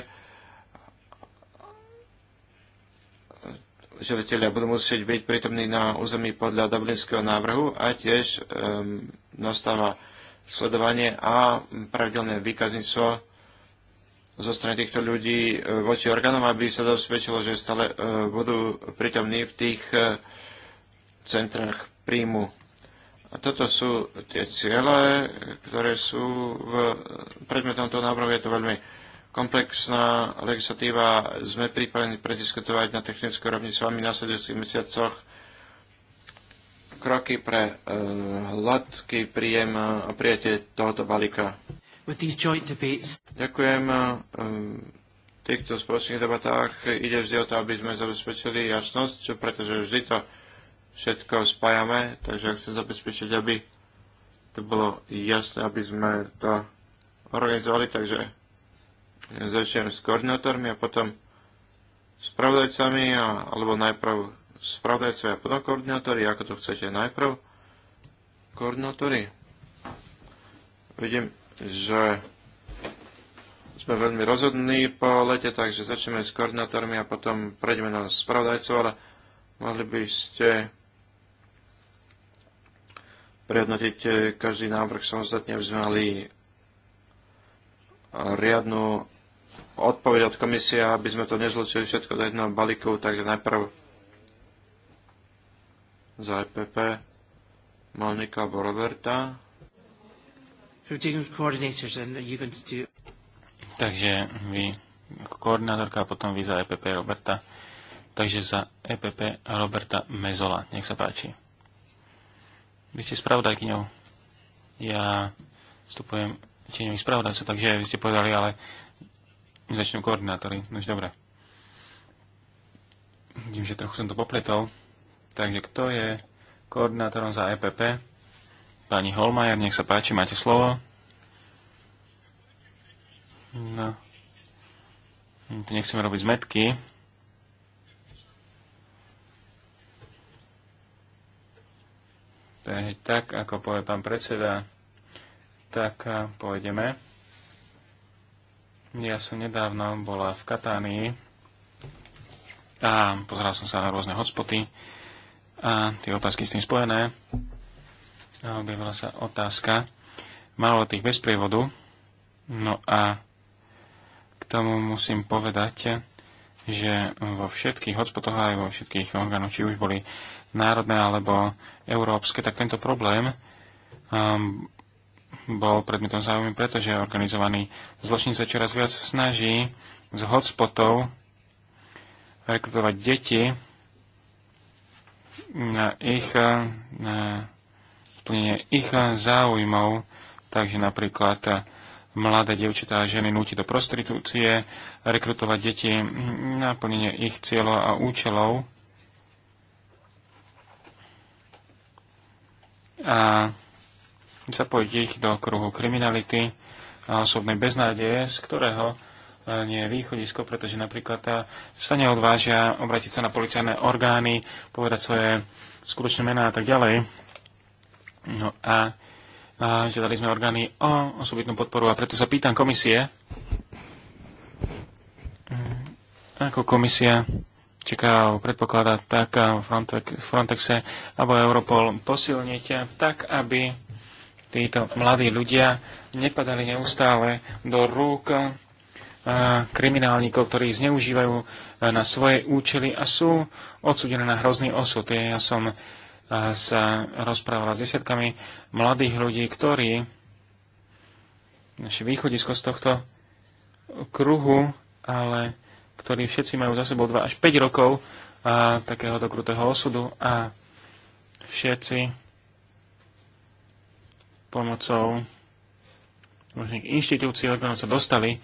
Speaker 2: žiadatelia budú musieť byť prítomní na území podľa Dublinského návrhu a tiež um, nastáva sledovanie a pravidelné výkaznictvo zo strany týchto ľudí e, voči orgánom, aby sa zabezpečilo, že stále uh, budú prítomní v tých uh, centrách príjmu. A toto sú tie ciele, ktoré sú v predmetom toho návrhu. Je to veľmi komplexná legislatíva. Sme pripravení prediskutovať na technickej rovni s vami v nasledujúcich mesiacoch kroky pre uh, hladký príjem a prijatie tohoto balíka. Ďakujem. V e, e, týchto spoločných debatách ide vždy o to, aby sme zabezpečili jasnosť, pretože vždy to všetko spájame, takže chcem zabezpečiť, aby to bolo jasné, aby sme to organizovali, takže začnem s koordinátormi a potom spravodajcami, a, alebo najprv pravdajcami a potom koordinátori, ako to chcete najprv. Koordinátori. Vidím, že sme veľmi rozhodní po lete, takže začneme s koordinátormi a potom prejdeme na spravodajcov, ale mohli by ste prihodnotiť eh, každý návrh Samozrejme, aby sme mali riadnu odpoveď od komisie, aby sme to nezločili všetko do jedného balíku, tak najprv za EPP Monika alebo Roberta. Takže vy
Speaker 1: ako koordinátorka a potom vy za EPP Roberta. Takže za EPP Roberta Mezola. Nech sa páči. Vy ste spravodajkyňou. Ja vstupujem tieňový spravodajcu, takže vy ste povedali, ale Začnú koordinátory. Nož dobre. Vidím, že trochu som to popletol. Takže kto je koordinátorom za EPP? Pani Holmajer, nech sa páči, máte slovo. No. Tu nechceme robiť zmetky. Takže tak, ako povie pán predseda, tak povedeme. Ja som nedávno bola v Katánii a pozeral som sa na rôzne hotspoty a tie otázky s tým spojené. A objavila sa otázka tých bez prievodu. No a k tomu musím povedať, že vo všetkých hotspotoch aj vo všetkých orgánoch, či už boli národné alebo európske, tak tento problém um, bol predmetom záujmu, pretože organizovaný zločin sa čoraz viac snaží z hotspotov rekrutovať deti na ich eh, na plnenie ich eh, záujmov, takže napríklad eh, mladé devčatá a ženy núti do prostitúcie, rekrutovať deti na plnenie ich cieľov a účelov. A zapojiť ich do kruhu kriminality a osobnej beznádeje, z ktorého e, nie je východisko, pretože napríklad tá e, sa neodvážia obrátiť sa na policajné orgány, povedať svoje skutočné mená a tak ďalej. No a, a žiadali sme orgány o osobitnú podporu a preto sa pýtam komisie, ako komisia čaká, predpokladá tak v e, Frontexe alebo Europol posilniť tak, aby títo mladí ľudia nepadali neustále do rúk eh, kriminálnikov, ktorí zneužívajú eh, na svoje účely a sú odsudené na hrozný osud. Ja som eh, sa rozprávala s desiatkami mladých ľudí, ktorí naše východisko z tohto kruhu, ale ktorí všetci majú za sebou 2 až 5 rokov a, takéhoto krutého osudu a všetci pomocou rôznych inštitúcií orgánov sa dostali eh,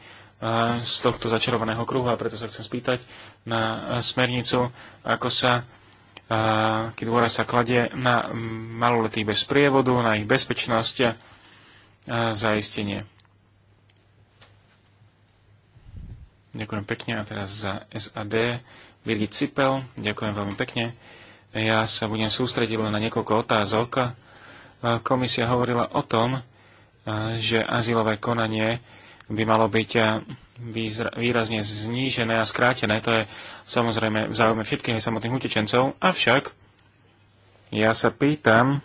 Speaker 1: z tohto začarovaného kruhu a preto sa chcem spýtať na eh, smernicu, ako sa eh, keď dôraz sa kladie na maloletých bez prievodu, na ich bezpečnosť a zaistenie. Ďakujem pekne a teraz za SAD Birgit Cipel. Ďakujem veľmi pekne. Ja sa budem sústrediť len na niekoľko otázok komisia hovorila o tom, že azylové konanie by malo byť výrazne znížené a skrátené. To je samozrejme v záujme všetkých aj samotných utečencov. Avšak ja sa pýtam,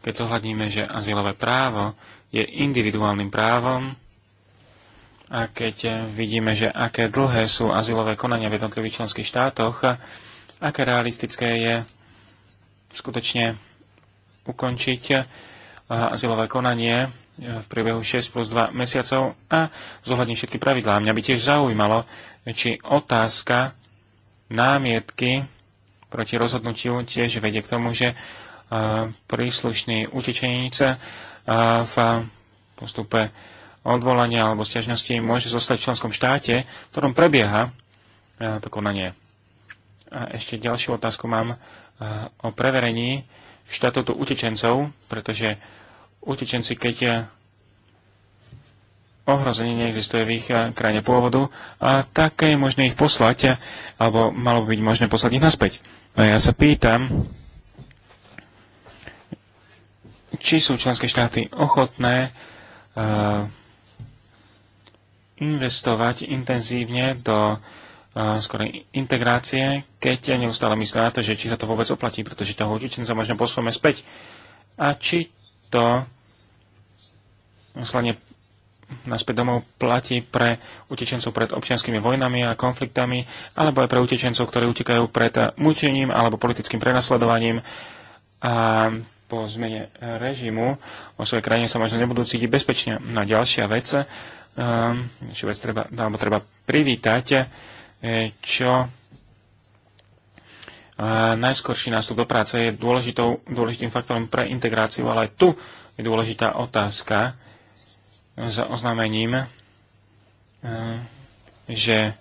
Speaker 1: keď zohľadníme, že azylové právo je individuálnym právom a keď vidíme, že aké dlhé sú azylové konania v jednotlivých členských štátoch, aké realistické je skutočne ukončiť eh, azylové konanie eh, v priebehu 6 plus 2 mesiacov a zohľadniť všetky pravidlá. Mňa by tiež zaujímalo, či otázka námietky proti rozhodnutiu tiež vedie k tomu, že eh, príslušný utečeníc v postupe odvolania alebo stiažnosti môže zostať v členskom štáte, v ktorom prebieha to konanie. A ešte ďalšiu otázku mám o preverení štatútu utečencov, pretože utečenci, keď eh, ohrozenie neexistuje v ich eh, krajine pôvodu, a tak je možné ich poslať, eh, alebo malo by byť možné poslať ich naspäť. No a ja sa pýtam, či sú členské štáty ochotné uh, investovať intenzívne do skoro integrácie, keď neustále myslím na to, že či sa to vôbec oplatí, pretože tá sa možno posúme späť. A či to slanie naspäť domov platí pre utečencov pred občianskými vojnami a konfliktami, alebo aj pre utečencov, ktorí utekajú pred mučením alebo politickým prenasledovaním. A po zmene režimu o svojej krajine sa možno nebudú cítiť bezpečne. No ďalšia vec, um, vec treba, alebo treba privítať, E, čo e, najskorší nástup do práce je dôležitou, dôležitým faktorom pre integráciu, ale aj tu je dôležitá otázka s oznámením, e, že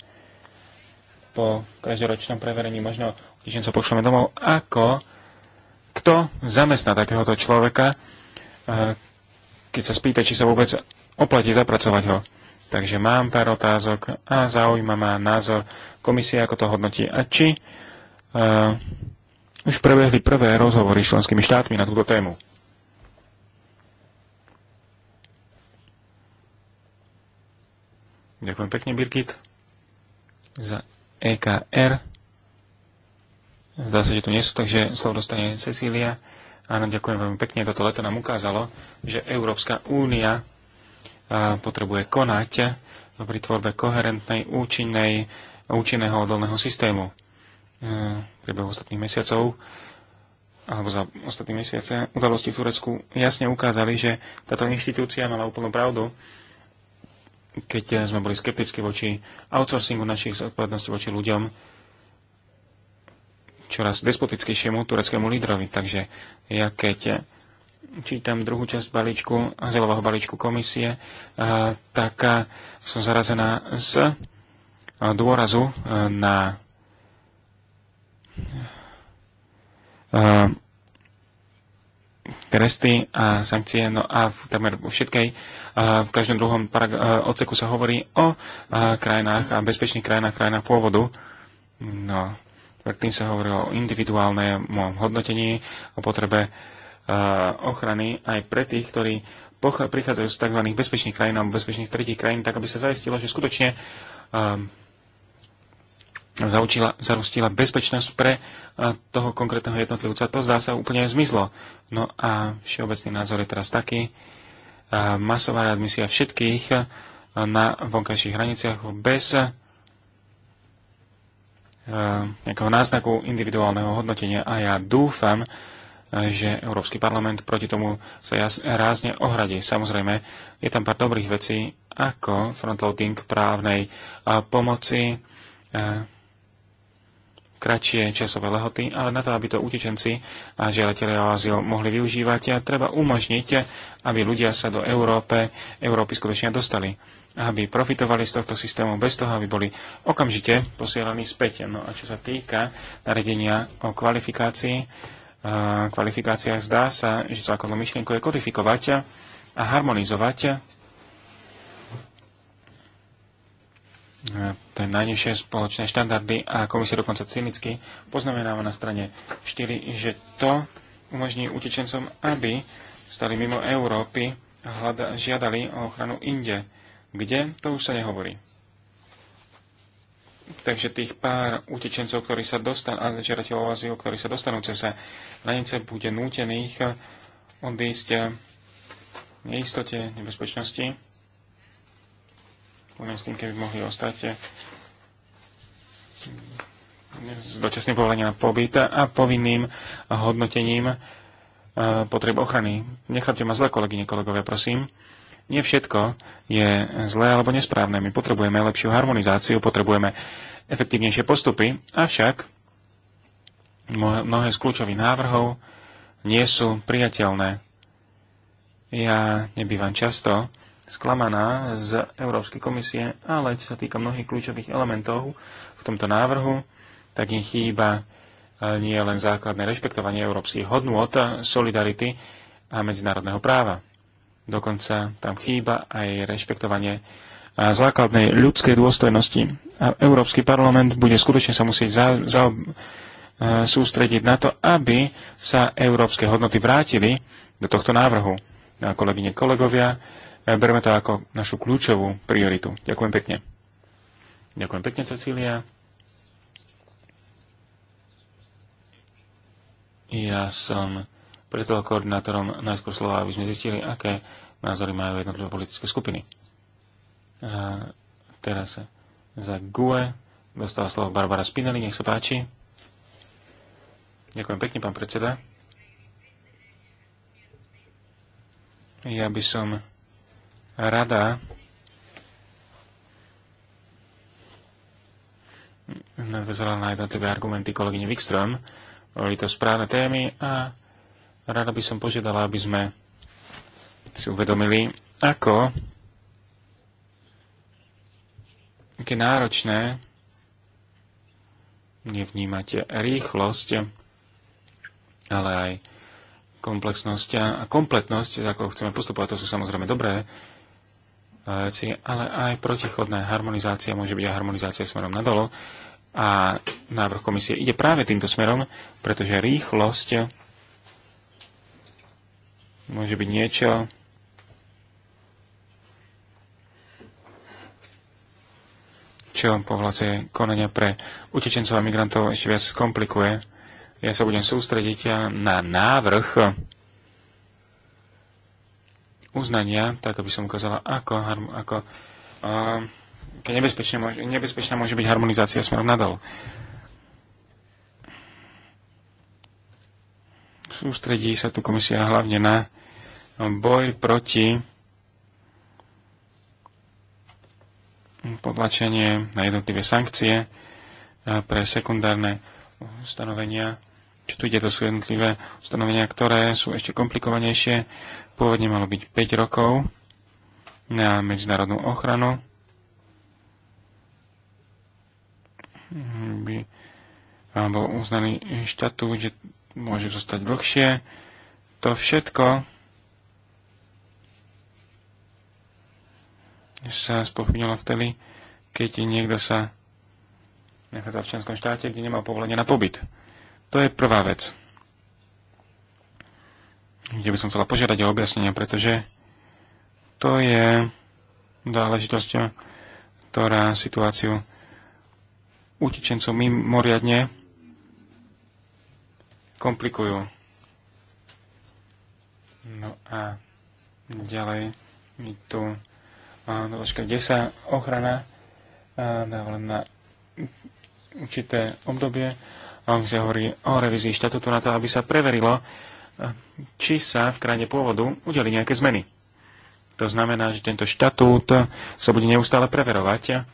Speaker 1: po každoročnom preverení možno sa pošleme domov, ako kto zamestná takéhoto človeka, keď sa spýta, či sa vôbec oplatí zapracovať ho. Takže mám pár otázok a zaujíma ma názor komisie, ako to hodnotí a či uh, už prebehli prvé rozhovory s členskými štátmi na túto tému. Ďakujem pekne, Birgit, za EKR. Zdá sa, že tu nie sú, takže slovo dostane Cecília. Áno, ďakujem veľmi pekne. Toto leto nám ukázalo, že Európska únia potrebuje konať pri tvorbe koherentnej, účinnej, účinného odolného systému. E, v priebehu ostatných mesiacov alebo za ostatné mesiace udalosti v Turecku jasne ukázali, že táto inštitúcia mala úplnú pravdu, keď sme boli skeptickí voči outsourcingu našich zodpovedností voči ľuďom, čoraz despotickejšiemu tureckému lídrovi. Takže ja keď čítam druhú časť balíčku, azylového balíčku komisie, eh, tak eh, som zarazená z eh, dôrazu na tresty a sankcie, no a v takmer vo všetkej, v každom druhom odseku sa hovorí o krajinách a bezpečných krajinách, krajinách pôvodu. No, predtým sa hovorilo o individuálnom hodnotení, o potrebe ochrany aj pre tých, ktorí prichádzajú z tzv. bezpečných krajín alebo bezpečných tretich krajín, tak aby sa zaistilo, že skutočne um, zarostila zaučila, zarustila bezpečnosť pre toho konkrétneho jednotlivca. To zdá sa úplne zmizlo. No a všeobecný názor je teraz taký, masová readmisia všetkých na vonkajších hraniciach bez nejakého náznaku individuálneho hodnotenia. A ja dúfam, že Európsky parlament proti tomu sa jas, rázne ohradí. Samozrejme, je tam pár dobrých vecí, ako frontloading právnej pomoci, a kratšie časové lehoty, ale na to, aby to utečenci a žiadatelia o azyl mohli využívať, a treba umožniť, aby ľudia sa do Európe, Európy skutočne dostali. Aby profitovali z tohto systému bez toho, aby boli okamžite posielaní späť. No a čo sa týka naredenia o kvalifikácii, kvalifikáciách zdá sa, že základnou myšlienkou je kodifikovať a harmonizovať tie najnižšie spoločné štandardy a komisie dokonca cynicky poznamenáva na strane 4, že to umožní utečencom, aby stali mimo Európy a žiadali o ochranu inde, kde to už sa nehovorí. Takže tých pár utečencov, ktorí sa dostanú, a žiadateľov azyl, ktorí sa dostanú cez hranice, bude nútených eh, odísť eh, v neistote, nebezpečnosti. Len s tým, keby mohli ostať eh, s dočasným povolením na pobyt a povinným hodnotením potreb ochrany. Nechápte ma zle, kolegyne, kolegovia, prosím nie všetko je zlé alebo nesprávne. My potrebujeme lepšiu harmonizáciu, potrebujeme efektívnejšie postupy, avšak mnohé z kľúčových návrhov nie sú priateľné. Ja nebývam často sklamaná z Európskej komisie, ale čo sa týka mnohých kľúčových elementov v tomto návrhu, tak im chýba e, nie len základné rešpektovanie európskych hodnôt, solidarity a medzinárodného práva. Dokonca tam chýba aj rešpektovanie základnej ľudskej dôstojnosti. A Európsky parlament bude skutočne sa musieť za, za, e, sústrediť na to, aby sa európske hodnoty vrátili do tohto návrhu. No a kolegyne, kolegovia, e, berme to ako našu kľúčovú prioritu. Ďakujem pekne. Ďakujem pekne, Cecília. Ja som preto koordinátorom najskôr slova, aby sme zistili, aké názory majú jednotlivé politické skupiny. A teraz za GUE dostala slovo Barbara Spinelli, nech sa páči. Ďakujem pekne, pán predseda. Ja by som rada nadvezala na jednotlivé argumenty kolegyne Wikström. Boli to správne témy a Rada by som požiadala, aby sme si uvedomili, ako aké náročné nevnímať rýchlosť, ale aj komplexnosť a kompletnosť, ako chceme postupovať, to sú samozrejme dobré veci, ale aj protichodná harmonizácia môže byť aj harmonizácia smerom nadolo. A návrh komisie ide práve týmto smerom, pretože rýchlosť môže byť niečo, čo pohľadce konania pre utečencov a migrantov ešte viac skomplikuje. Ja sa budem sústrediť na návrh uznania, tak aby som ukázala, ako, ako uh, nebezpečná, môže, nebezpečná môže byť harmonizácia smerom nadol. Sústredí sa tu komisia hlavne na boj proti potlačenie na jednotlivé sankcie e, pre sekundárne ustanovenia, čo tu ide, to sú jednotlivé ustanovenia, ktoré sú ešte komplikovanejšie. Pôvodne malo byť 5 rokov na medzinárodnú ochranu. By bol uznaný štatút, že môže zostať dlhšie. To všetko sa spochybnila vtedy, keď niekto sa nachádza v členskom štáte, kde nemal povolenie na pobyt. To je prvá vec, kde by som chcela požiadať o objasnenie, pretože to je záležitosť, ktorá situáciu utečencov mimoriadne komplikujú. No a ďalej je tu doložka 10 ochrana dáva len na určité obdobie, on sa hovorí o revízii štatutu na to, aby sa preverilo, či sa v krajine pôvodu udeli nejaké zmeny. To znamená, že tento štatút sa bude neustále preverovať.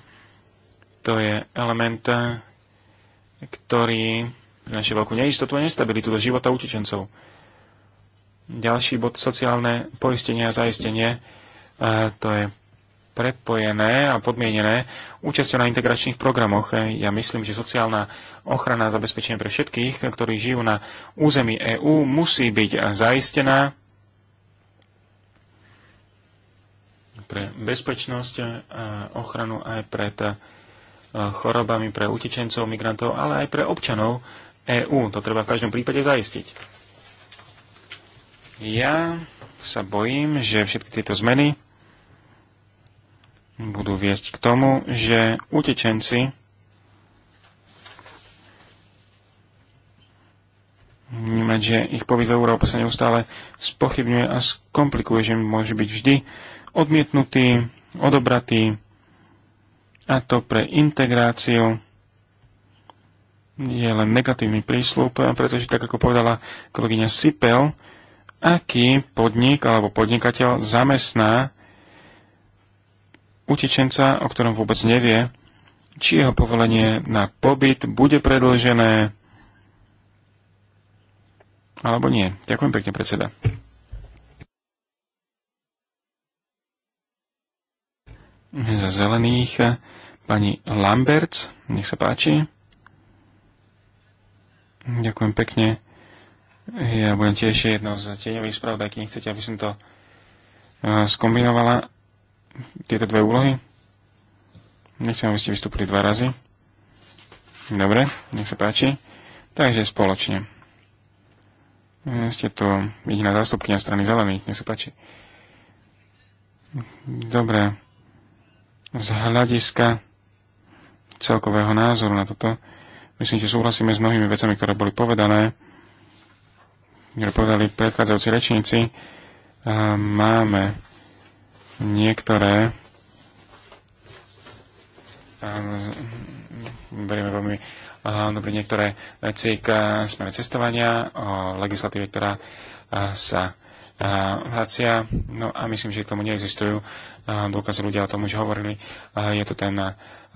Speaker 1: To je element, ktorý prináša veľkú neistotu a nestabilitu do života utečencov. Ďalší bod sociálne poistenie a zaistenie, to je prepojené a podmienené účasťou na integračných programoch. Ja myslím, že sociálna ochrana a zabezpečenie pre všetkých, ktorí žijú na území EÚ, musí byť zaistená pre bezpečnosť a ochranu aj pred eh, chorobami pre utečencov, migrantov, ale aj pre občanov EÚ. To treba v každom prípade zaistiť. Ja sa bojím, že všetky tieto zmeny budú viesť k tomu, že utečenci vnímať, že ich pobyt v Európe sa neustále spochybňuje a skomplikuje, že môže byť vždy odmietnutý, odobratý, a to pre integráciu je len negatívny prísľub, pretože tak ako povedala kolegyňa Sipel, aký podnik alebo podnikateľ zamestná utečenca, o ktorom vôbec nevie, či jeho povolenie na pobyt bude predlžené alebo nie. Ďakujem pekne, predseda. Za zelených pani Lamberts, nech sa páči. Ďakujem pekne. Ja budem tiež jednou z tieňových spravodajky. Nechcete, aby som to eh, skombinovala, tieto dve úlohy? Nechcem, aby ste vystúpili dva razy. Dobre, nech sa páči. Takže spoločne. Eh, ste to jediná zástupkynia strany zelených, nech sa páči. Dobre. Z hľadiska celkového názoru na toto, myslím, že súhlasíme s mnohými vecami, ktoré boli povedané, ktoré povedali predchádzajúci rečníci. Eh, máme niektoré berieme veľmi dobre niektoré veci k eh, smere cestovania, o legislatíve, ktorá eh, sa eh, vracia. No a myslím, že k tomu neexistujú dôkazy. Ľudia o tom už hovorili. Je to ten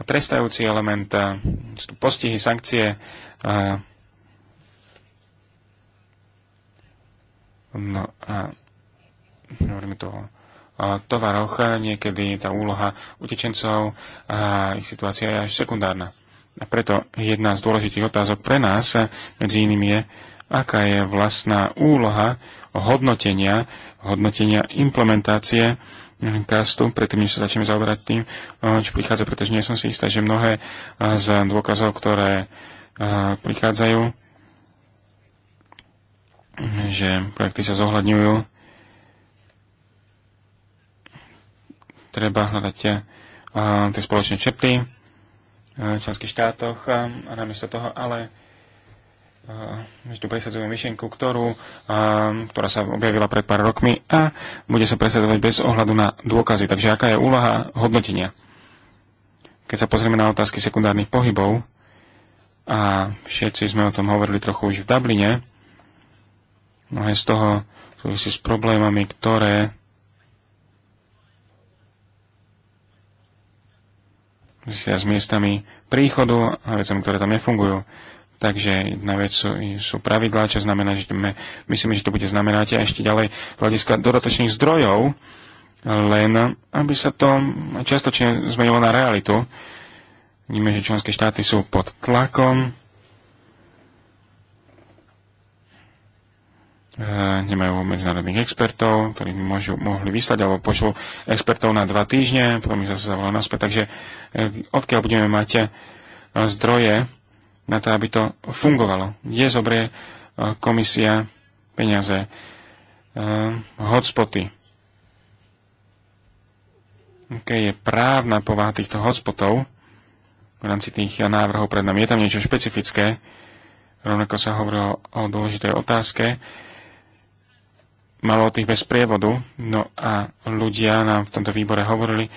Speaker 1: trestajúci element, postihy, sankcie. No a hovoríme toho tovaroch niekedy tá úloha utečencov a ich situácia je až sekundárna. A preto jedna z dôležitých otázok pre nás medzi inými je, aká je vlastná úloha hodnotenia, hodnotenia implementácie kastu, predtým, než sa začneme zaoberať tým, čo prichádza, pretože nie som si istá, že mnohé z dôkazov, ktoré prichádzajú, že projekty sa zohľadňujú, treba hľadať eh, eh, tie spoločné čepy eh, v členských štátoch a namiesto toho ale my tu presadzujeme myšlienku, ktorú, ktorá sa objavila pred pár rokmi a bude sa presadzovať bez ohľadu na dôkazy. Takže aká je úloha hodnotenia? Keď sa pozrieme na otázky sekundárnych pohybov, a všetci sme o tom hovorili trochu už v Dubline, mnohé z toho súvisí s problémami, ktoré s miestami príchodu a vecami, ktoré tam nefungujú. Takže jedna vec sú, sú pravidlá, čo znamená, že my, myslíme, že to bude znamenáť a ešte ďalej hľadiska dodatočných zdrojov, len aby sa to častočne zmenilo na realitu. Vidíme, že členské štáty sú pod tlakom, E, nemajú medzinárodných expertov, ktorí by môžu, mohli vyslať, alebo pošlo expertov na dva týždne, potom ich zase zavolajú naspäť. Takže e, odkiaľ budeme mať e, zdroje na to, aby to fungovalo? Je zobrie komisia peniaze, hotspoty. Aké je právna povaha týchto hotspotov v rámci tých návrhov pred nami? Je tam niečo špecifické? Rovnako sa hovorilo o dôležitej otázke, malo tých bez prievodu. No a ľudia nám v tomto výbore hovorili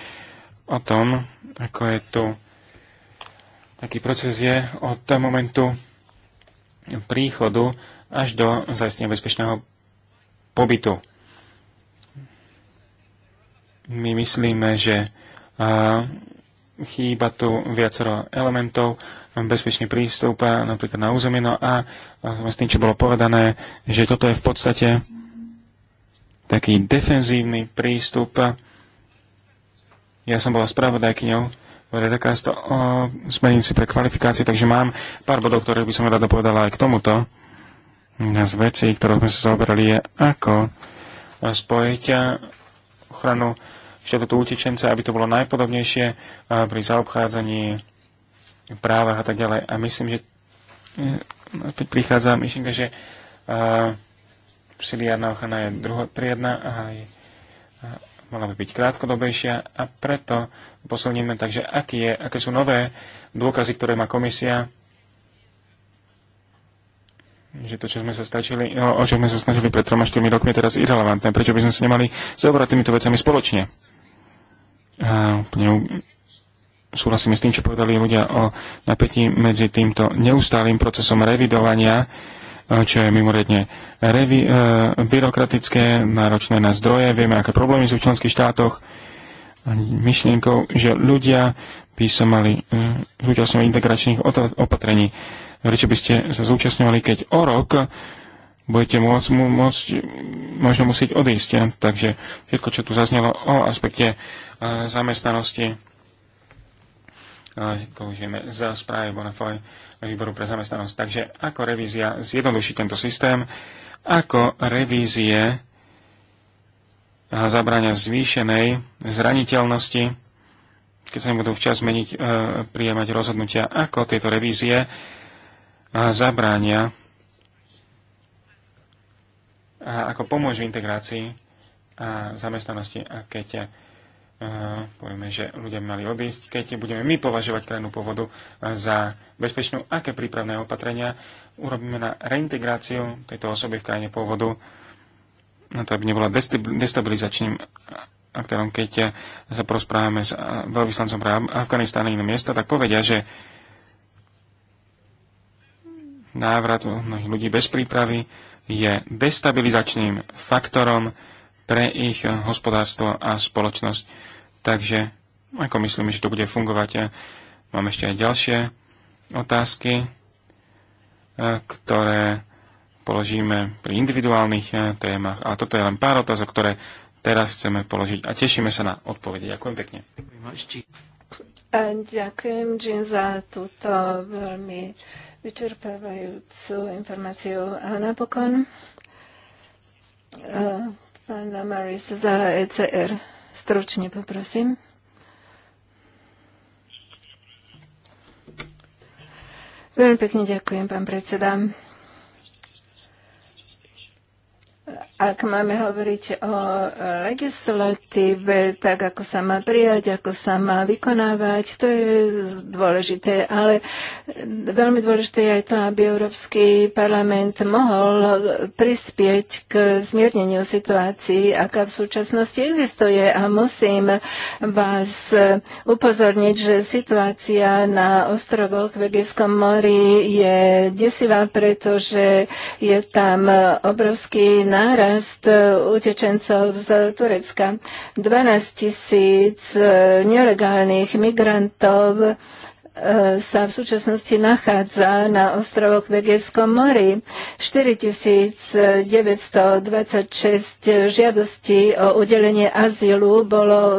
Speaker 1: o tom, ako je tu taký proces je od momentu príchodu až do zaistenia bezpečného pobytu. My myslíme, že chýba tu viacero elementov, bezpečný prístup napríklad na územie, no a s tým, čo bolo povedané, že toto je v podstate taký defenzívny prístup. Ja som bola spravodajkyňou Redacast o eh, smernici pre kvalifikácie, takže mám pár bodov, ktoré by som rada povedala aj k tomuto. Jedna z vecí, ktorou sme sa zaoberali, je ako spojiť ochranu štatútu utečenca, aby to bolo najpodobnejšie eh, pri zaobchádzaní právach a tak ďalej. A myslím, že eh, opäť prichádza myšlienka, že uh, psiliárna ochrana je druhotriedna a aj a mala by byť krátkodobejšia a preto posilníme takže, aký je, aké sú nové dôkazy, ktoré má komisia, že to, čo sme sa stačili, o, o čo sme sa snažili pred 3-4 rokmi, je teraz irrelevantné. Prečo by sme sa nemali zaoberať týmito vecami spoločne? A úplne súhlasíme s tým, čo povedali ľudia o napätí medzi týmto neustálým procesom revidovania Eh, čo je mimoriadne revi- eh, byrokratické, náročné na zdroje, vieme, aké problémy sú v členských štátoch, myšlienkou, že ľudia by sa mali eh, zúčastňovať integračných opatrení. Prečo by ste sa zúčastňovali, keď o rok budete môcť, môcť možno musieť odísť. Takže všetko, čo tu zaznelo o aspekte zamestnanosti, to už vieme za správy Bonafoy, výboru pre zamestnanosť. Takže ako revízia zjednoduší tento systém, ako revízie zabrania zvýšenej zraniteľnosti, keď sa nebudú včas meniť, e, prijemať rozhodnutia, ako tieto revízie e, zabránia a ako pomôže integrácii a zamestnanosti. A keď povieme, že ľudia mali odísť, keď budeme my považovať krajinu povodu za bezpečnú, aké prípravné opatrenia urobíme na reintegráciu tejto osoby v krajine pôvodu, na to, aby nebola destabilizačným aktérom, keď sa porozprávame s veľvyslancom pre Afganistána iné miesta, tak povedia, že návrat mnohých ľudí bez prípravy je destabilizačným faktorom pre ich hospodárstvo a spoločnosť Takže ako myslíme, že to bude fungovať, mám ešte aj ďalšie otázky, e, ktoré položíme pri individuálnych e, témach. A toto je len pár otázok, ktoré teraz chceme položiť a tešíme sa na odpovede. Ďakujem pekne.
Speaker 3: E, ďakujem, Jean, za túto veľmi vyčerpávajúcu informáciu. A napokon pána Maris za ECR. Stručne poprosím. Veľmi pekne ďakujem, pán predseda. Ak máme hovoriť o legislatíve, tak ako sa má prijať, ako sa má vykonávať, to je dôležité. Ale veľmi dôležité je aj to, aby Európsky parlament mohol prispieť k zmierneniu situácií, aká v súčasnosti existuje. A musím vás upozorniť, že situácia na ostrovoch v Egejskom mori je desivá, pretože je tam obrovský náraz 15 e, utečencov z Turecka. 12 tisíc e, nelegálnych migrantov E, sa v súčasnosti nachádza na ostrovoch v Egejskom mori. 4926 žiadostí o udelenie azylu bolo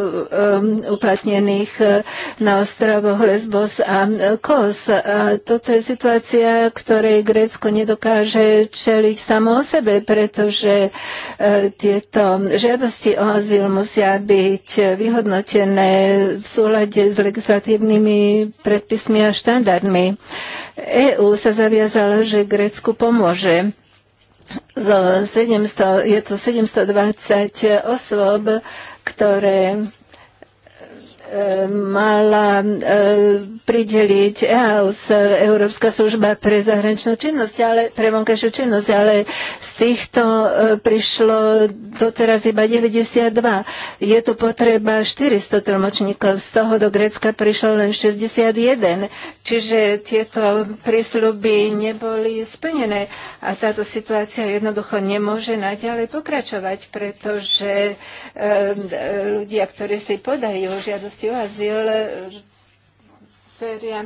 Speaker 3: uplatnených e, na ostrovoch Lesbos a Kos. A toto je situácia, ktorej Grécko nedokáže čeliť samo o sebe, pretože e, tieto žiadosti o azyl musia byť vyhodnotené v súlade s legislatívnymi predpismi predpismi a štandardmi. EÚ sa zaviazala, že Grécku pomôže. Zo 700, je tu 720 osôb, ktoré mala e, prideliť EAUS, e, Európska služba pre zahraničnú činnosť, ale pre vonkajšiu činnosť, ale z týchto e, prišlo doteraz iba 92. Je tu potreba 400 tlmočníkov, z toho do Grécka prišlo len 61. Čiže tieto prísľuby neboli splnené a táto situácia jednoducho nemôže naďalej pokračovať, pretože ľudia, ktorí si podajú žiadosť žiadosti o azyl veria,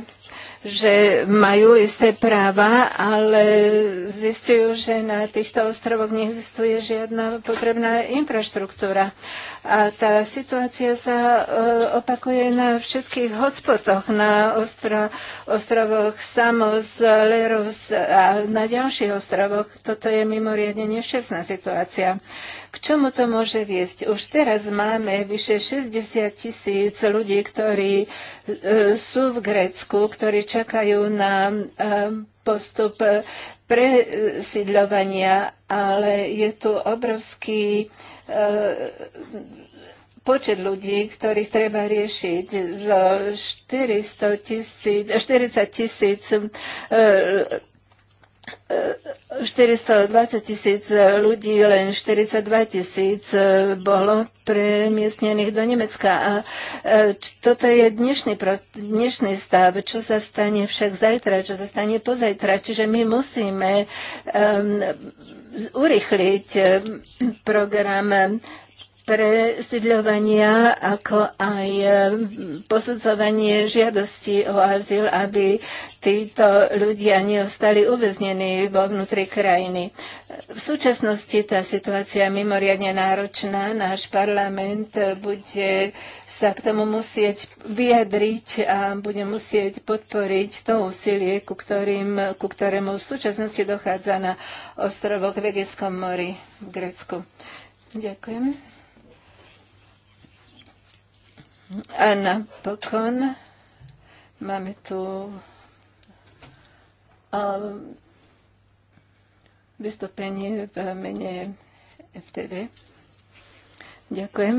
Speaker 3: že majú isté práva, ale zistujú, že na týchto ostrovoch neexistuje žiadna potrebná infraštruktúra. A tá situácia sa e, opakuje na všetkých hotspotoch, na ostro, ostrovoch Samos, Leros a na ďalších ostrovoch. Toto je mimoriadne nešťastná situácia. K čomu to môže viesť? Už teraz máme vyše 60 tisíc ľudí, ktorí e, sú v Grécku, ktorí čakajú na e, postup presídľovania, ale je tu obrovský E, počet ľudí, ktorých treba riešiť. Zo 400 tisíc, 40 tisíc 420 e, e, tisíc ľudí, len 42 tisíc bolo premiestnených do Nemecka. A toto je dnešný, dnešný stav. Čo sa stane však zajtra, čo sa stane pozajtra. Čiže my musíme um, urychliť eh, program presídľovania, ako aj e, posudzovanie žiadosti o azyl, aby títo ľudia neostali uväznení vo vnútri krajiny. V súčasnosti tá situácia je mimoriadne náročná. Náš parlament bude sa k tomu musieť vyjadriť a bude musieť podporiť to úsilie, ku, ktorým, ku ktorému v súčasnosti dochádza na ostrovoch v Egeskom mori v Grécku. Ďakujem. A napokon máme tu um, vystúpenie v mene FTD. Ďakujem.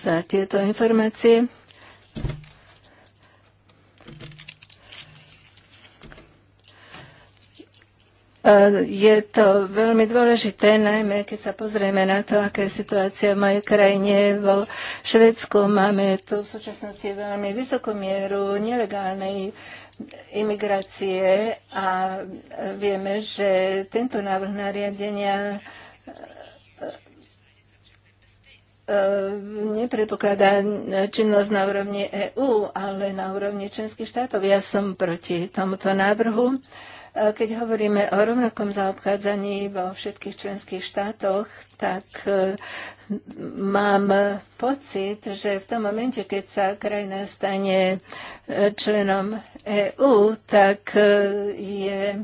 Speaker 3: za tieto informácie. E, je to veľmi dôležité, najmä keď sa pozrieme na to, aká je situácia v mojej krajine. Vo Švedsku máme tu v súčasnosti veľmi vysokú mieru nelegálnej imigrácie a vieme, že tento návrh nariadenia e, nepredpokladá činnosť na úrovni EÚ, ale na úrovni členských štátov. Ja som proti tomuto návrhu. E, keď hovoríme o rovnakom zaobchádzaní vo všetkých členských štátoch, tak e, mám pocit, že v tom momente, keď sa krajina stane e, členom EÚ, tak je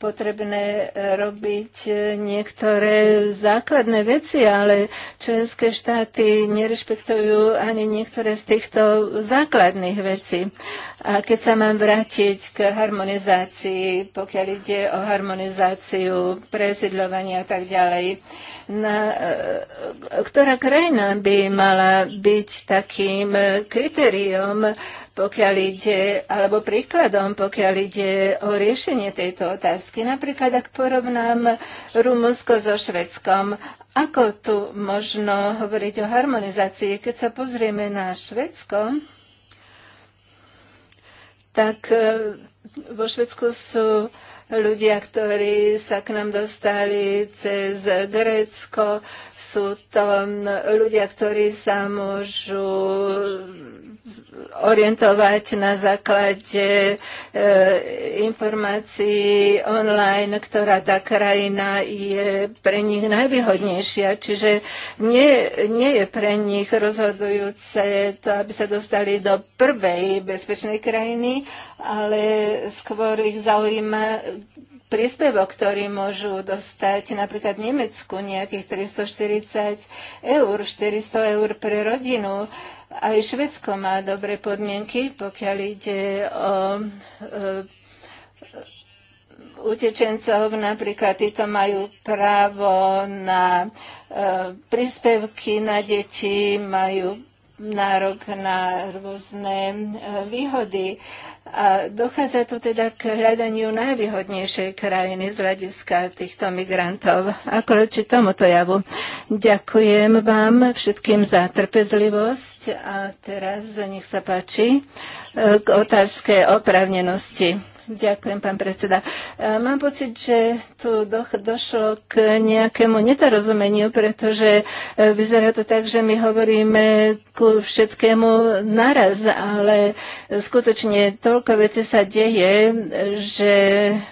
Speaker 3: potrebné e, robiť e, niektoré základné veci, ale členské štáty nerešpektujú ani niektoré z týchto základných vecí. A keď sa mám vrátiť k harmonizácii, pokiaľ ide o harmonizáciu, prezidľovania a tak ďalej, na, e, ktorá krajina by mala byť takým kritériom pokiaľ ide, alebo príkladom, pokiaľ ide o riešenie tejto otázky. Napríklad, ak porovnám Rumunsko so Švedskom, ako tu možno hovoriť o harmonizácii? Keď sa pozrieme na Švedsko, tak e, vo Švedsku sú ľudia, ktorí sa k nám dostali cez Grécko. Sú to ľudia, ktorí sa môžu orientovať na základe e, informácií online, ktorá tá krajina je pre nich najvýhodnejšia. Čiže nie, nie je pre nich rozhodujúce to, aby sa dostali do prvej bezpečnej krajiny, ale skôr ich zaujíma príspevok, ktorý môžu dostať napríklad v Nemecku nejakých 340 eur, 400 eur pre rodinu aj Švedsko má dobré podmienky, pokiaľ ide o e, utečencov, napríklad títo majú právo na e, príspevky na deti, majú nárok na rôzne e, výhody. A dochádza tu teda k hľadaniu najvýhodnejšej krajiny z hľadiska týchto migrantov. Ako či tomuto javu. Ďakujem vám všetkým za trpezlivosť a teraz nech sa páči e, k otázke oprávnenosti. Ďakujem, pán predseda. E, mám pocit, že tu do, došlo k nejakému nedorozumeniu, pretože e, vyzerá to tak, že my hovoríme ku všetkému naraz, ale skutočne toľko veci sa deje, že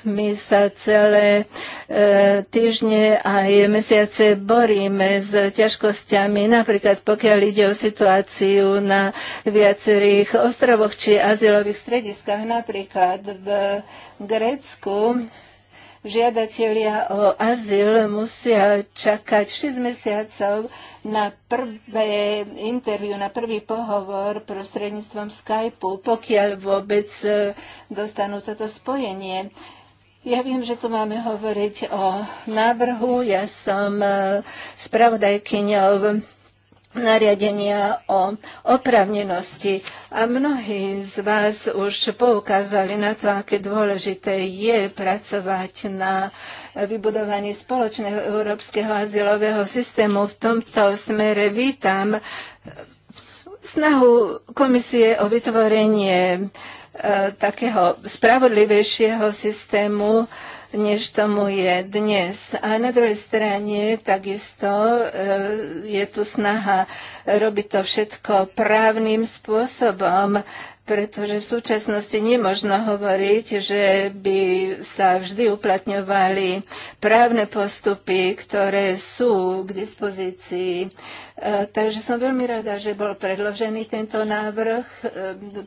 Speaker 3: my sa celé e, týždne aj mesiace boríme s ťažkosťami, napríklad pokiaľ ide o situáciu na viacerých ostrovoch či azylových strediskách, napríklad v Grécku žiadatelia o azyl musia čakať 6 mesiacov na prvé interviu, na prvý pohovor prostredníctvom Skypeu, pokiaľ vôbec e, dostanú toto spojenie. Ja viem, že tu máme hovoriť o návrhu. Ja som e, spravodajkyňou nariadenia o oprávnenosti. A mnohí z vás už poukázali na to, aké dôležité je pracovať na vybudovaní spoločného európskeho azylového systému. V tomto smere vítam snahu komisie o vytvorenie e, takého spravodlivejšieho systému než tomu je dnes. A na druhej strane takisto e, je tu snaha robiť to všetko právnym spôsobom pretože v súčasnosti nemožno hovoriť, že by sa vždy uplatňovali právne postupy, ktoré sú k dispozícii. E, takže som veľmi rada, že bol predložený tento návrh. E,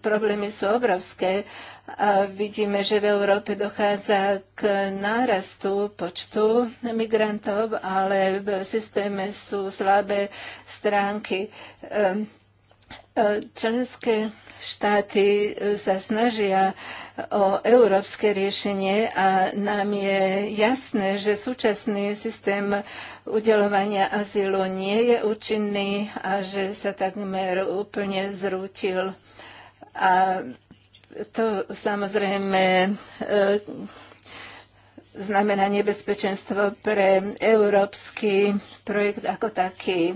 Speaker 3: problémy sú obrovské a vidíme, že v Európe dochádza k nárastu počtu migrantov, ale v systéme sú slabé stránky. E, členské štáty e, sa snažia o európske riešenie a nám je jasné, že súčasný systém udelovania azylu nie je účinný a že sa takmer úplne zrútil. A to samozrejme e, znamená nebezpečenstvo pre európsky projekt ako taký.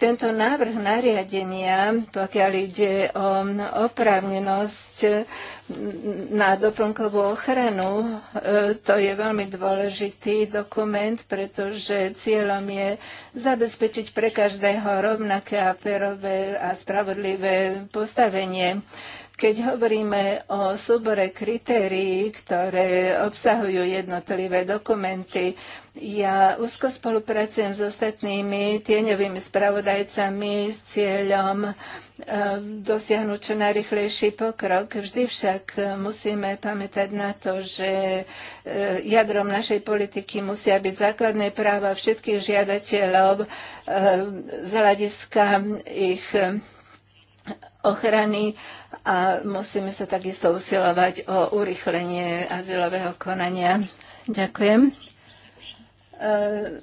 Speaker 3: Tento návrh nariadenia, pokiaľ ide o oprávnenosť na doplnkovú ochranu, e, to je veľmi dôležitý dokument, pretože cieľom je zabezpečiť pre každého rovnaké a férové a spravodlivé postavenie keď hovoríme o súbore kritérií, ktoré obsahujú jednotlivé dokumenty, ja úzko spolupracujem s ostatnými tieňovými spravodajcami s cieľom e, dosiahnuť čo najrychlejší pokrok. Vždy však musíme pamätať na to, že e, jadrom našej politiky musia byť základné práva všetkých žiadateľov e, z hľadiska ich ochrany a musíme sa takisto usilovať o urychlenie azylového konania. Ďakujem. Uh,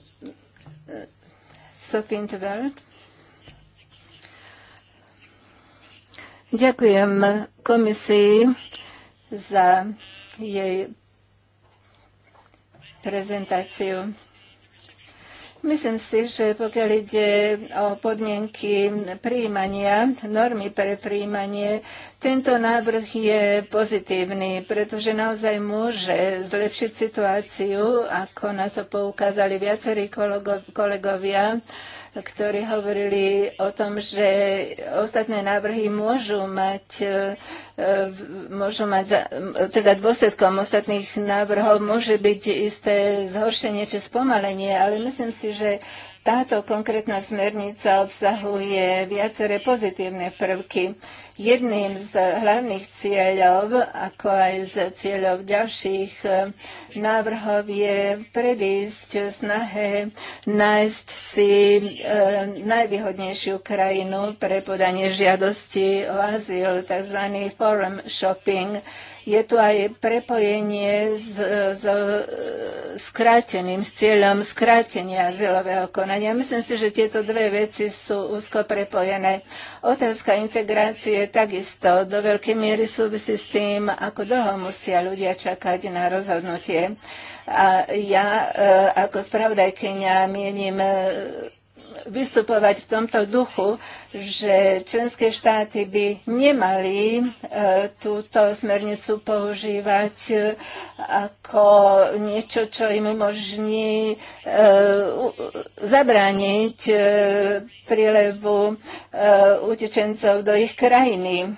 Speaker 3: Sophie Ďakujem komisii za jej prezentáciu. Myslím si, že pokiaľ ide o podmienky príjmania, normy pre príjmanie, tento návrh je pozitívny, pretože naozaj môže zlepšiť situáciu, ako na to poukázali viacerí kolegovia ktorí hovorili o tom, že ostatné návrhy môžu mať, e, môžu mať teda dôsledkom ostatných návrhov môže byť isté zhoršenie či spomalenie, ale myslím si, že táto konkrétna smernica obsahuje viaceré pozitívne prvky. Jedným z hlavných cieľov, ako aj z cieľov ďalších e, návrhov, je predísť snahe nájsť si e, najvýhodnejšiu krajinu pre podanie žiadosti o azyl, tzv. forum shopping. Je tu aj prepojenie s, s, skráteným, s cieľom skrátenia azylového konania. Myslím si, že tieto dve veci sú úzko prepojené. Otázka integrácie takisto do veľkej miery súvisí s tým, ako dlho musia ľudia čakať na rozhodnutie. A ja e, ako spravodajkynia mienim e, vystupovať v tomto duchu, že členské štáty by nemali e, túto smernicu používať e, ako niečo, čo im umožní e, zabrániť prílevu utečencov do ich krajiny.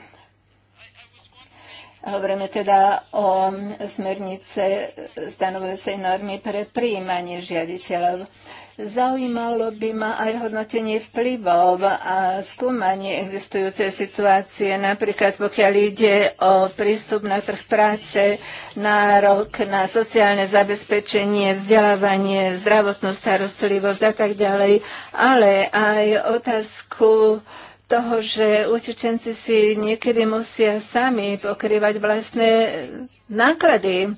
Speaker 3: Hovoríme teda o smernice stanovujúcej normy pre príjmanie žiaditeľov. Zaujímalo by ma aj hodnotenie vplyvov a skúmanie existujúcej situácie, napríklad pokiaľ ide o prístup na trh práce, nárok na sociálne zabezpečenie, vzdelávanie, zdravotnú starostlivosť a tak ďalej, ale aj otázku toho, že utečenci si niekedy musia sami pokrývať vlastné náklady.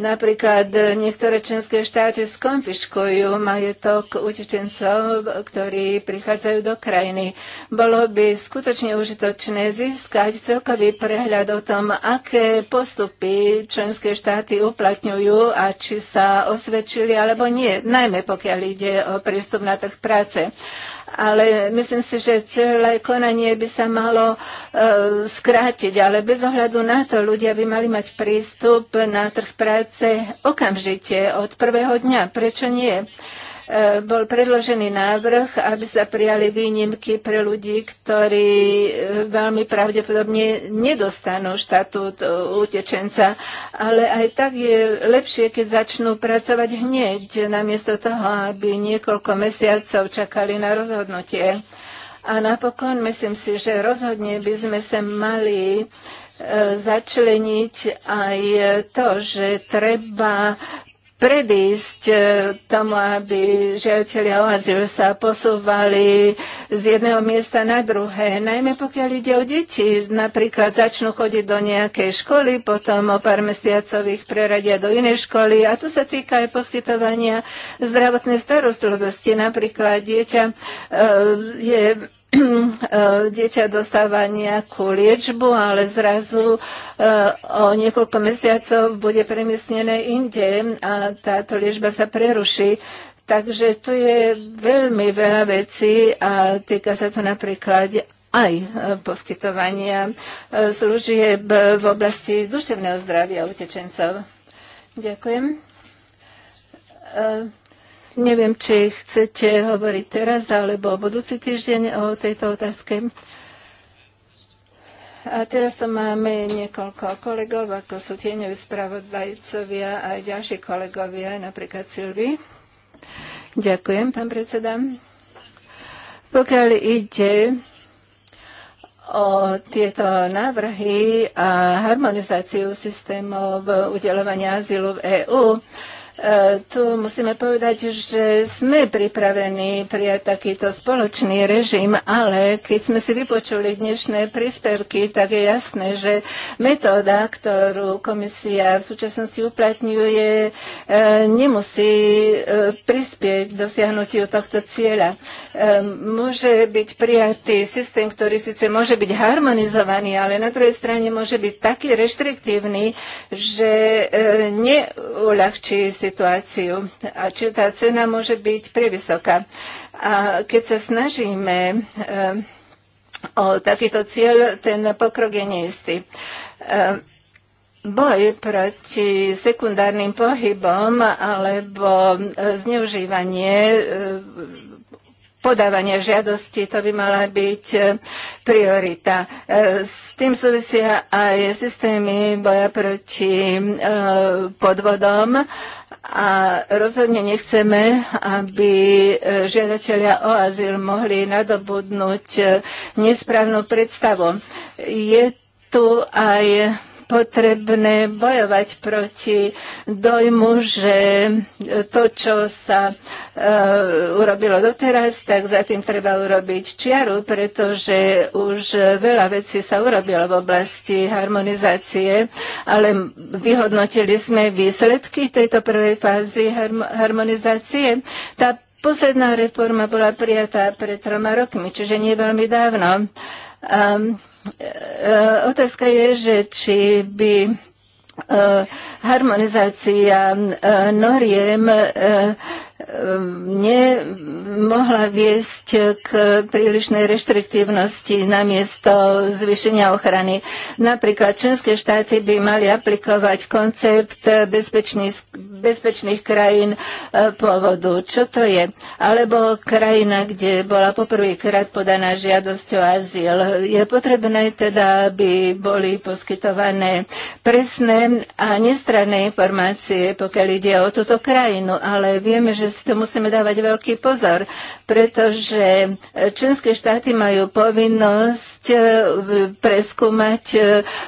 Speaker 3: Napríklad e, niektoré členské štáty skonfiškujú majetok utečencov, ktorí prichádzajú do krajiny. Bolo by skutočne užitočné získať celkový prehľad o tom, aké postupy členské štáty uplatňujú a či sa osvedčili alebo nie, najmä pokiaľ ide o prístup na trh práce ale myslím si, že celé konanie by sa malo e, skrátiť, ale bez ohľadu na to ľudia by mali mať prístup na trh práce práce okamžite od prvého dňa. Prečo nie? E, bol predložený návrh, aby sa prijali výnimky pre ľudí, ktorí e, veľmi pravdepodobne nedostanú štatút e, utečenca. Ale aj tak je lepšie, keď začnú pracovať hneď, namiesto toho, aby niekoľko mesiacov čakali na rozhodnutie. A napokon myslím si, že rozhodne by sme sa mali začleniť aj to, že treba predísť tomu, aby žiadatelia o azyl sa posúvali z jedného miesta na druhé. Najmä pokiaľ ide o deti, napríklad začnú chodiť do nejakej školy, potom o pár mesiacov ich preradia do inej školy a tu sa týka aj poskytovania zdravotnej starostlivosti. Napríklad dieťa e, je Eh, dieťa dostáva nejakú liečbu, ale zrazu eh, o niekoľko mesiacov bude premiesnené inde a táto liečba sa preruší. Takže tu je veľmi veľa vecí a týka sa to napríklad aj eh, poskytovania služieb v oblasti duševného zdravia utečencov. Ďakujem Neviem, či chcete hovoriť teraz alebo budúci týždeň o tejto otázke. A teraz to máme niekoľko kolegov, ako sú tieňoví spravodajcovia a aj ďalší kolegovia, napríklad Silvi. Ďakujem, pán predseda. Pokiaľ ide o tieto návrhy a harmonizáciu systémov udelovania azylu v EÚ, E, tu musíme povedať, že sme pripravení prijať takýto spoločný režim, ale keď sme si vypočuli dnešné príspevky, tak je jasné, že metóda, ktorú komisia v súčasnosti uplatňuje, e, nemusí e, prispieť k dosiahnutiu tohto cieľa. Môže byť prijatý systém, ktorý síce môže byť harmonizovaný, ale na druhej strane môže byť taký reštriktívny, že neuľahčí si situáciu. A či tá cena môže byť prevysoká. A keď sa snažíme eh, o takýto cieľ, ten pokrok je neistý. Eh, boj proti sekundárnym pohybom alebo eh, zneužívanie podávania žiadosti, to by mala byť e, priorita. E, s tým súvisia aj systémy boja proti e, podvodom a rozhodne nechceme, aby žiadatelia o azyl mohli nadobudnúť nesprávnu predstavu. Je tu aj potrebné bojovať proti dojmu, že to, čo sa e, urobilo doteraz, tak za tým treba urobiť čiaru, pretože už veľa vecí sa urobilo v oblasti harmonizácie, ale vyhodnotili sme výsledky tejto prvej fázy harmonizácie. Tá posledná reforma bola prijatá pred troma rokmi, čiže nie veľmi dávno. Um, E, e, otázka je, že či by e, harmonizácia noriem nemohla viesť k prílišnej reštriktívnosti namiesto zvýšenia ochrany. Napríklad členské štáty by mali aplikovať koncept bezpečných, bezpečných krajín e, pôvodu. Čo to je? Alebo krajina, kde bola poprvýkrát podaná žiadosť o azyl. Je potrebné teda, aby boli poskytované presné a nestranné informácie, pokiaľ ide o túto krajinu. Ale vieme, že si to musíme dávať veľký pozor, pretože e, členské štáty majú povinnosť e, preskúmať e,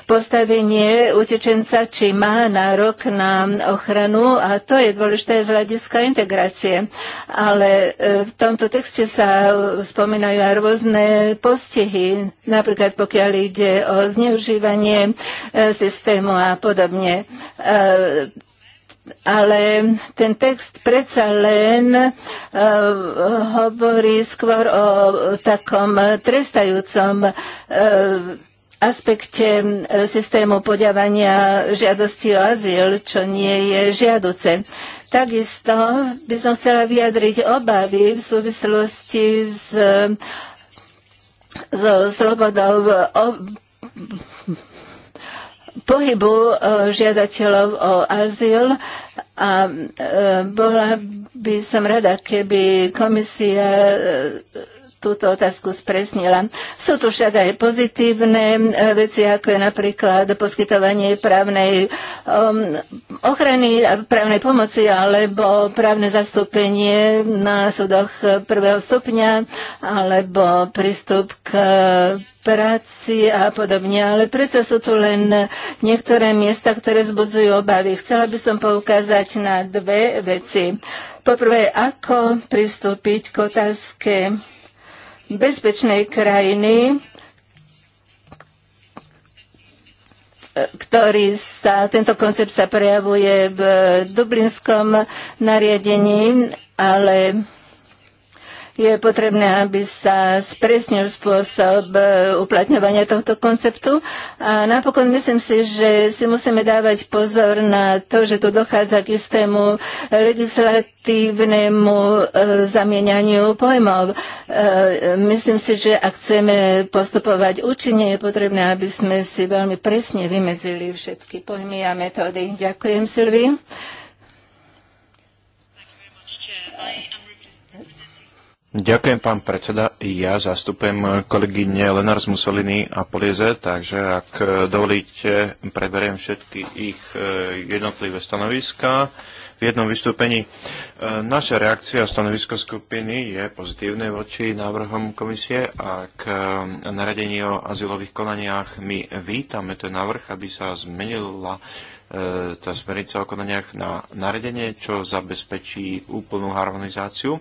Speaker 3: postavenie utečenca, či má nárok na ochranu a to je dôležité z hľadiska integrácie. Ale v tomto texte sa spomínajú aj rôzne postihy, napríklad pokiaľ ide o zneužívanie systému a podobne ale ten text predsa len uh, hovorí skôr o takom trestajúcom uh, aspekte e, systému podávania žiadosti o azyl, čo nie je žiaduce. Takisto by som chcela vyjadriť obavy v súvislosti s, so slobodou pohybu e, žiadateľov o azyl a e, bola by som rada, keby komisia e, túto otázku spresnila. Sú tu však aj pozitívne e, veci, ako je napríklad poskytovanie právnej um, ochrany, právnej pomoci alebo právne zastúpenie na súdoch prvého stupňa alebo prístup k práci a podobne, ale predsa sú tu len niektoré miesta, ktoré zbudzujú obavy. Chcela by som poukázať na dve veci. Poprvé, ako pristúpiť k otázke bezpečnej krajiny, ktorý sa, tento koncept sa prejavuje v Dublinskom nariadení, ale je potrebné, aby sa spresnil spôsob e, uplatňovania tohto konceptu. A napokon myslím si, že si musíme dávať pozor na to, že tu dochádza k istému legislatívnemu e, zamienianiu pojmov. E, myslím si, že ak chceme postupovať účinne, je potrebné, aby sme si veľmi presne vymedzili všetky pojmy a metódy. Ďakujem, Silvi.
Speaker 2: Ďakujem, pán predseda. Ja zastupujem kolegyne Lenar z Mussolini a Polieze, takže ak e, dovolíte, preberiem všetky ich e, jednotlivé stanoviská v jednom vystúpení. E, naša reakcia a stanovisko skupiny je pozitívne voči návrhom komisie a k naradení o azylových konaniach my vítame ten návrh, aby sa zmenila tá smernica o konaniach na naradenie, čo zabezpečí úplnú harmonizáciu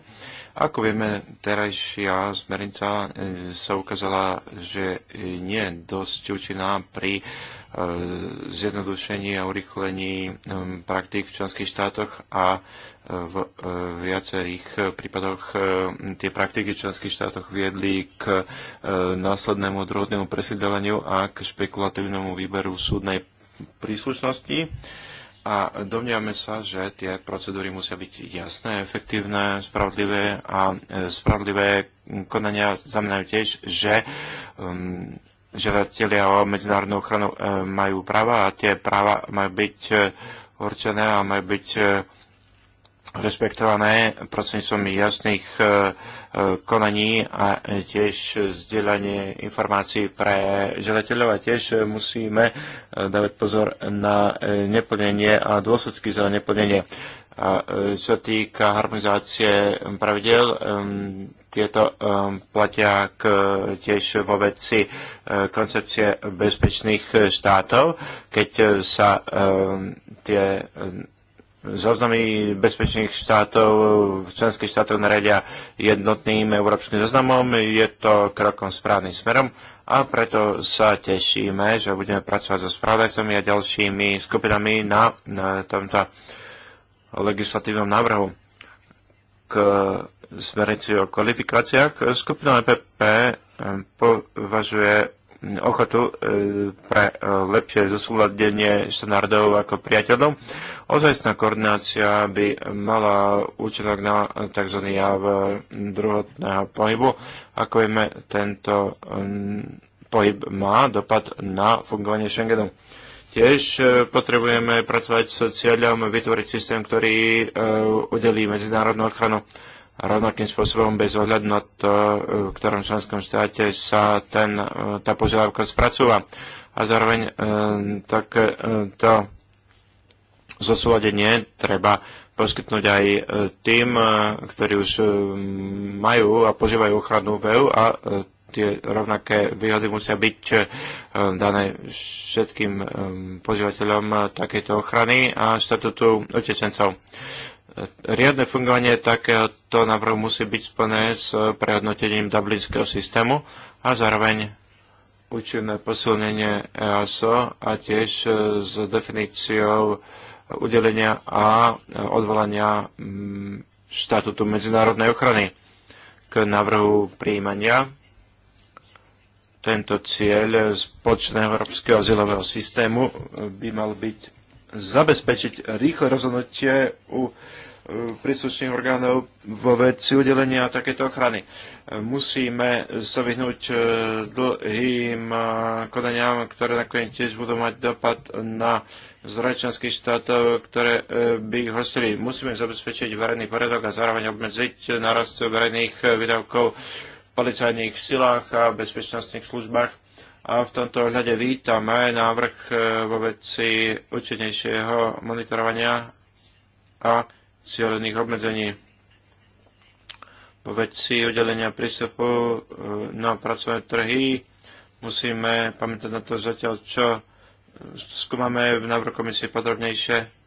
Speaker 2: ako vieme, terajšia smernica e, sa ukázala, že nie je dosť účinná pri e, zjednodušení a urychlení e, praktík v členských štátoch a v viacerých prípadoch tie praktiky v členských štátoch viedli k následnému druhotnému presídľovaniu a k špekulatívnemu výberu súdnej príslušnosti a domnievame sa, že tie procedúry musia byť jasné, efektívne, spravodlivé a e, spravodlivé konania znamenajú tiež, že um, žiadatelia o medzinárodnú ochranu um, majú práva a tie práva majú byť e, určené a majú byť um, rešpektované prostredníctvom jasných e, e, konaní a tiež zdieľanie informácií pre žiadateľov a tiež musíme e, dávať pozor na neplnenie a dôsledky za neplnenie. A čo týka harmonizácie pravidel, tieto platia k, tiež vo veci koncepcie bezpečných štátov, keď sa tie zoznamy bezpečných štátov v členských štátoch naredia jednotným európskym zoznamom. Je to krokom správnym smerom a preto sa tešíme, že budeme pracovať so správdajcami a ďalšími skupinami na, na tomto legislatívnom návrhu k smernici o kvalifikáciách. Skupina EPP eh, považuje ochotu e, pre e, lepšie zosúladenie štandardov ako priateľov. Ozajstná koordinácia by mala účinok na tzv. jav druhotného pohybu. Ako vieme, tento pohyb má dopad na fungovanie Schengenu. Tiež e, potrebujeme pracovať s cieľom vytvoriť systém, ktorý udelí medzinárodnú ochranu rovnakým spôsobom bez ohľadu na to, v ktorom členskom štáte sa ten, tá požiadavka spracúva. A zároveň e, tak e, to zosúladenie treba poskytnúť aj e, tým, ktorí už majú a požívajú ochranu EU, a tie rovnaké výhody musia byť dané všetkým požívateľom takéto ochrany a štatutu utečencov riadne fungovanie takéhoto návrhu musí byť splné s prehodnotením dublinského systému a zároveň účinné posilnenie EASO a tiež e, s definíciou udelenia a odvolania mm, štatutu medzinárodnej ochrany k návrhu príjmania. Tento cieľ spoločného európskeho azylového systému e, by mal byť zabezpečiť rýchle rozhodnutie u príslušných orgánov vo veci udelenia takéto ochrany. Musíme sa vyhnúť e, dlhým e, konaniam, ktoré nakoniec tiež budú mať dopad na zračenských štátov, ktoré e, by ich hostili. Musíme zabezpečiť verejný poriadok a zároveň obmedziť narast verejných výdavkov v policajných silách a bezpečnostných službách. A v tomto ohľade vítame návrh vo veci účinnejšieho monitorovania a cieľených obmedzení po veci oddelenia prístupu eh, na pracovné trhy. Musíme pamätať na to zatiaľ, čo eh, skúmame v návrhu komisie podrobnejšie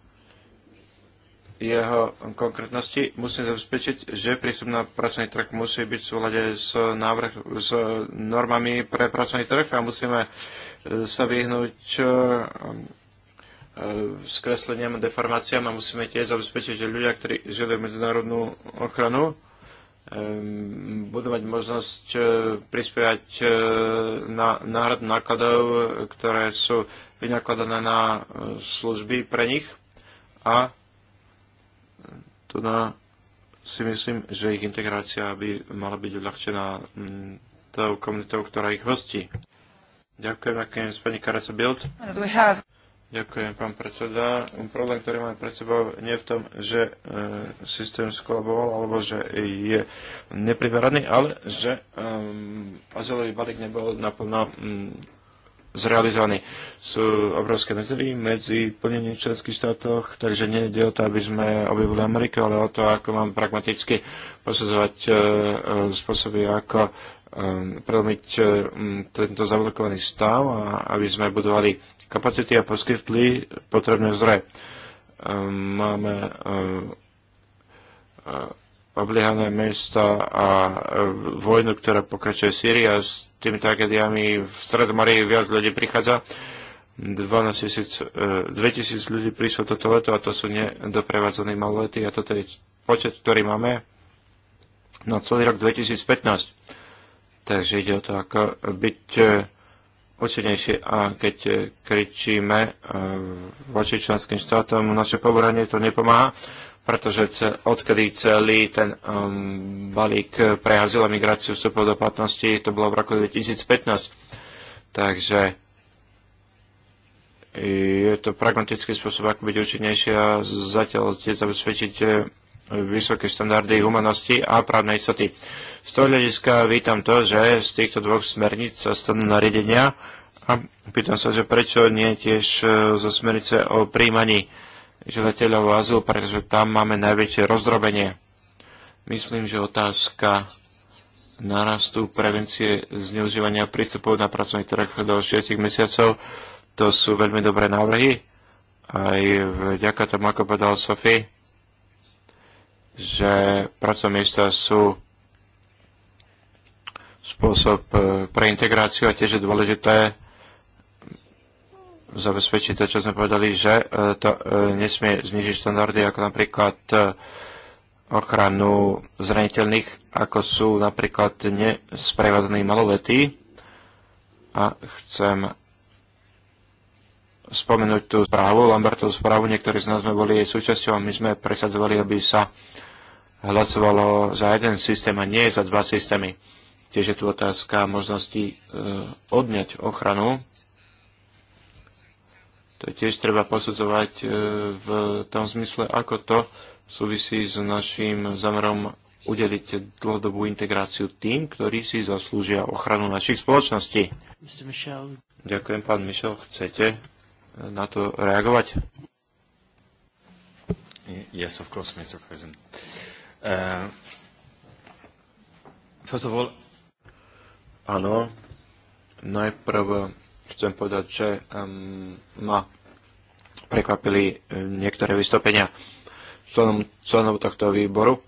Speaker 2: jeho konkrétnosti. Musíme zabezpečiť, že prístup na pracovný trh musí byť v súlade s, návrh, s normami pre pracovný trh a musíme eh, sa vyhnúť E, skresleniam a deformáciám a musíme tiež zabezpečiť, že ľudia, ktorí žiadajú medzinárodnú ochranu, e, budú mať možnosť e, prispievať na náhrad nákladov, ktoré sú vynakladané na služby pre nich a tu na, si myslím, že ich integrácia by mala byť uľahčená tou komunitou, ktorá ich hostí. Ďakujem, akým pani Karasa Bild. Ďakujem, pán predseda. Problém, ktorý máme pred sebou, nie je v tom, že e, systém skolaboval alebo že je nepriveraný, ale že um, azylový balík nebol naplno mm, zrealizovaný. Sú obrovské medzery medzi plnením členských štátoch, takže nie je o to, aby sme objavili Ameriku, ale o to, ako mám pragmaticky posadzovať e, e, spôsoby, ako e, prelomiť e, tento zablokovaný stav a aby sme budovali kapacity a poskytli potrebné zdroje. Ehm, máme ehm, obliehané mesta a ehm, vojnu, ktorá pokračuje Sýria a s tými tragédiami. v Stredomorí viac ľudí prichádza. 12 tisíc, 2000 ľudí prišlo toto leto a to sú nedoprevádzané malolety a toto je počet, ktorý máme na celý rok 2015. Takže ide o to, ako byť účinnejšie. A keď eh, kričíme eh, voči členským štátom, naše poboranie to nepomáha, pretože odkedy celý ten um, balík eh, pre azyl a migráciu vstupov do platnosti, to bolo v roku 2015. Takže je to pragmatický spôsob, ako byť účinnejšie a zatiaľ tie zabezpečiť vysoké štandardy humanosti a právnej istoty. Z toho hľadiska vítam to, že z týchto dvoch smerníc sa stanú nariadenia a pýtam sa, že prečo nie tiež e, zo smernice o príjmaní žiadateľov o azyl, pretože tam máme najväčšie rozdrobenie. Myslím, že otázka narastu prevencie zneužívania prístupov na pracovný trh do 6 mesiacov. To sú veľmi dobré návrhy. Aj vďaka tomu, ako povedal Sofie že pracovné miesta sú spôsob e, pre integráciu a tiež je dôležité zabezpečiť to, čo sme povedali, že e, to e, nesmie znižiť štandardy ako napríklad ochranu zraniteľných, ako sú napríklad nesprevádzaní maloletí. A chcem spomenúť tú správu, Lambertovú správu, niektorí z nás sme boli jej súčasťou a my sme presadzovali, aby sa uh, hlasovalo za jeden systém a nie za dva systémy. Tiež je tu otázka možnosti e, odňať ochranu. To tiež treba posudzovať e, v tom zmysle, ako to súvisí s našim zamerom udeliť dlhodobú integráciu tým, ktorí si zaslúžia ochranu našich spoločností. Ďakujem, pán Mišel. Chcete e, na to reagovať? Yes, of course, Mr. President. Uh, Eh, first of all, Áno, najprv chcem povedať, že um, ma prekvapili eh, niektoré vystúpenia členom, členov tohto výboru.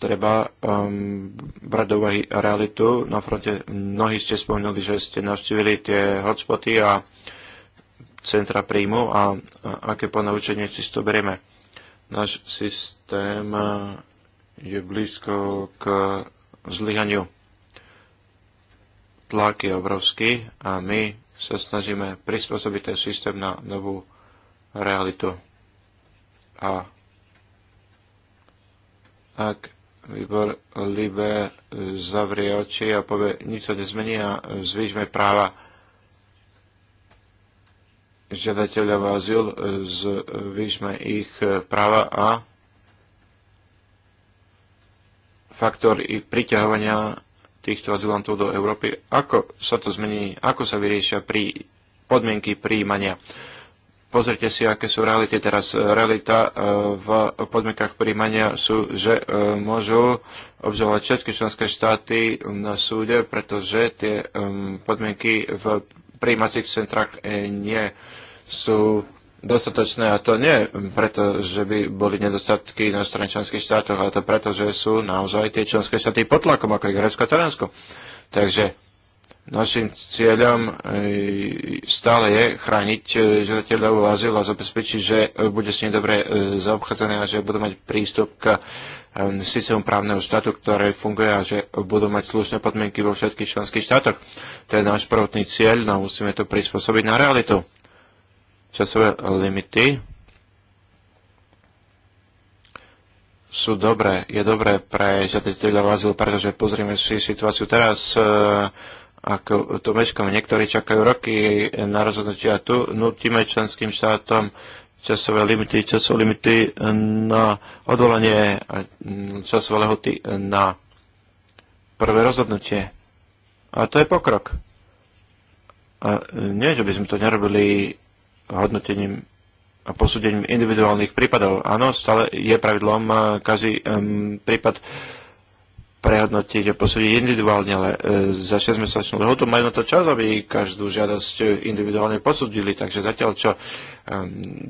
Speaker 2: Treba um, brať do úvahy realitu. Na fronte mnohí ste spomínali, že ste navštívili tie hotspoty a centra príjmu a, a aké ponaučenie si to berieme. Náš systém uh, je blízko k zlyhaniu. Tlak je obrovský a my sa snažíme prispôsobiť ten systém na novú realitu. A ak výbor Libe zavrie oči a povie, nič sa nezmení a zvýšme práva žiadateľov azyl, zvýšme ich práva a faktor i priťahovania týchto azylantov do Európy. Ako sa to zmení, ako sa vyriešia pri podmienky príjmania? Pozrite si, aké sú reality teraz. Realita e, v podmienkach príjmania sú, že e, môžu obžalovať všetky členské štáty na súde, pretože tie e, podmienky v príjmacích centrách nie sú dostatočné a to nie preto, že by boli nedostatky na strane členských štátoch, ale to preto, že sú naozaj tie členské štáty pod tlakom, ako je Grécko a Taliansko. Takže našim cieľom e, stále je chrániť e, žiadateľov azyl a zabezpečiť, že e, bude s nimi dobre zaobchádzané a že budú mať prístup k systému právneho štátu, ktoré funguje a že budú mať slušné podmienky vo všetkých členských štátoch. To je náš prvotný cieľ, no musíme to prispôsobiť na realitu časové limity sú dobré. Je dobré pre žiadateľa o azyl, pretože pozrieme si situáciu teraz, e, ako to meškame. Niektorí čakajú roky na rozhodnutia. Tu nutíme členským štátom časové limity, časové limity na odvolanie mm, časové lehoty na prvé rozhodnutie. A to je pokrok. A e, nie, že by sme to nerobili hodnotením a posúdením individuálnych prípadov. Áno, stále je pravidlom každý um, prípad prehodnotiť a posúdiť individuálne, ale e, za 6-mesačnú lehotu majú na to čas, aby každú žiadosť individuálne posúdili. Takže zatiaľ, čo um,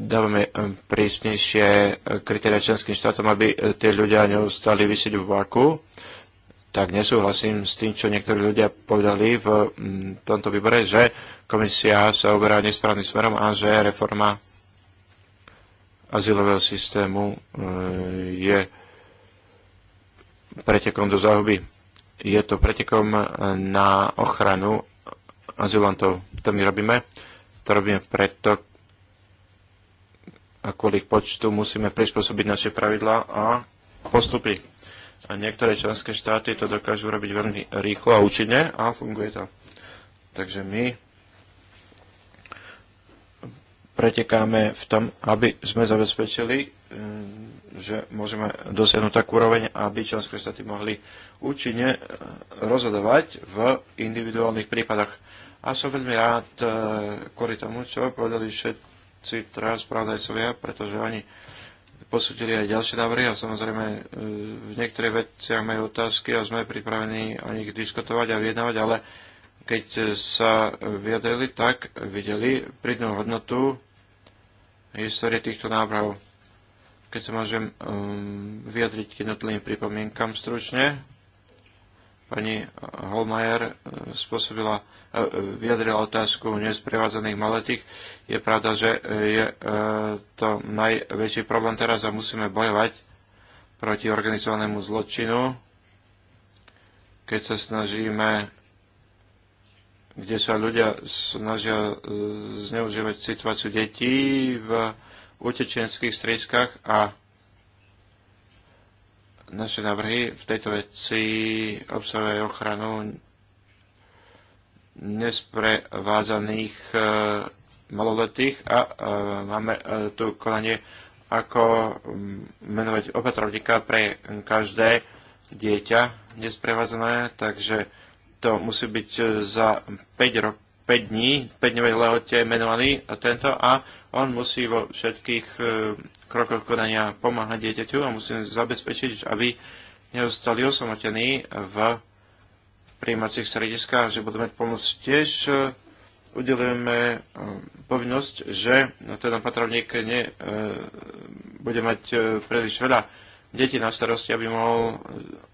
Speaker 2: dávame prísnejšie e, kritéria členským štátom, aby e, tie ľudia neustali vysieť v vaku, tak nesúhlasím s tým, čo niektorí ľudia povedali v tomto výbore, že komisia sa uberá nesprávnym smerom a že reforma azylového systému e, je pretekom do záhuby. Je to pretekom na ochranu azylantov. To my robíme. To robíme preto, a kvôli počtu musíme prispôsobiť naše pravidlá a postupy. A niektoré členské štáty to dokážu robiť veľmi rýchlo a účinne a funguje to. Takže my pretekáme v tom, aby sme zabezpečili, e, že môžeme dosiahnuť takú úroveň, aby členské štáty mohli účinne e, rozhodovať v individuálnych prípadoch. A som veľmi rád e, kvôli tomu, čo povedali všetci teraz spravodajcovia, pretože oni posúdili aj ďalšie návrhy a samozrejme e, v niektorých veciach majú otázky a sme pripravení o nich diskutovať a vyjednávať, ale keď sa vyjadrili, tak videli pridnú hodnotu histórie týchto návrhov. Keď sa môžem um, vyjadriť k jednotlivým pripomienkam stručne, pani Holmajer e, spôsobila E, vyjadrila otázku nesprevádzaných maletých. Je pravda, že e, je e, to najväčší problém teraz a musíme bojovať proti organizovanému zločinu, keď sa snažíme kde sa ľudia snažia zneužívať situáciu detí v utečenských strediskách a naše návrhy v tejto veci obsahujú ochranu nesprevádzaných e, maloletých a e, máme e, tu konanie, ako menovať opatrovníka pre každé dieťa nesprevádzané, takže to musí byť za 5 rokov 5 dní, 5 dňovej lehote menovaný tento a on musí vo všetkých krokoch konania pomáhať dieťaťu a musí zabezpečiť, aby neostali osamotení v prijímacích srediskách, že budeme pomôcť tiež e, udelujeme e, povinnosť, že ten opatrovník ne, e, bude mať príliš veľa detí na starosti, aby mohol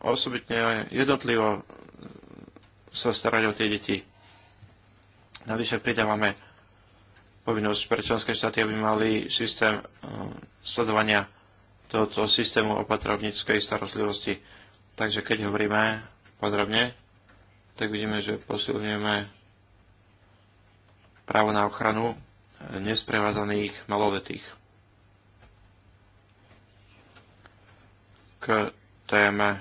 Speaker 2: osobitne jednotlivo sa starať o tie deti. Navyše pridávame povinnosť pre členské štáty, aby mali systém sledovania tohoto systému opatrovníckej starostlivosti. Takže keď hovoríme podrobne tak vidíme, že posilňujeme právo na ochranu nesprevádzaných malovetých. K téme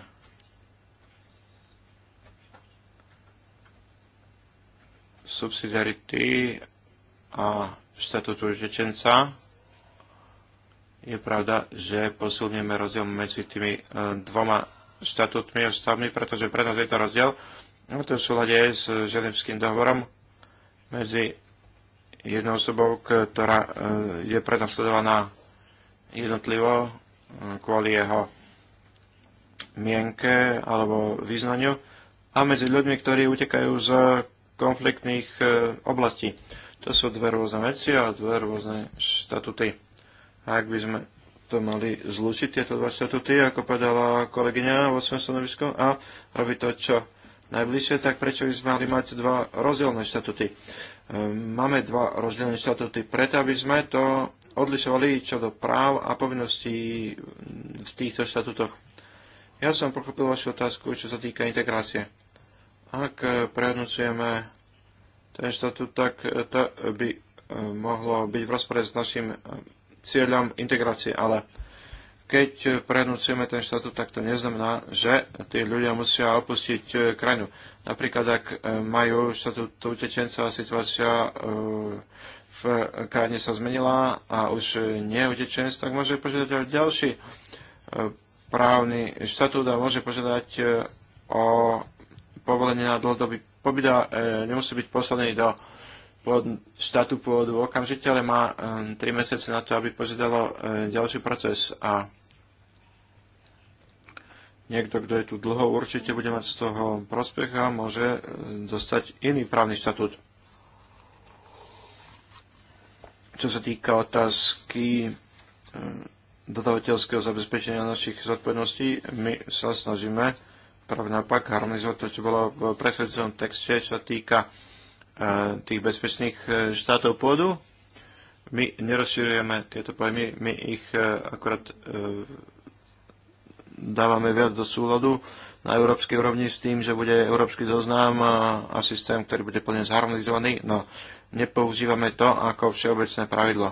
Speaker 2: subsidiarity a štatutu utečenca je pravda, že posilňujeme rozdiel medzi tými eh, dvoma štatutmi a stavmi, pretože pre nás je to rozdiel No to sú hľadie s ženevským dohovorom medzi jednou osobou, ktorá e, je prenasledovaná jednotlivo e, kvôli jeho mienke alebo význaniu a medzi ľuďmi, ktorí utekajú z konfliktných e, oblastí. To sú dve rôzne veci a dve rôzne štatuty. A ak by sme to mali zlučiť, tieto dva štatuty, ako povedala kolegyňa vo svojom stanovisku, a robiť to, čo najbližšie, tak prečo by sme mali mať dva rozdielne štatuty? E, máme dva rozdielne štatuty preto, aby sme to odlišovali čo do práv a povinností v týchto štatutoch. Ja som pochopil vašu otázku, čo sa týka integrácie. Ak prehodnocujeme ten štatút, tak to by e, mohlo byť v rozpore s našim e, cieľom integrácie, ale keď prenúcime ten štatút, tak to neznamená, že tí ľudia musia opustiť e, krajinu. Napríklad, ak e, majú štatút utečenca a situácia e, v krajine sa zmenila a už nie je utečenc, tak môže požiadať o ďalší právny štatút a môže požiadať o povolenie na dlhodobý pobyt a nemusí byť poslaný do pod štátu pôvodu okamžite, ale má 3 mesiace na to, aby požiadalo ďalší proces. A niekto, kto je tu dlho, určite bude mať z toho prospech a môže e, dostať iný právny štatút. Čo sa týka otázky e, dodavateľského zabezpečenia našich zodpovedností, my sa snažíme práve naopak harmonizovať to, čo bolo v predchádzajúcom texte, čo týka e, tých bezpečných štátov pôdu. My nerozširujeme tieto pojmy, my ich akurát dávame viac do súladu na európskej úrovni s tým, že bude európsky zoznam a systém, ktorý bude plne zharmonizovaný, no nepoužívame to ako všeobecné pravidlo.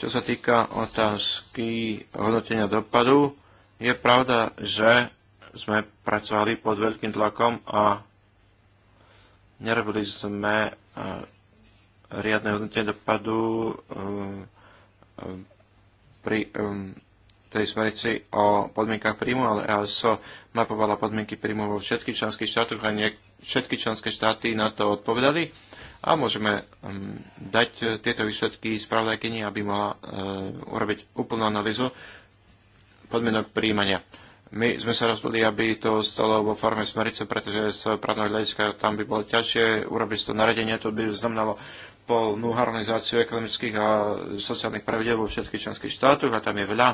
Speaker 2: Čo sa týka otázky hodnotenia dopadu, je pravda, že sme pracovali pod veľkým tlakom a nerobili sme e, riadne hodnotenie dopadu e, e, pri tej smernici o podmienkach príjmu, ale EASO mapovala podmienky príjmu vo všetkých členských štátoch a nie všetky členské štáty na to odpovedali. A môžeme um, dať e, tieto výsledky spravodajkyni, aby mohla uh, urobiť úplnú analýzu podmienok príjmania. My sme sa rozhodli, aby to stalo vo forme smerice, pretože z právneho hľadiska tam by bolo ťažšie urobiť to naredenie, to by znamenalo polnú harmonizáciu ekonomických a sociálnych pravidel vo všetkých členských štátoch a tam je veľa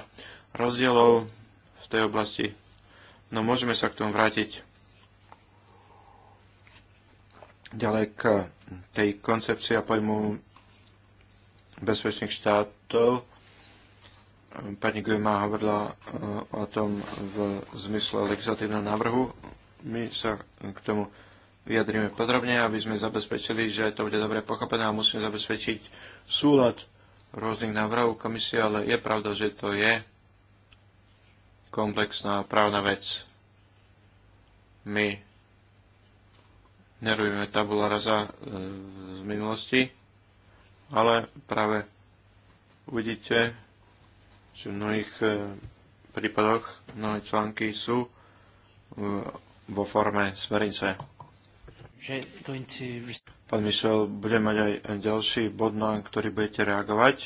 Speaker 2: rozdielov v tej oblasti. No môžeme sa k tomu vrátiť ďalej k tej koncepcii a pojmu bezpečných štátov. Pani Guima hovorila eh, o tom v zmysle legislatívneho návrhu. My sa k tomu vyjadríme podrobne, aby sme zabezpečili, že to bude dobre pochopené a musíme zabezpečiť súlad rôznych návrhov komisie, ale je pravda, že to je komplexná právna vec. My nerobíme tabula raza e, z minulosti, ale práve uvidíte, že v mnohých e, prípadoch mnohé články sú e, vo forme smernice. Pán Mišel, budem mať aj ďalší bod, na ktorý budete reagovať.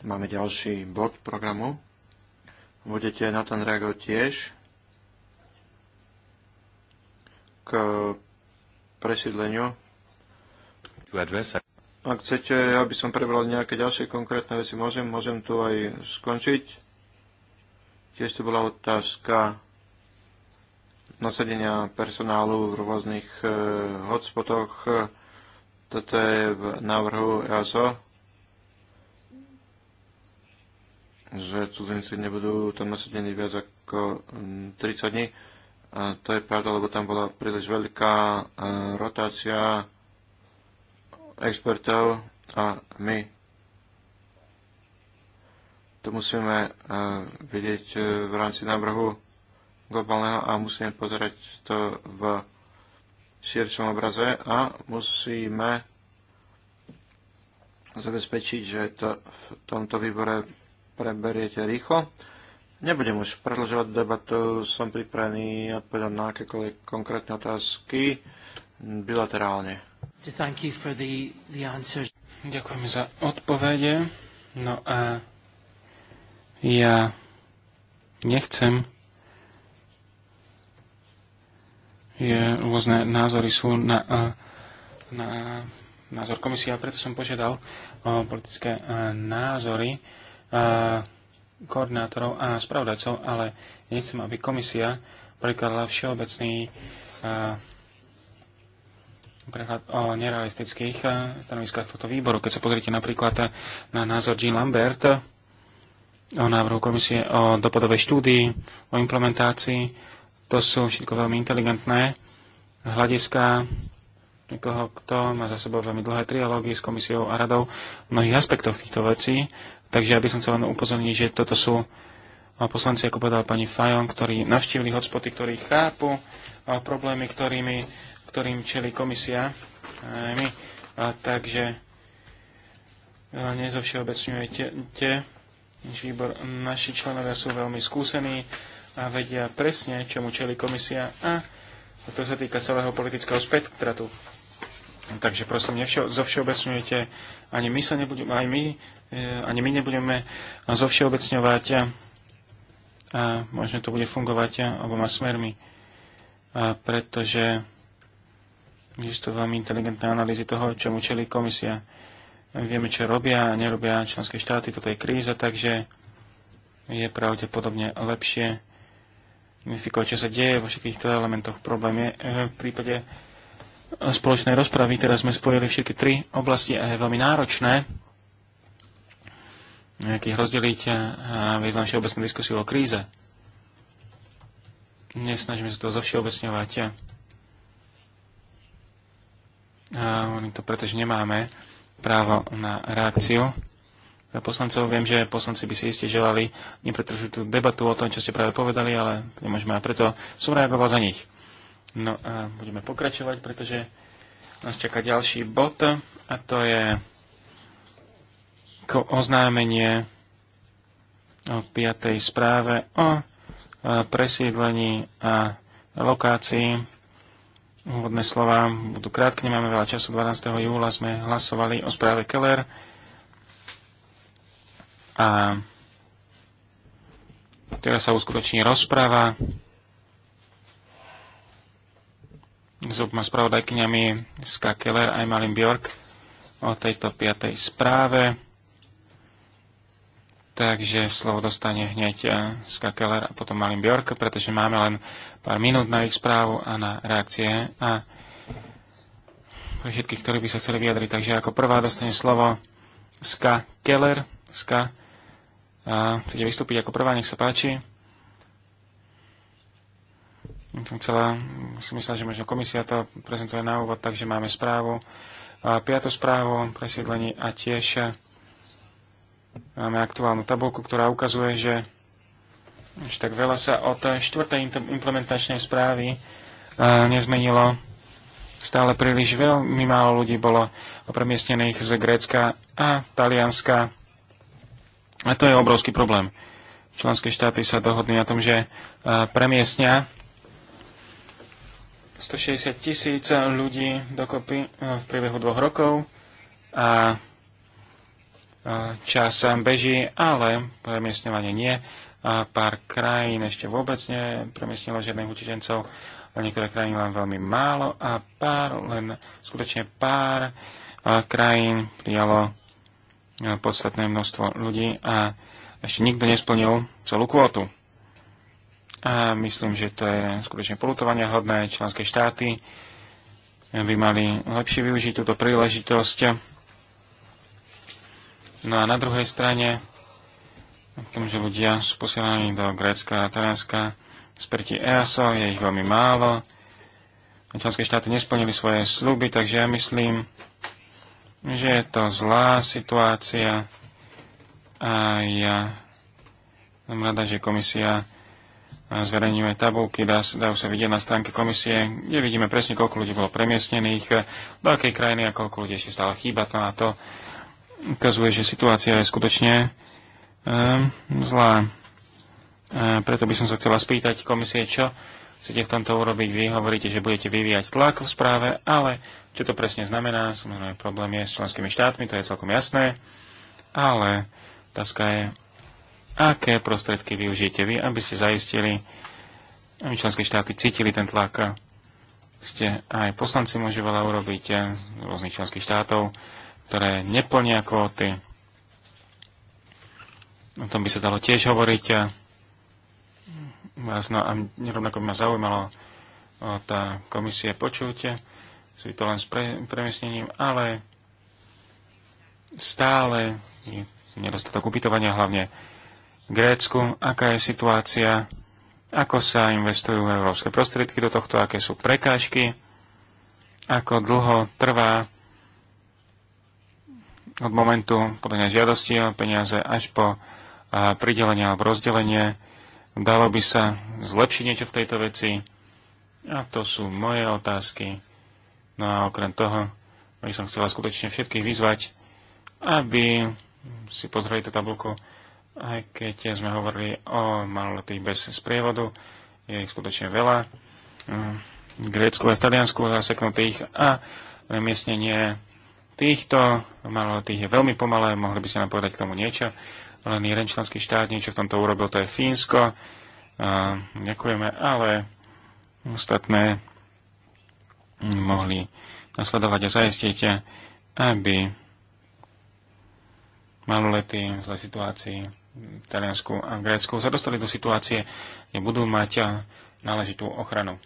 Speaker 2: Máme ďalší bod programu. Budete na ten reagovať tiež k presídleniu. Ak chcete, aby som prebral nejaké ďalšie konkrétne veci, môžem, môžem tu aj skončiť. Tiež tu bola otázka nasadenia personálu v rôznych eh, hotspotoch. Toto je v návrhu EASO že cudzinci nebudú tam nasadení viac ako 30 mm, dní. A to je pravda, lebo tam bola príliš veľká e, rotácia expertov a my to musíme e, vidieť e, v rámci návrhu globálneho a musíme pozerať to v širšom obraze a musíme zabezpečiť, že to v tomto výbore preberiete rýchlo. Nebudem už predlžovať debatu, som pripravený odpovedať na akékoľvek konkrétne otázky bilaterálne.
Speaker 1: Ďakujem za odpovede. No a ja nechcem je, rôzne názory sú na, na názor komisia, preto som požiadal o politické názory koordinátorov a spravodajcov, ale nechcem, aby komisia prekladala všeobecný prehľad o nerealistických stanoviskách tohto výboru. Keď sa pozrite napríklad na názor Jean Lambert o návrhu komisie o dopadovej štúdii, o implementácii, to sú všetko veľmi inteligentné hľadiska niekoho, kto má za sebou veľmi dlhé trialógy s komisiou a radou v mnohých aspektoch týchto vecí Takže ja by som chcel len upozorniť, že toto sú poslanci, ako povedala pani Fajon, ktorí navštívili hotspoty, ktorí chápu problémy, ktorými, ktorým čeli komisia. Aj my. A takže nezovšeobecňujete výbor. Naši členovia sú veľmi skúsení a vedia presne, čomu čeli komisia a to sa týka celého politického spektra tu. Takže prosím, zovšeobecňujete, ani my, sa nebudeme, aj my, e, ani my nebudeme zovšeobecňovať a možno to bude fungovať oboma smermi, a pretože existujú veľmi inteligentné analýzy toho, čo mu čelí komisia. Vieme, čo robia a nerobia členské štáty, toto je kríza, takže je pravdepodobne lepšie identifikovať, čo sa deje vo všetkých týchto elementoch. Problém je e, v prípade spoločnej rozpravy. Teraz sme spojili všetky tri oblasti a je veľmi náročné nejakých rozdeliť a viesť na všeobecnú diskusiu o kríze. Nesnažíme sa to zovšeobecňovať. A hovorím to, pretože nemáme právo na reakciu. Pre poslancov viem, že poslanci by si iste želali tú debatu o tom, čo ste práve povedali, ale to nemôžeme a preto som reagoval za nich. No a budeme pokračovať, pretože nás čaká ďalší bod a to je oznámenie o piatej správe o e, presídlení a lokácii. Úvodné slova budú krátke, nemáme veľa času. 12. júla sme hlasovali o správe Keller a teraz sa uskutoční rozpráva. s obma spravodajkyňami Ska Keller aj Malin Bjork o tejto piatej správe. Takže slovo dostane hneď eh, Ska Keller a potom Malin Bjork, pretože máme len pár minút na ich správu a na reakcie a pre všetkých, ktorí by sa chceli vyjadriť. Takže ako prvá dostane slovo Ska Keller. Ska, eh, chcete vystúpiť ako prvá, nech sa páči som chcela, si myslela, že možno komisia to prezentuje na úvod, takže máme správu, a piatu správu o a tiež máme aktuálnu tabulku, ktorá ukazuje, že už tak veľa sa od štvrtej implementačnej správy e, nezmenilo. Stále príliš veľmi málo ľudí bolo premiestnených z Grécka a Talianska. A to je obrovský problém. Členské štáty sa dohodli na tom, že e, premiestnia 160 tisíc ľudí dokopy e, v priebehu dvoch rokov a e, čas beží, ale premiestňovanie nie. A pár krajín ešte vôbec nepremiestnilo žiadnych utečencov, niektoré krajiny len veľmi málo a pár, len skutočne pár e, krajín prijalo podstatné množstvo ľudí a ešte nikto nesplnil celú kvótu. A myslím, že to je skutočne polutovania hodné. Členské štáty by mali lepšie využiť túto príležitosť. No a na druhej strane, tom, že ľudia sú posielaní do Grécka a Talianska, sprti EASO, je ich veľmi málo. Členské štáty nesplnili svoje sluby, takže ja myslím, že je to zlá situácia a ja som rada, že komisia zverejňujeme tabulky, dá, dajú sa vidieť na stránke komisie, kde vidíme presne, koľko ľudí bolo premiestnených, do akej krajiny a koľko ľudí ešte stále chýba. To na to ukazuje, že situácia je skutočne e, zlá. E, preto by som sa chcela spýtať komisie, čo chcete v tomto urobiť. Vy hovoríte, že budete vyvíjať tlak v správe, ale čo to presne znamená, samozrejme problém je s členskými štátmi, to je celkom jasné, ale otázka je, aké prostriedky využijete vy, aby ste zaistili, aby členské štáty cítili ten tlak. Ste aj poslanci môžu veľa urobiť eh, rôznych členských štátov, ktoré neplnia kvóty. O tom by sa dalo tiež hovoriť. Eh. Vás, no, a nerovnako by ma zaujímalo o tá komisie počuť, Sú to len s pre, premiesnením, ale stále je nedostatok ubytovania hlavne Grécku, aká je situácia, ako sa investujú európske prostriedky do tohto, aké sú prekážky, ako dlho trvá od momentu podania žiadosti o peniaze až po pridelenie alebo rozdelenie. Dalo by sa zlepšiť niečo v tejto veci? A to sú moje otázky. No a okrem toho by som chcela skutočne všetkých vyzvať, aby si pozreli tú tabulku aj keď sme hovorili o maloletých bez sprievodu, je ich skutočne veľa. V mm, Grécku a v Taliansku zaseknutých a premiestnenie týchto maloletých je veľmi pomalé. Mohli by sa nám povedať k tomu niečo. Len jeden členský štát niečo v tomto urobil, to je Fínsko. Ďakujeme, ale ostatné mohli nasledovať a zaistiť, aby maloletí v zlej situácii Taliansku a Grécku, sa dostali do situácie, kde budú mať eh, náležitú ochranu.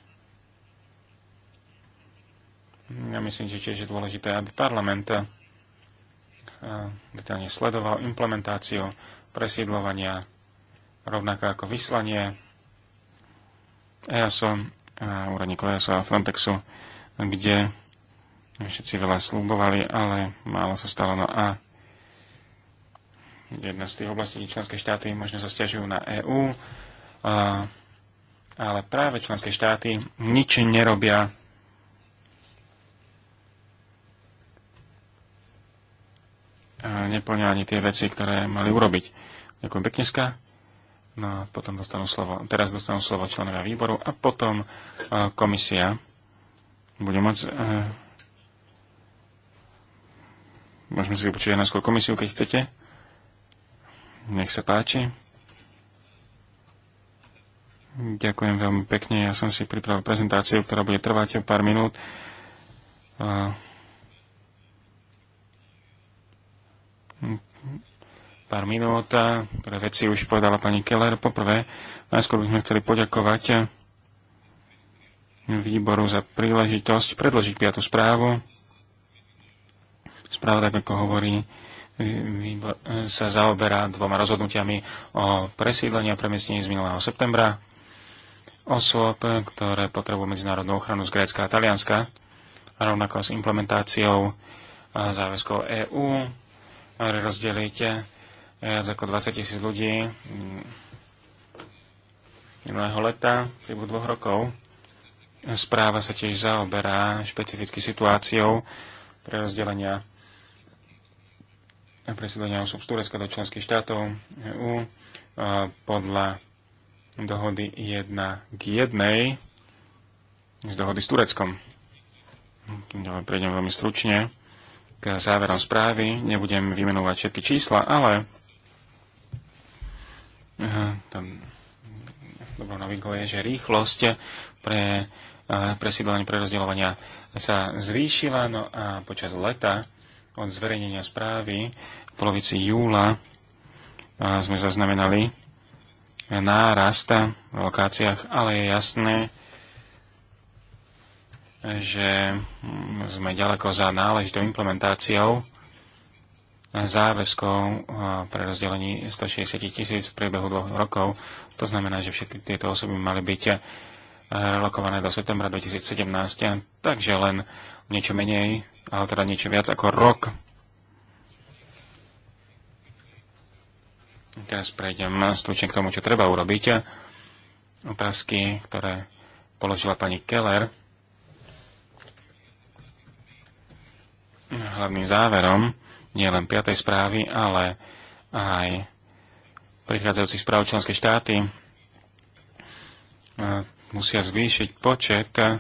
Speaker 1: Ja myslím, že tiež je dôležité, aby parlament eh, detailne sledoval implementáciu presídlovania, rovnako ako vyslanie EASO, úradníkov EASO a Frontexu, kde všetci veľa slúbovali, ale málo sa stalo. No a jedna z tých oblastí, kde členské štáty možno sa stiažujú na EÚ, ale práve členské štáty nič nerobia neplňa ani tie veci, ktoré mali urobiť. Ďakujem pekne, Ska. No a potom dostanú slovo, teraz dostanú slovo členovia výboru a potom komisia bude môcť môžeme si vypočuť aj najskôr komisiu, keď chcete. Nech sa páči. Ďakujem veľmi pekne. Ja som si pripravil prezentáciu, ktorá bude trvať o pár minút. Pár minút. Pre veci už povedala pani Keller. Poprvé, najskôr by sme chceli poďakovať výboru za príležitosť predložiť piatú správu. Správa, tak ako hovorí výbor e, sa zaoberá dvoma rozhodnutiami o presídlení a premiestnení z minulého septembra osôb, ktoré potrebujú medzinárodnú ochranu z Grécka a Talianska, a rovnako s implementáciou e, záväzkov EÚ rozdelíte viac ako 20 tisíc ľudí minulého leta, príbu dvoch rokov. Správa sa tiež zaoberá špecificky situáciou pre rozdelenia presedania osob z Turecka do členských štátov EÚ podľa dohody 1 k 1 z dohody s Tureckom. Ďalej prejdem veľmi stručne k záverom správy. Nebudem vymenovať všetky čísla, ale dobrou novinkou je, že rýchlosť pre presídlenie, prerozdeľovania sa zvýšila, no a počas leta od zverejnenia správy v polovici júla sme zaznamenali nárast v lokáciách, ale je jasné, že mm, sme ďaleko za náležitou implementáciou záväzkov pre rozdelení 160 tisíc v priebehu dvoch rokov. To znamená, že všetky tieto osoby mali byť relokované do septembra 2017, takže len niečo menej, ale teda niečo viac ako rok. Teraz prejdem stručne k tomu, čo treba urobiť. Otázky, ktoré položila pani Keller. Hlavným záverom nie len 5. správy, ale aj prichádzajúcich správ členské štáty musia zvýšiť počet eh,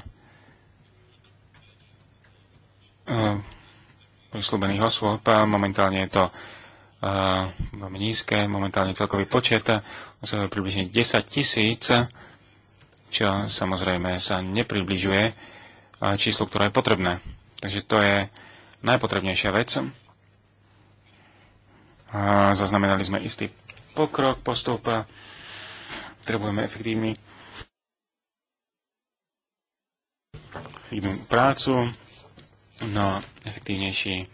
Speaker 1: prislúbených osôb. Momentálne je to eh, veľmi nízke, momentálne celkový počet eh, osôb je približne 10 tisíc, čo samozrejme sa nepribližuje číslu, ktoré je potrebné. Takže to je najpotrebnejšia vec. Zaznamenali sme istý pokrok, postup, potrebujeme efektívny jednu prácu, no efektívnejší,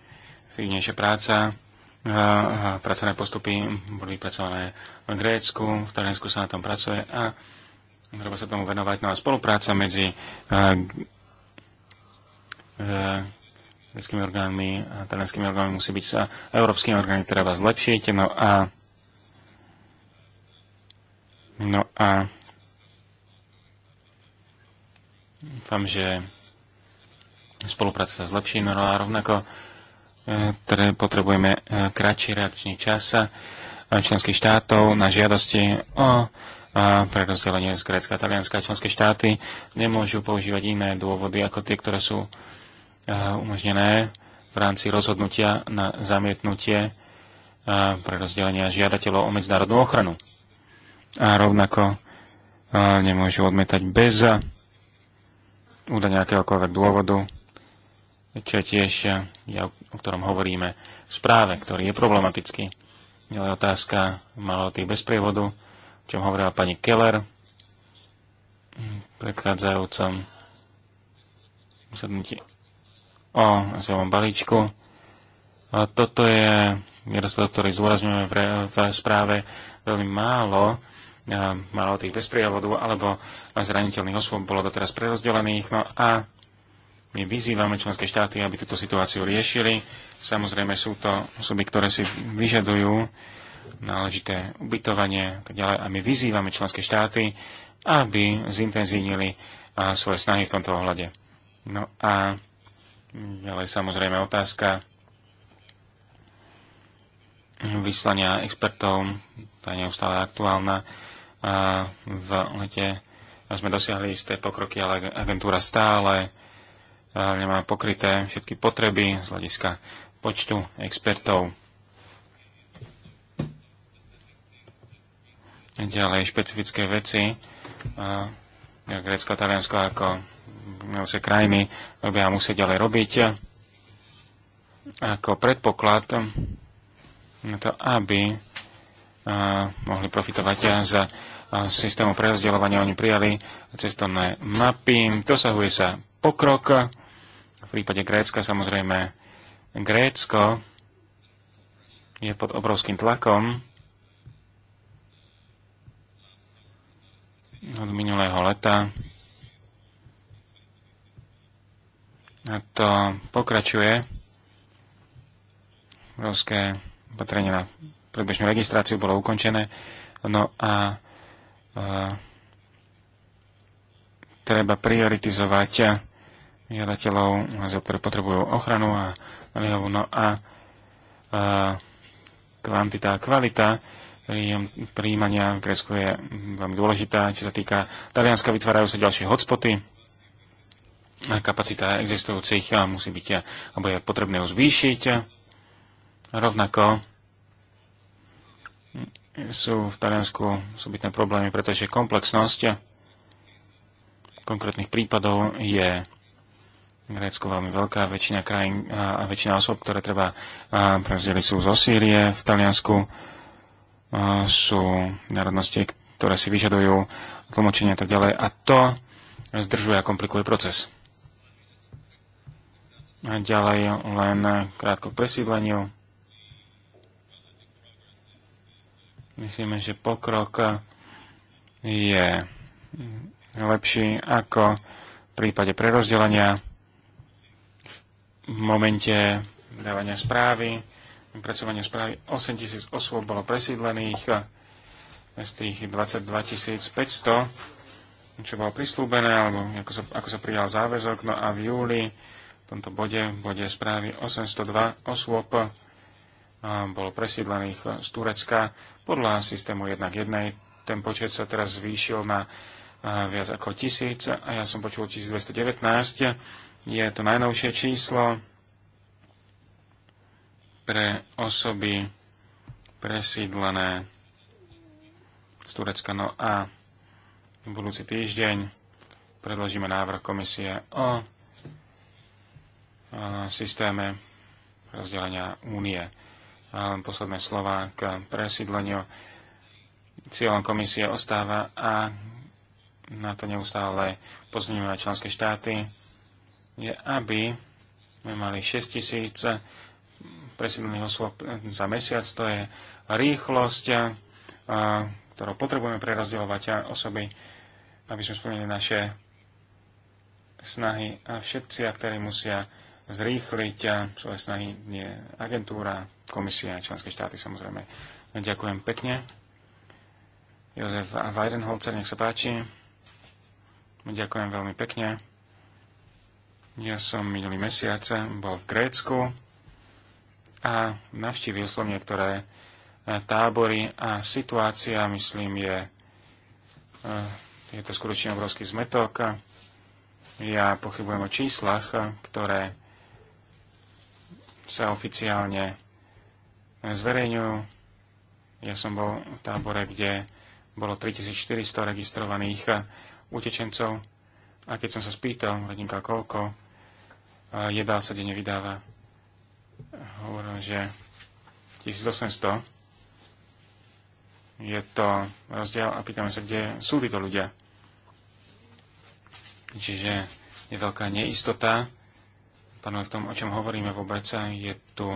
Speaker 1: efektívnejšia práca, a pracovné postupy boli vypracované v Grécku, v Taliansku sa na tom pracuje a treba sa tomu venovať. No a spolupráca medzi greckými orgánmi a talianskými orgánmi musí byť sa európskymi orgánmi treba zlepšiť. No a no a dúfam, že spolupráca sa zlepší, no a rovnako e, potrebujeme e, kratší reakčný čas e, členských štátov na žiadosti o prerozdelenie z Grécka a Talianska. Členské štáty nemôžu používať iné dôvody ako tie, ktoré sú umožnené v rámci rozhodnutia na zamietnutie prerozdelenia žiadateľov o medzinárodnú ochranu. A rovnako nemôžu odmietať bez údania akéhokoľvek dôvodu čo tiež, eh, ja, o ktorom hovoríme v správe, ktorý je problematický. Ale otázka malotých bez prievodu, o čom hovorila pani Keller hm, predchádzajúcom sednutí o azylovom balíčku. A toto je nedostatok, ktorý zúrazňujeme v, v správe veľmi málo eh, málo tých bez alebo zraniteľných osôb bolo doteraz prerozdelených. No a my vyzývame členské štáty, aby túto situáciu riešili. Samozrejme sú to osoby, ktoré si vyžadujú náležité ubytovanie a tak ďalej. A my vyzývame členské štáty, aby zintenzívnili svoje snahy v tomto ohľade. No a ďalej samozrejme otázka vyslania expertov, tá je neustále aktuálna. A v lete sme dosiahli isté pokroky, ale agentúra stále nemá pokryté všetky potreby z hľadiska počtu expertov. Ďalej špecifické veci. Grécko, Taliansko ako sa krajiny robia a musia ďalej robiť ako predpoklad na to, aby mohli profitovať z systému prerozdeľovania. Oni prijali cestovné mapy, dosahuje sa pokrok v prípade Grécka samozrejme Grécko je pod obrovským tlakom od minulého leta. A to pokračuje obrovské opatrenie na predbežnú registráciu bolo ukončené. No a, a treba prioritizovať žiadateľov, ktoré potrebujú ochranu a naliehavú. No a, a kvantita a kvalita príjmania v Grécku je veľmi dôležitá. Čo sa týka Talianska, vytvárajú sa ďalšie hotspoty. A kapacita existujúcich musí byť, alebo je potrebné ju zvýšiť. Rovnako sú v Taliansku súbytné problémy, pretože komplexnosť konkrétnych prípadov je Grécko veľmi veľká väčšina krajín a väčšina osob, ktoré treba prevzdeliť sú zo Sýrie, v Taliansku sú národnosti, ktoré si vyžadujú tlmočenie a tak ďalej. A to zdržuje a komplikuje proces. A ďalej len krátko k presídleniu. Myslíme, že pokrok je lepší ako v prípade prerozdelenia momente dávania správy, vypracovania správy 8 tisíc osôb bolo presídlených z tých 22 500, čo bolo prislúbené, alebo ako sa, ako sa prijal záväzok. No a v júli v tomto bode, bode správy 802 osôb bolo presídlených z Turecka. Podľa systému 1.1 ten počet sa teraz zvýšil na viac ako tisíc a ja som počul 1219 je to najnovšie číslo pre osoby presídlené z Turecka. No a v budúci týždeň predložíme návrh komisie o systéme rozdelenia únie. A len posledné slova k presídleniu. Cieľom komisie ostáva a na to neustále pozmeňujeme členské štáty je, aby sme mali 6 tisíc presídlených osôb za mesiac. To je rýchlosť, ktorú potrebujeme pre rozdielovať osoby, aby sme splnili naše snahy a všetci ktorí musia zrýchliť svoje snahy, je agentúra, komisia, členské štáty samozrejme. Ďakujem pekne. Jozef Weidenholzer, nech sa páči. Ďakujem veľmi pekne. Ja som minulý mesiac bol v Grécku a navštívil som niektoré e, tábory a situácia, myslím, je, e, je to skutočne obrovský zmetok. Ja pochybujem o číslach, ktoré sa oficiálne zverejňujú. Ja som bol v tábore, kde bolo 3400 registrovaných utečencov a keď som sa spýtal, radinka, koľko jedál sa denne vydáva, hovoril, že 1800 je to rozdiel a pýtame sa, kde sú títo ľudia. Čiže je veľká neistota. Panuje v tom, o čom hovoríme vôbec, je tu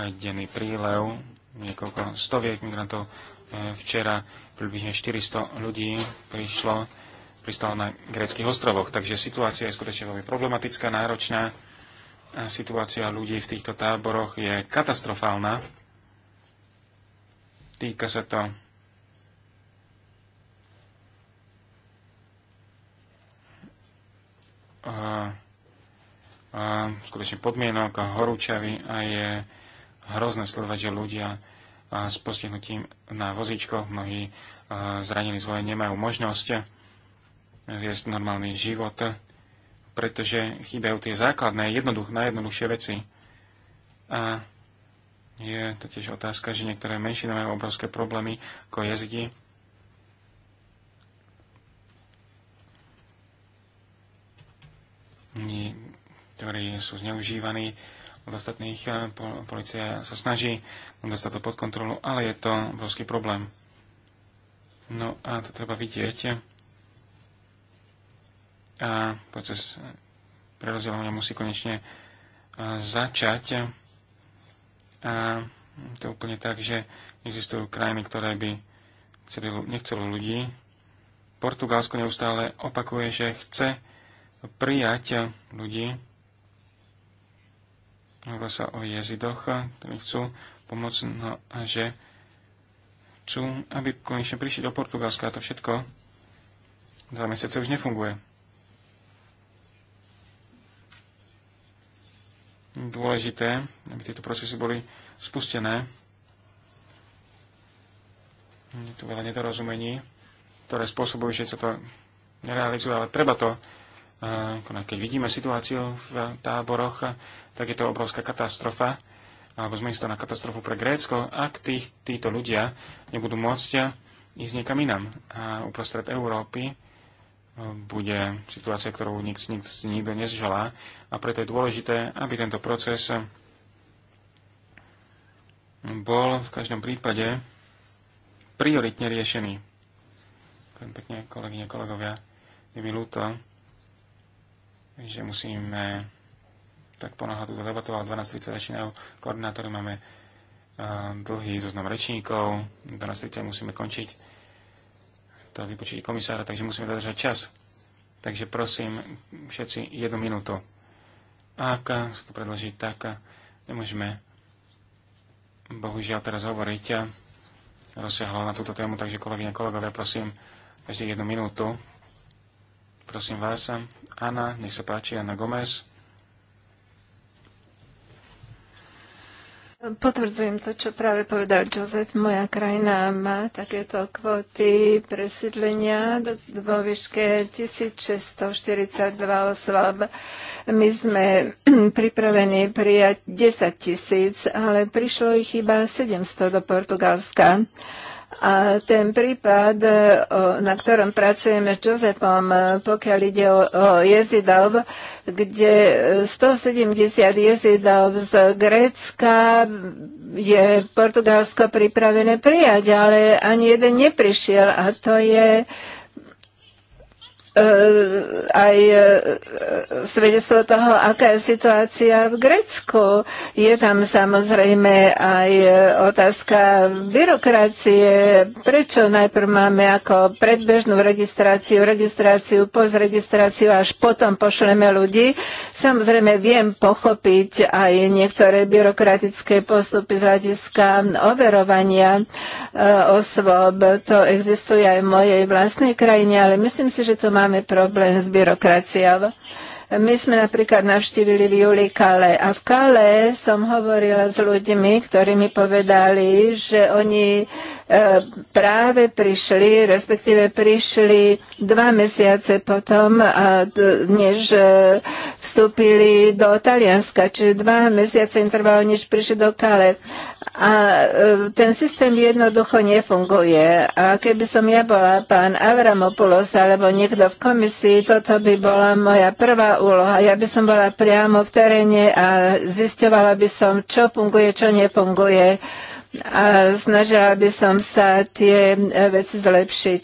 Speaker 1: aj denný prílev, niekoľko stoviek migrantov. E, včera približne 400 ľudí prišlo pristal na gréckých ostrovoch. Takže situácia je skutočne veľmi problematická, náročná. A situácia ľudí v týchto táboroch je katastrofálna. Týka sa to a, a, skutočne podmienok a horúčavy a je hrozné sledovať, že ľudia a, s postihnutím na vozíčko. mnohí a, zranení zvoje nemajú možnosť viesť normálny život, pretože chýbajú tie základné, jednoduch, najjednoduchšie veci. A je to tiež otázka, že niektoré menšiny majú obrovské problémy ako jazyky. ktorí sú zneužívaní od ostatných. Eh, Polícia sa snaží dostať to pod kontrolu, ale je to obrovský problém. No a to treba vidieť a proces prerozdeľovania musí konečne e, začať. A to úplne tak, že existujú krajiny, ktoré by chceli, nechceli ľudí. Portugalsko neustále opakuje, že chce prijať ľudí. Hovorí sa o jezidoch, ktorí chcú pomôcť, no a že chcú, aby konečne prišli do Portugalska a to všetko dva mesiace už nefunguje. dôležité, aby tieto procesy boli spustené. Je tu veľa nedorozumení, ktoré spôsobujú, že sa to nerealizuje, ale treba to eh, keď vidíme situáciu v táboroch, tak je to obrovská katastrofa, alebo zmení to na katastrofu pre Grécko, ak tí, títo ľudia nebudú môcť ísť niekam inam. A uprostred Európy bude situácia, ktorú nik, nik, nikto nezželá. A preto je dôležité, aby tento proces bol v každom prípade prioritne riešený. Ďakujem pekne, kolegyne, kolegovia. Je mi ľúto, že musíme tak ponáhľať túto debatu, ale 12.30 začínajú koordinátory, máme dlhý zoznam rečníkov, 12.30 musíme končiť to vypočiť komisára, takže musíme dodržať čas. Takže prosím, všetci jednu minútu. Ak sa to predloží tak, nemôžeme bohužiaľ teraz hovoriť rozsiahlo na túto tému, takže kolegyne, kolegovia, prosím, každý jednu minútu. Prosím vás, Anna, nech sa páči, Anna Gomez.
Speaker 3: Potvrdzujem to, čo práve povedal Jozef. Moja krajina má takéto kvóty presídlenia vo výške 1642 osôb. My sme pripravení prijať 10 tisíc, ale prišlo ich iba 700 do Portugalska. A ten prípad, e, na ktorom pracujeme s Josepom, e, pokiaľ ide o, o jezidov, kde 170 e, jezidov z Grécka je Portugalsko pripravené prijať, ale ani jeden neprišiel a to je Eh, aj eh, svedectvo toho, aká je situácia v Grecku. Je tam samozrejme aj eh, otázka byrokracie, prečo najprv máme ako predbežnú registráciu, registráciu, postregistráciu, až potom pošleme ľudí. Samozrejme viem pochopiť aj niektoré byrokratické postupy z hľadiska overovania osôb. To existuje aj v mojej vlastnej krajine, ale myslím si, že to má máme problém s byrokraciou. My sme napríklad navštívili v júli Kale a v Kale som hovorila s ľuďmi, ktorí mi povedali, že oni e, práve prišli, respektíve prišli dva mesiace potom, než e, vstúpili do Talianska, čiže dva mesiace im trvalo, než prišli do Kale. A e, ten systém jednoducho nefunguje. A keby som ja bola pán Avramopoulos alebo niekto v komisii, toto by bola moja prvá úloha. Ja by som bola priamo v teréne a zisťovala by som, čo funguje, čo nefunguje a snažila by som sa tie e, veci zlepšiť.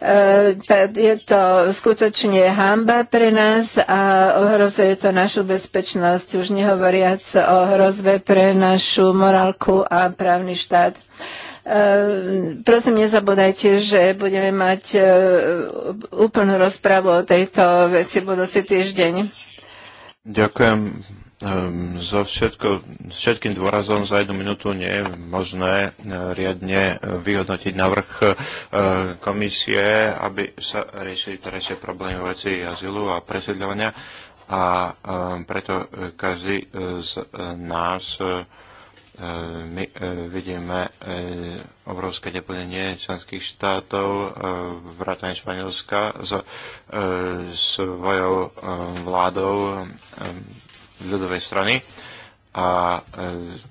Speaker 3: E, je to skutočne hamba pre nás a ohrozuje to našu bezpečnosť, už nehovoriac o hrozbe pre našu morálku a právny štát. Ehm, prosím, nezabúdajte, že budeme mať e, úplnú rozpravu o tejto veci budúci týždeň.
Speaker 2: Ďakujem Um, ehm, so všetko, všetkým dôrazom za jednu minútu nie je možné e, riadne vyhodnotiť navrh e, komisie, aby sa riešili terajšie problémy veci azylu a presídľovania a um, preto každý z nás uh, E, my e, vidíme e, obrovské neplnenie členských štátov, vrátane Španielska, s svojou vládou ľudovej strany a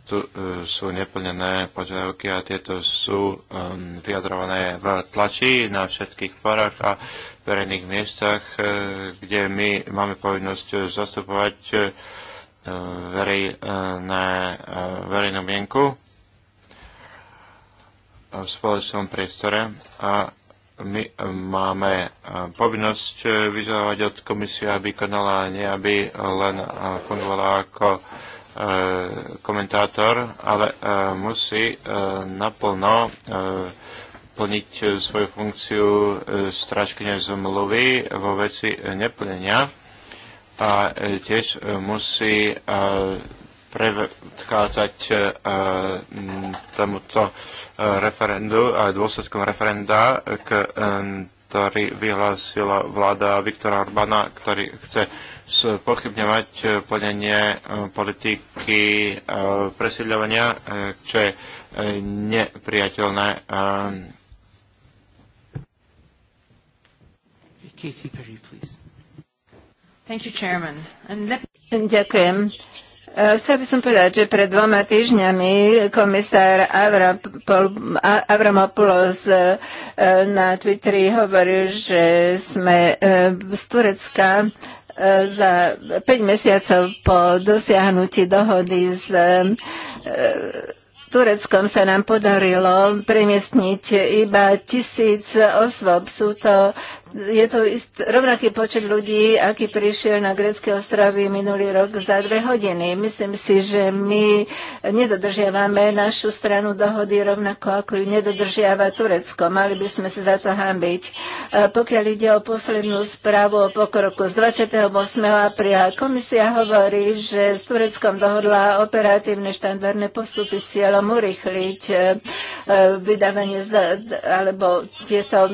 Speaker 2: tu sú neplnené požiadavky a tieto sú vyjadrované v tlači na všetkých farách a verejných miestach, kde my máme povinnosť zastupovať verejné, eh, verejnú mienku v spoločnom priestore a my eh, máme eh, povinnosť vyžadovať od komisie, aby konala, nie aby len fungovala ako komentátor, ale musí naplno plniť svoju funkciu strážkyne zmluvy vo veci neplnenia a e, tiež e, musí e, predchádzať tomuto referendu a dôsledkom referenda, ktorý vyhlásila vláda Viktora Orbána, ktorý chce pochybňovať plnenie politiky presídľovania, čo je nepriateľné.
Speaker 3: Katie Perry, please. You, let... Ďakujem. E, chcel by som povedať, že pred dvoma týždňami komisár Avramopoulos e, na Twitteri hovoril, že sme e, z Turecka za 5 mesiacov po dosiahnutí dohody s Tureckom sa nám podarilo premiestniť iba tisíc osôb. Sú to je to ist, rovnaký počet ľudí, aký prišiel na grecké ostrovy minulý rok za dve hodiny. Myslím si, že my nedodržiavame našu stranu dohody rovnako, ako ju nedodržiava Turecko. Mali by sme sa za to hambiť. E, pokiaľ ide o poslednú správu o pokroku z 28. apríla, komisia hovorí, že s Tureckom dohodla operatívne štandardné postupy s cieľom urychliť e, e, vydávanie alebo tieto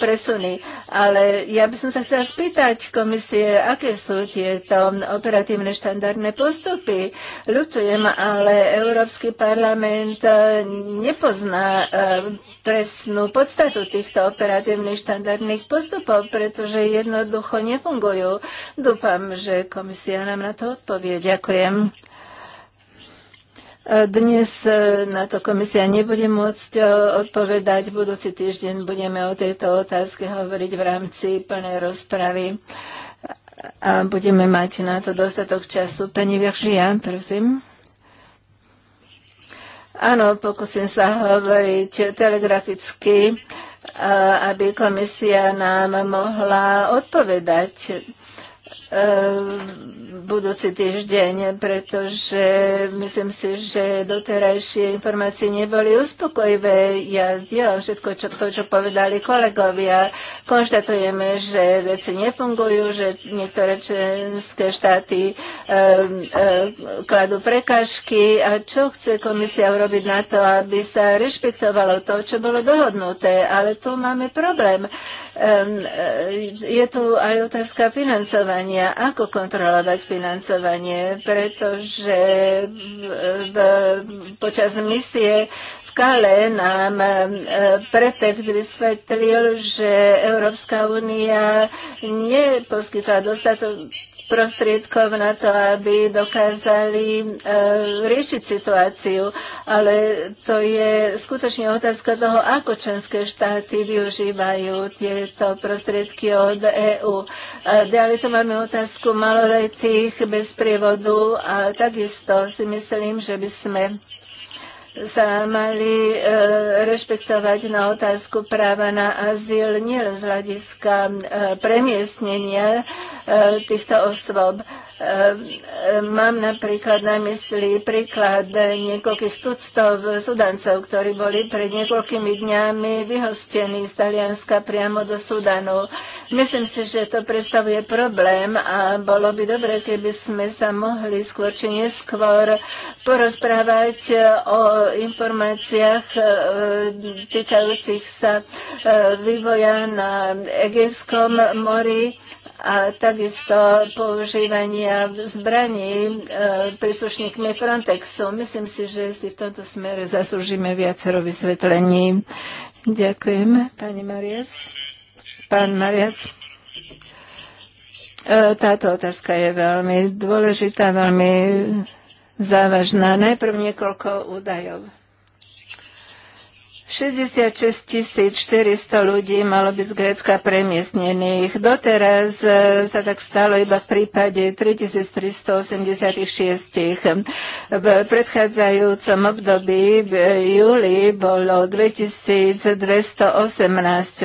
Speaker 3: presuny ale ja by som sa chcela spýtať komisie, aké sú tieto operatívne štandardné postupy. Ľutujem, ale Európsky parlament e, nepozná presnú e, podstatu týchto operatívnych štandardných postupov, pretože jednoducho nefungujú. Dúfam, že komisia nám na to odpovie. Ďakujem. Dnes e, na to komisia nebude môcť e, odpovedať. Budúci týždeň budeme o tejto otázke hovoriť v rámci plnej rozpravy a budeme mať na to dostatok času. Pani Viržia, prosím. Áno, pokúsim sa hovoriť telegraficky, e, aby komisia nám mohla odpovedať budúci týždeň, pretože myslím si, že doterajšie informácie neboli uspokojivé. Ja zdieľam všetko, čo, to, čo povedali kolegovia. Konštatujeme, že veci nefungujú, že niektoré členské štáty e, e, kladú prekažky. A čo chce komisia urobiť na to, aby sa rešpektovalo to, čo bolo dohodnuté? Ale tu máme problém. E, je tu aj otázka financovania nariadenia, ako kontrolovať financovanie, pretože v, v, počas misie v Kale nám e, prefekt vysvetlil, že Európska únia neposkytla dostatok prostriedkov na to, aby dokázali e, riešiť situáciu. Ale to je skutočne otázka toho, ako členské štáty využívajú tieto prostriedky od EÚ. Ďalej to máme otázku maloletých bez prievodu a takisto si myslím, že by sme sa mali e, rešpektovať na otázku práva na azyl nielen z hľadiska e, premiestnenia e, týchto osôb. Ehm, mám napríklad na mysli príklad niekoľkých tuctov Sudancov, ktorí boli pred niekoľkými dňami vyhostení z Talianska priamo do Sudanu. Myslím si, že to predstavuje problém a bolo by dobre, keby sme sa mohli skôr či neskôr porozprávať o informáciách e, týkajúcich sa e, vývoja na Egejskom mori a takisto používanie držania zbraní e, príslušníkmi Frontexu. Myslím si, že si v tomto smere zaslúžime viacero vysvetlení. Ďakujem, pani Marias. Pán Marias. E, táto otázka je veľmi dôležitá, veľmi závažná. Najprv niekoľko údajov. 66 400 ľudí malo byť z Grécka premiestnených. Doteraz e, sa tak stalo iba v prípade 3386. V predchádzajúcom období v júli bolo 2218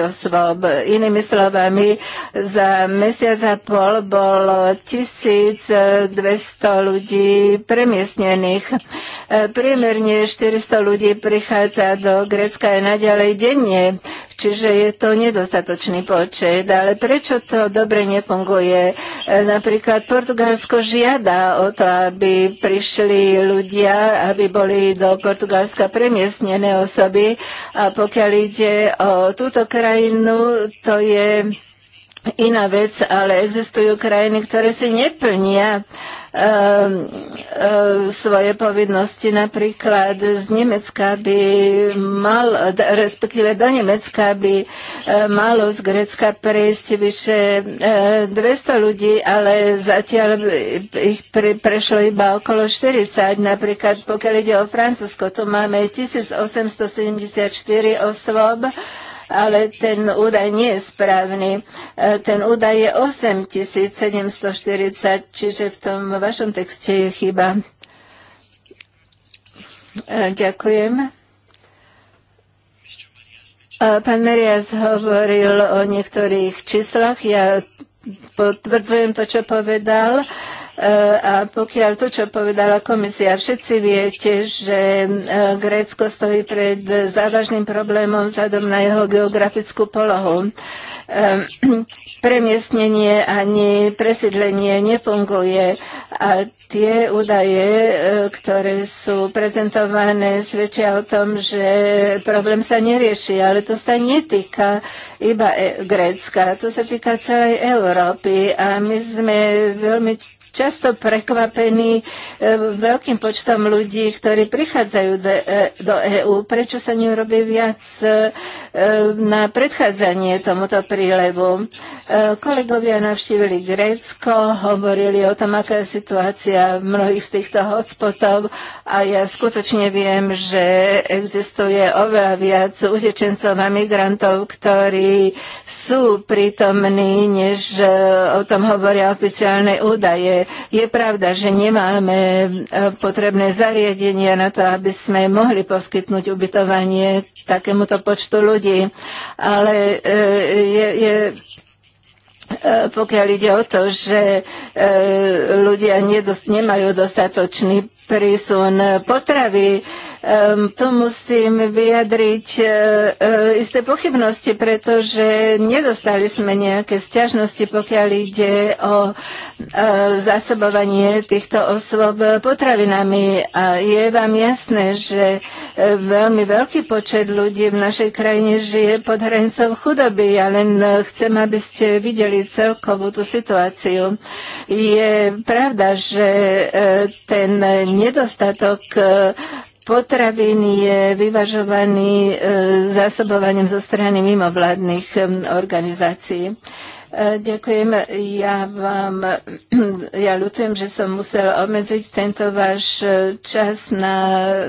Speaker 3: osôb. Inými slovami, za mesiac a pol bolo 1200 ľudí premiestnených. E, priemerne 400 ľudí prichádza do Grécka Turecka je naďalej denne, čiže je to nedostatočný počet. Ale prečo to dobre nefunguje? E, napríklad Portugalsko žiada o to, aby prišli ľudia, aby boli do Portugalska premiestnené osoby a pokiaľ ide o túto krajinu, to je Iná vec, ale existujú krajiny, ktoré si neplnia e, e, svoje povinnosti. Napríklad z Nemecka by mal, respektíve do Nemecka by um, malo z Grecka prejsť vyše 200 ľudí, ale zatiaľ ich pre, prešlo iba okolo 40. Napríklad pokiaľ ide o Francúzsko, tu máme 1874 osôb ale ten údaj nie je správny. E, ten údaj je 8740, čiže v tom vašom texte je chyba. E, ďakujem. E, pán Merias hovoril o niektorých číslach. Ja potvrdzujem to, čo povedal. Uh, E, a pokiaľ to, čo povedala komisia, všetci viete, že e, Grécko stojí pred závažným problémom vzhľadom na jeho geografickú polohu. E, premiestnenie ani presídlenie nefunguje a tie údaje, ktoré sú prezentované, svedčia o tom, že problém sa nerieši, ale to sa netýka iba Grécka, to sa týka celej Európy a my sme veľmi často často prekvapení e, veľkým počtom ľudí, ktorí prichádzajú do EÚ. E Prečo sa robí viac e, na predchádzanie tomuto prílevu? Kolegovia navštívili Grécko, hovorili o tom, aká je situácia v mnohých z týchto hotspotov a ja skutočne viem, že existuje oveľa viac utečencov a migrantov, ktorí sú prítomní, než o tom hovoria oficiálne údaje. Je pravda, že nemáme e, potrebné zariadenia na to, aby sme mohli poskytnúť ubytovanie takémuto počtu ľudí, ale e, je, je e, pokiaľ ide o to, že ľudia nemajú dostatočný prísun potravy. Ehm, tu musím vyjadriť e, e, isté pochybnosti, pretože nedostali sme nejaké sťažnosti, pokiaľ ide o e, zásobovanie týchto osôb potravinami. A je vám jasné, že veľmi veľký počet ľudí v našej krajine žije pod hranicou chudoby. Ja len chcem, aby ste videli celkovú tú situáciu. Je pravda, že ten nedostatok e, potravín je vyvažovaný e, zásobovaním zo strany mimovládnych e, organizácií. Ďakujem. Ja vám, ja ľutujem, že som musel obmedziť tento váš čas na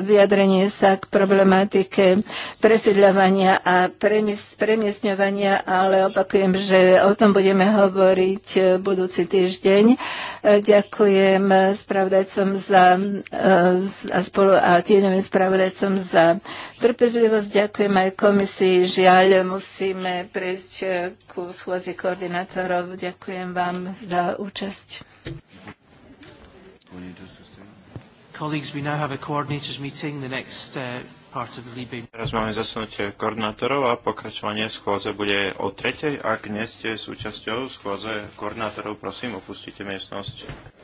Speaker 3: vyjadrenie sa k problematike presídľovania a premiestňovania, ale opakujem, že o tom budeme hovoriť budúci týždeň. Ďakujem spravodajcom za a, spolu, a tieňovým spravodajcom za trpezlivosť. Ďakujem aj komisii. Žiaľ, musíme prejsť ku schôzi koordinácie koordinátorov. Ďakujem vám za účasť.
Speaker 2: Colleagues, we now have a coordinators meeting, the next uh, part of the Libe. Teraz máme zasnutie koordinátorov a pokračovanie schôze bude o tretej. Ak nie ste súčasťou schôze koordinátorov, prosím, opustite miestnosť.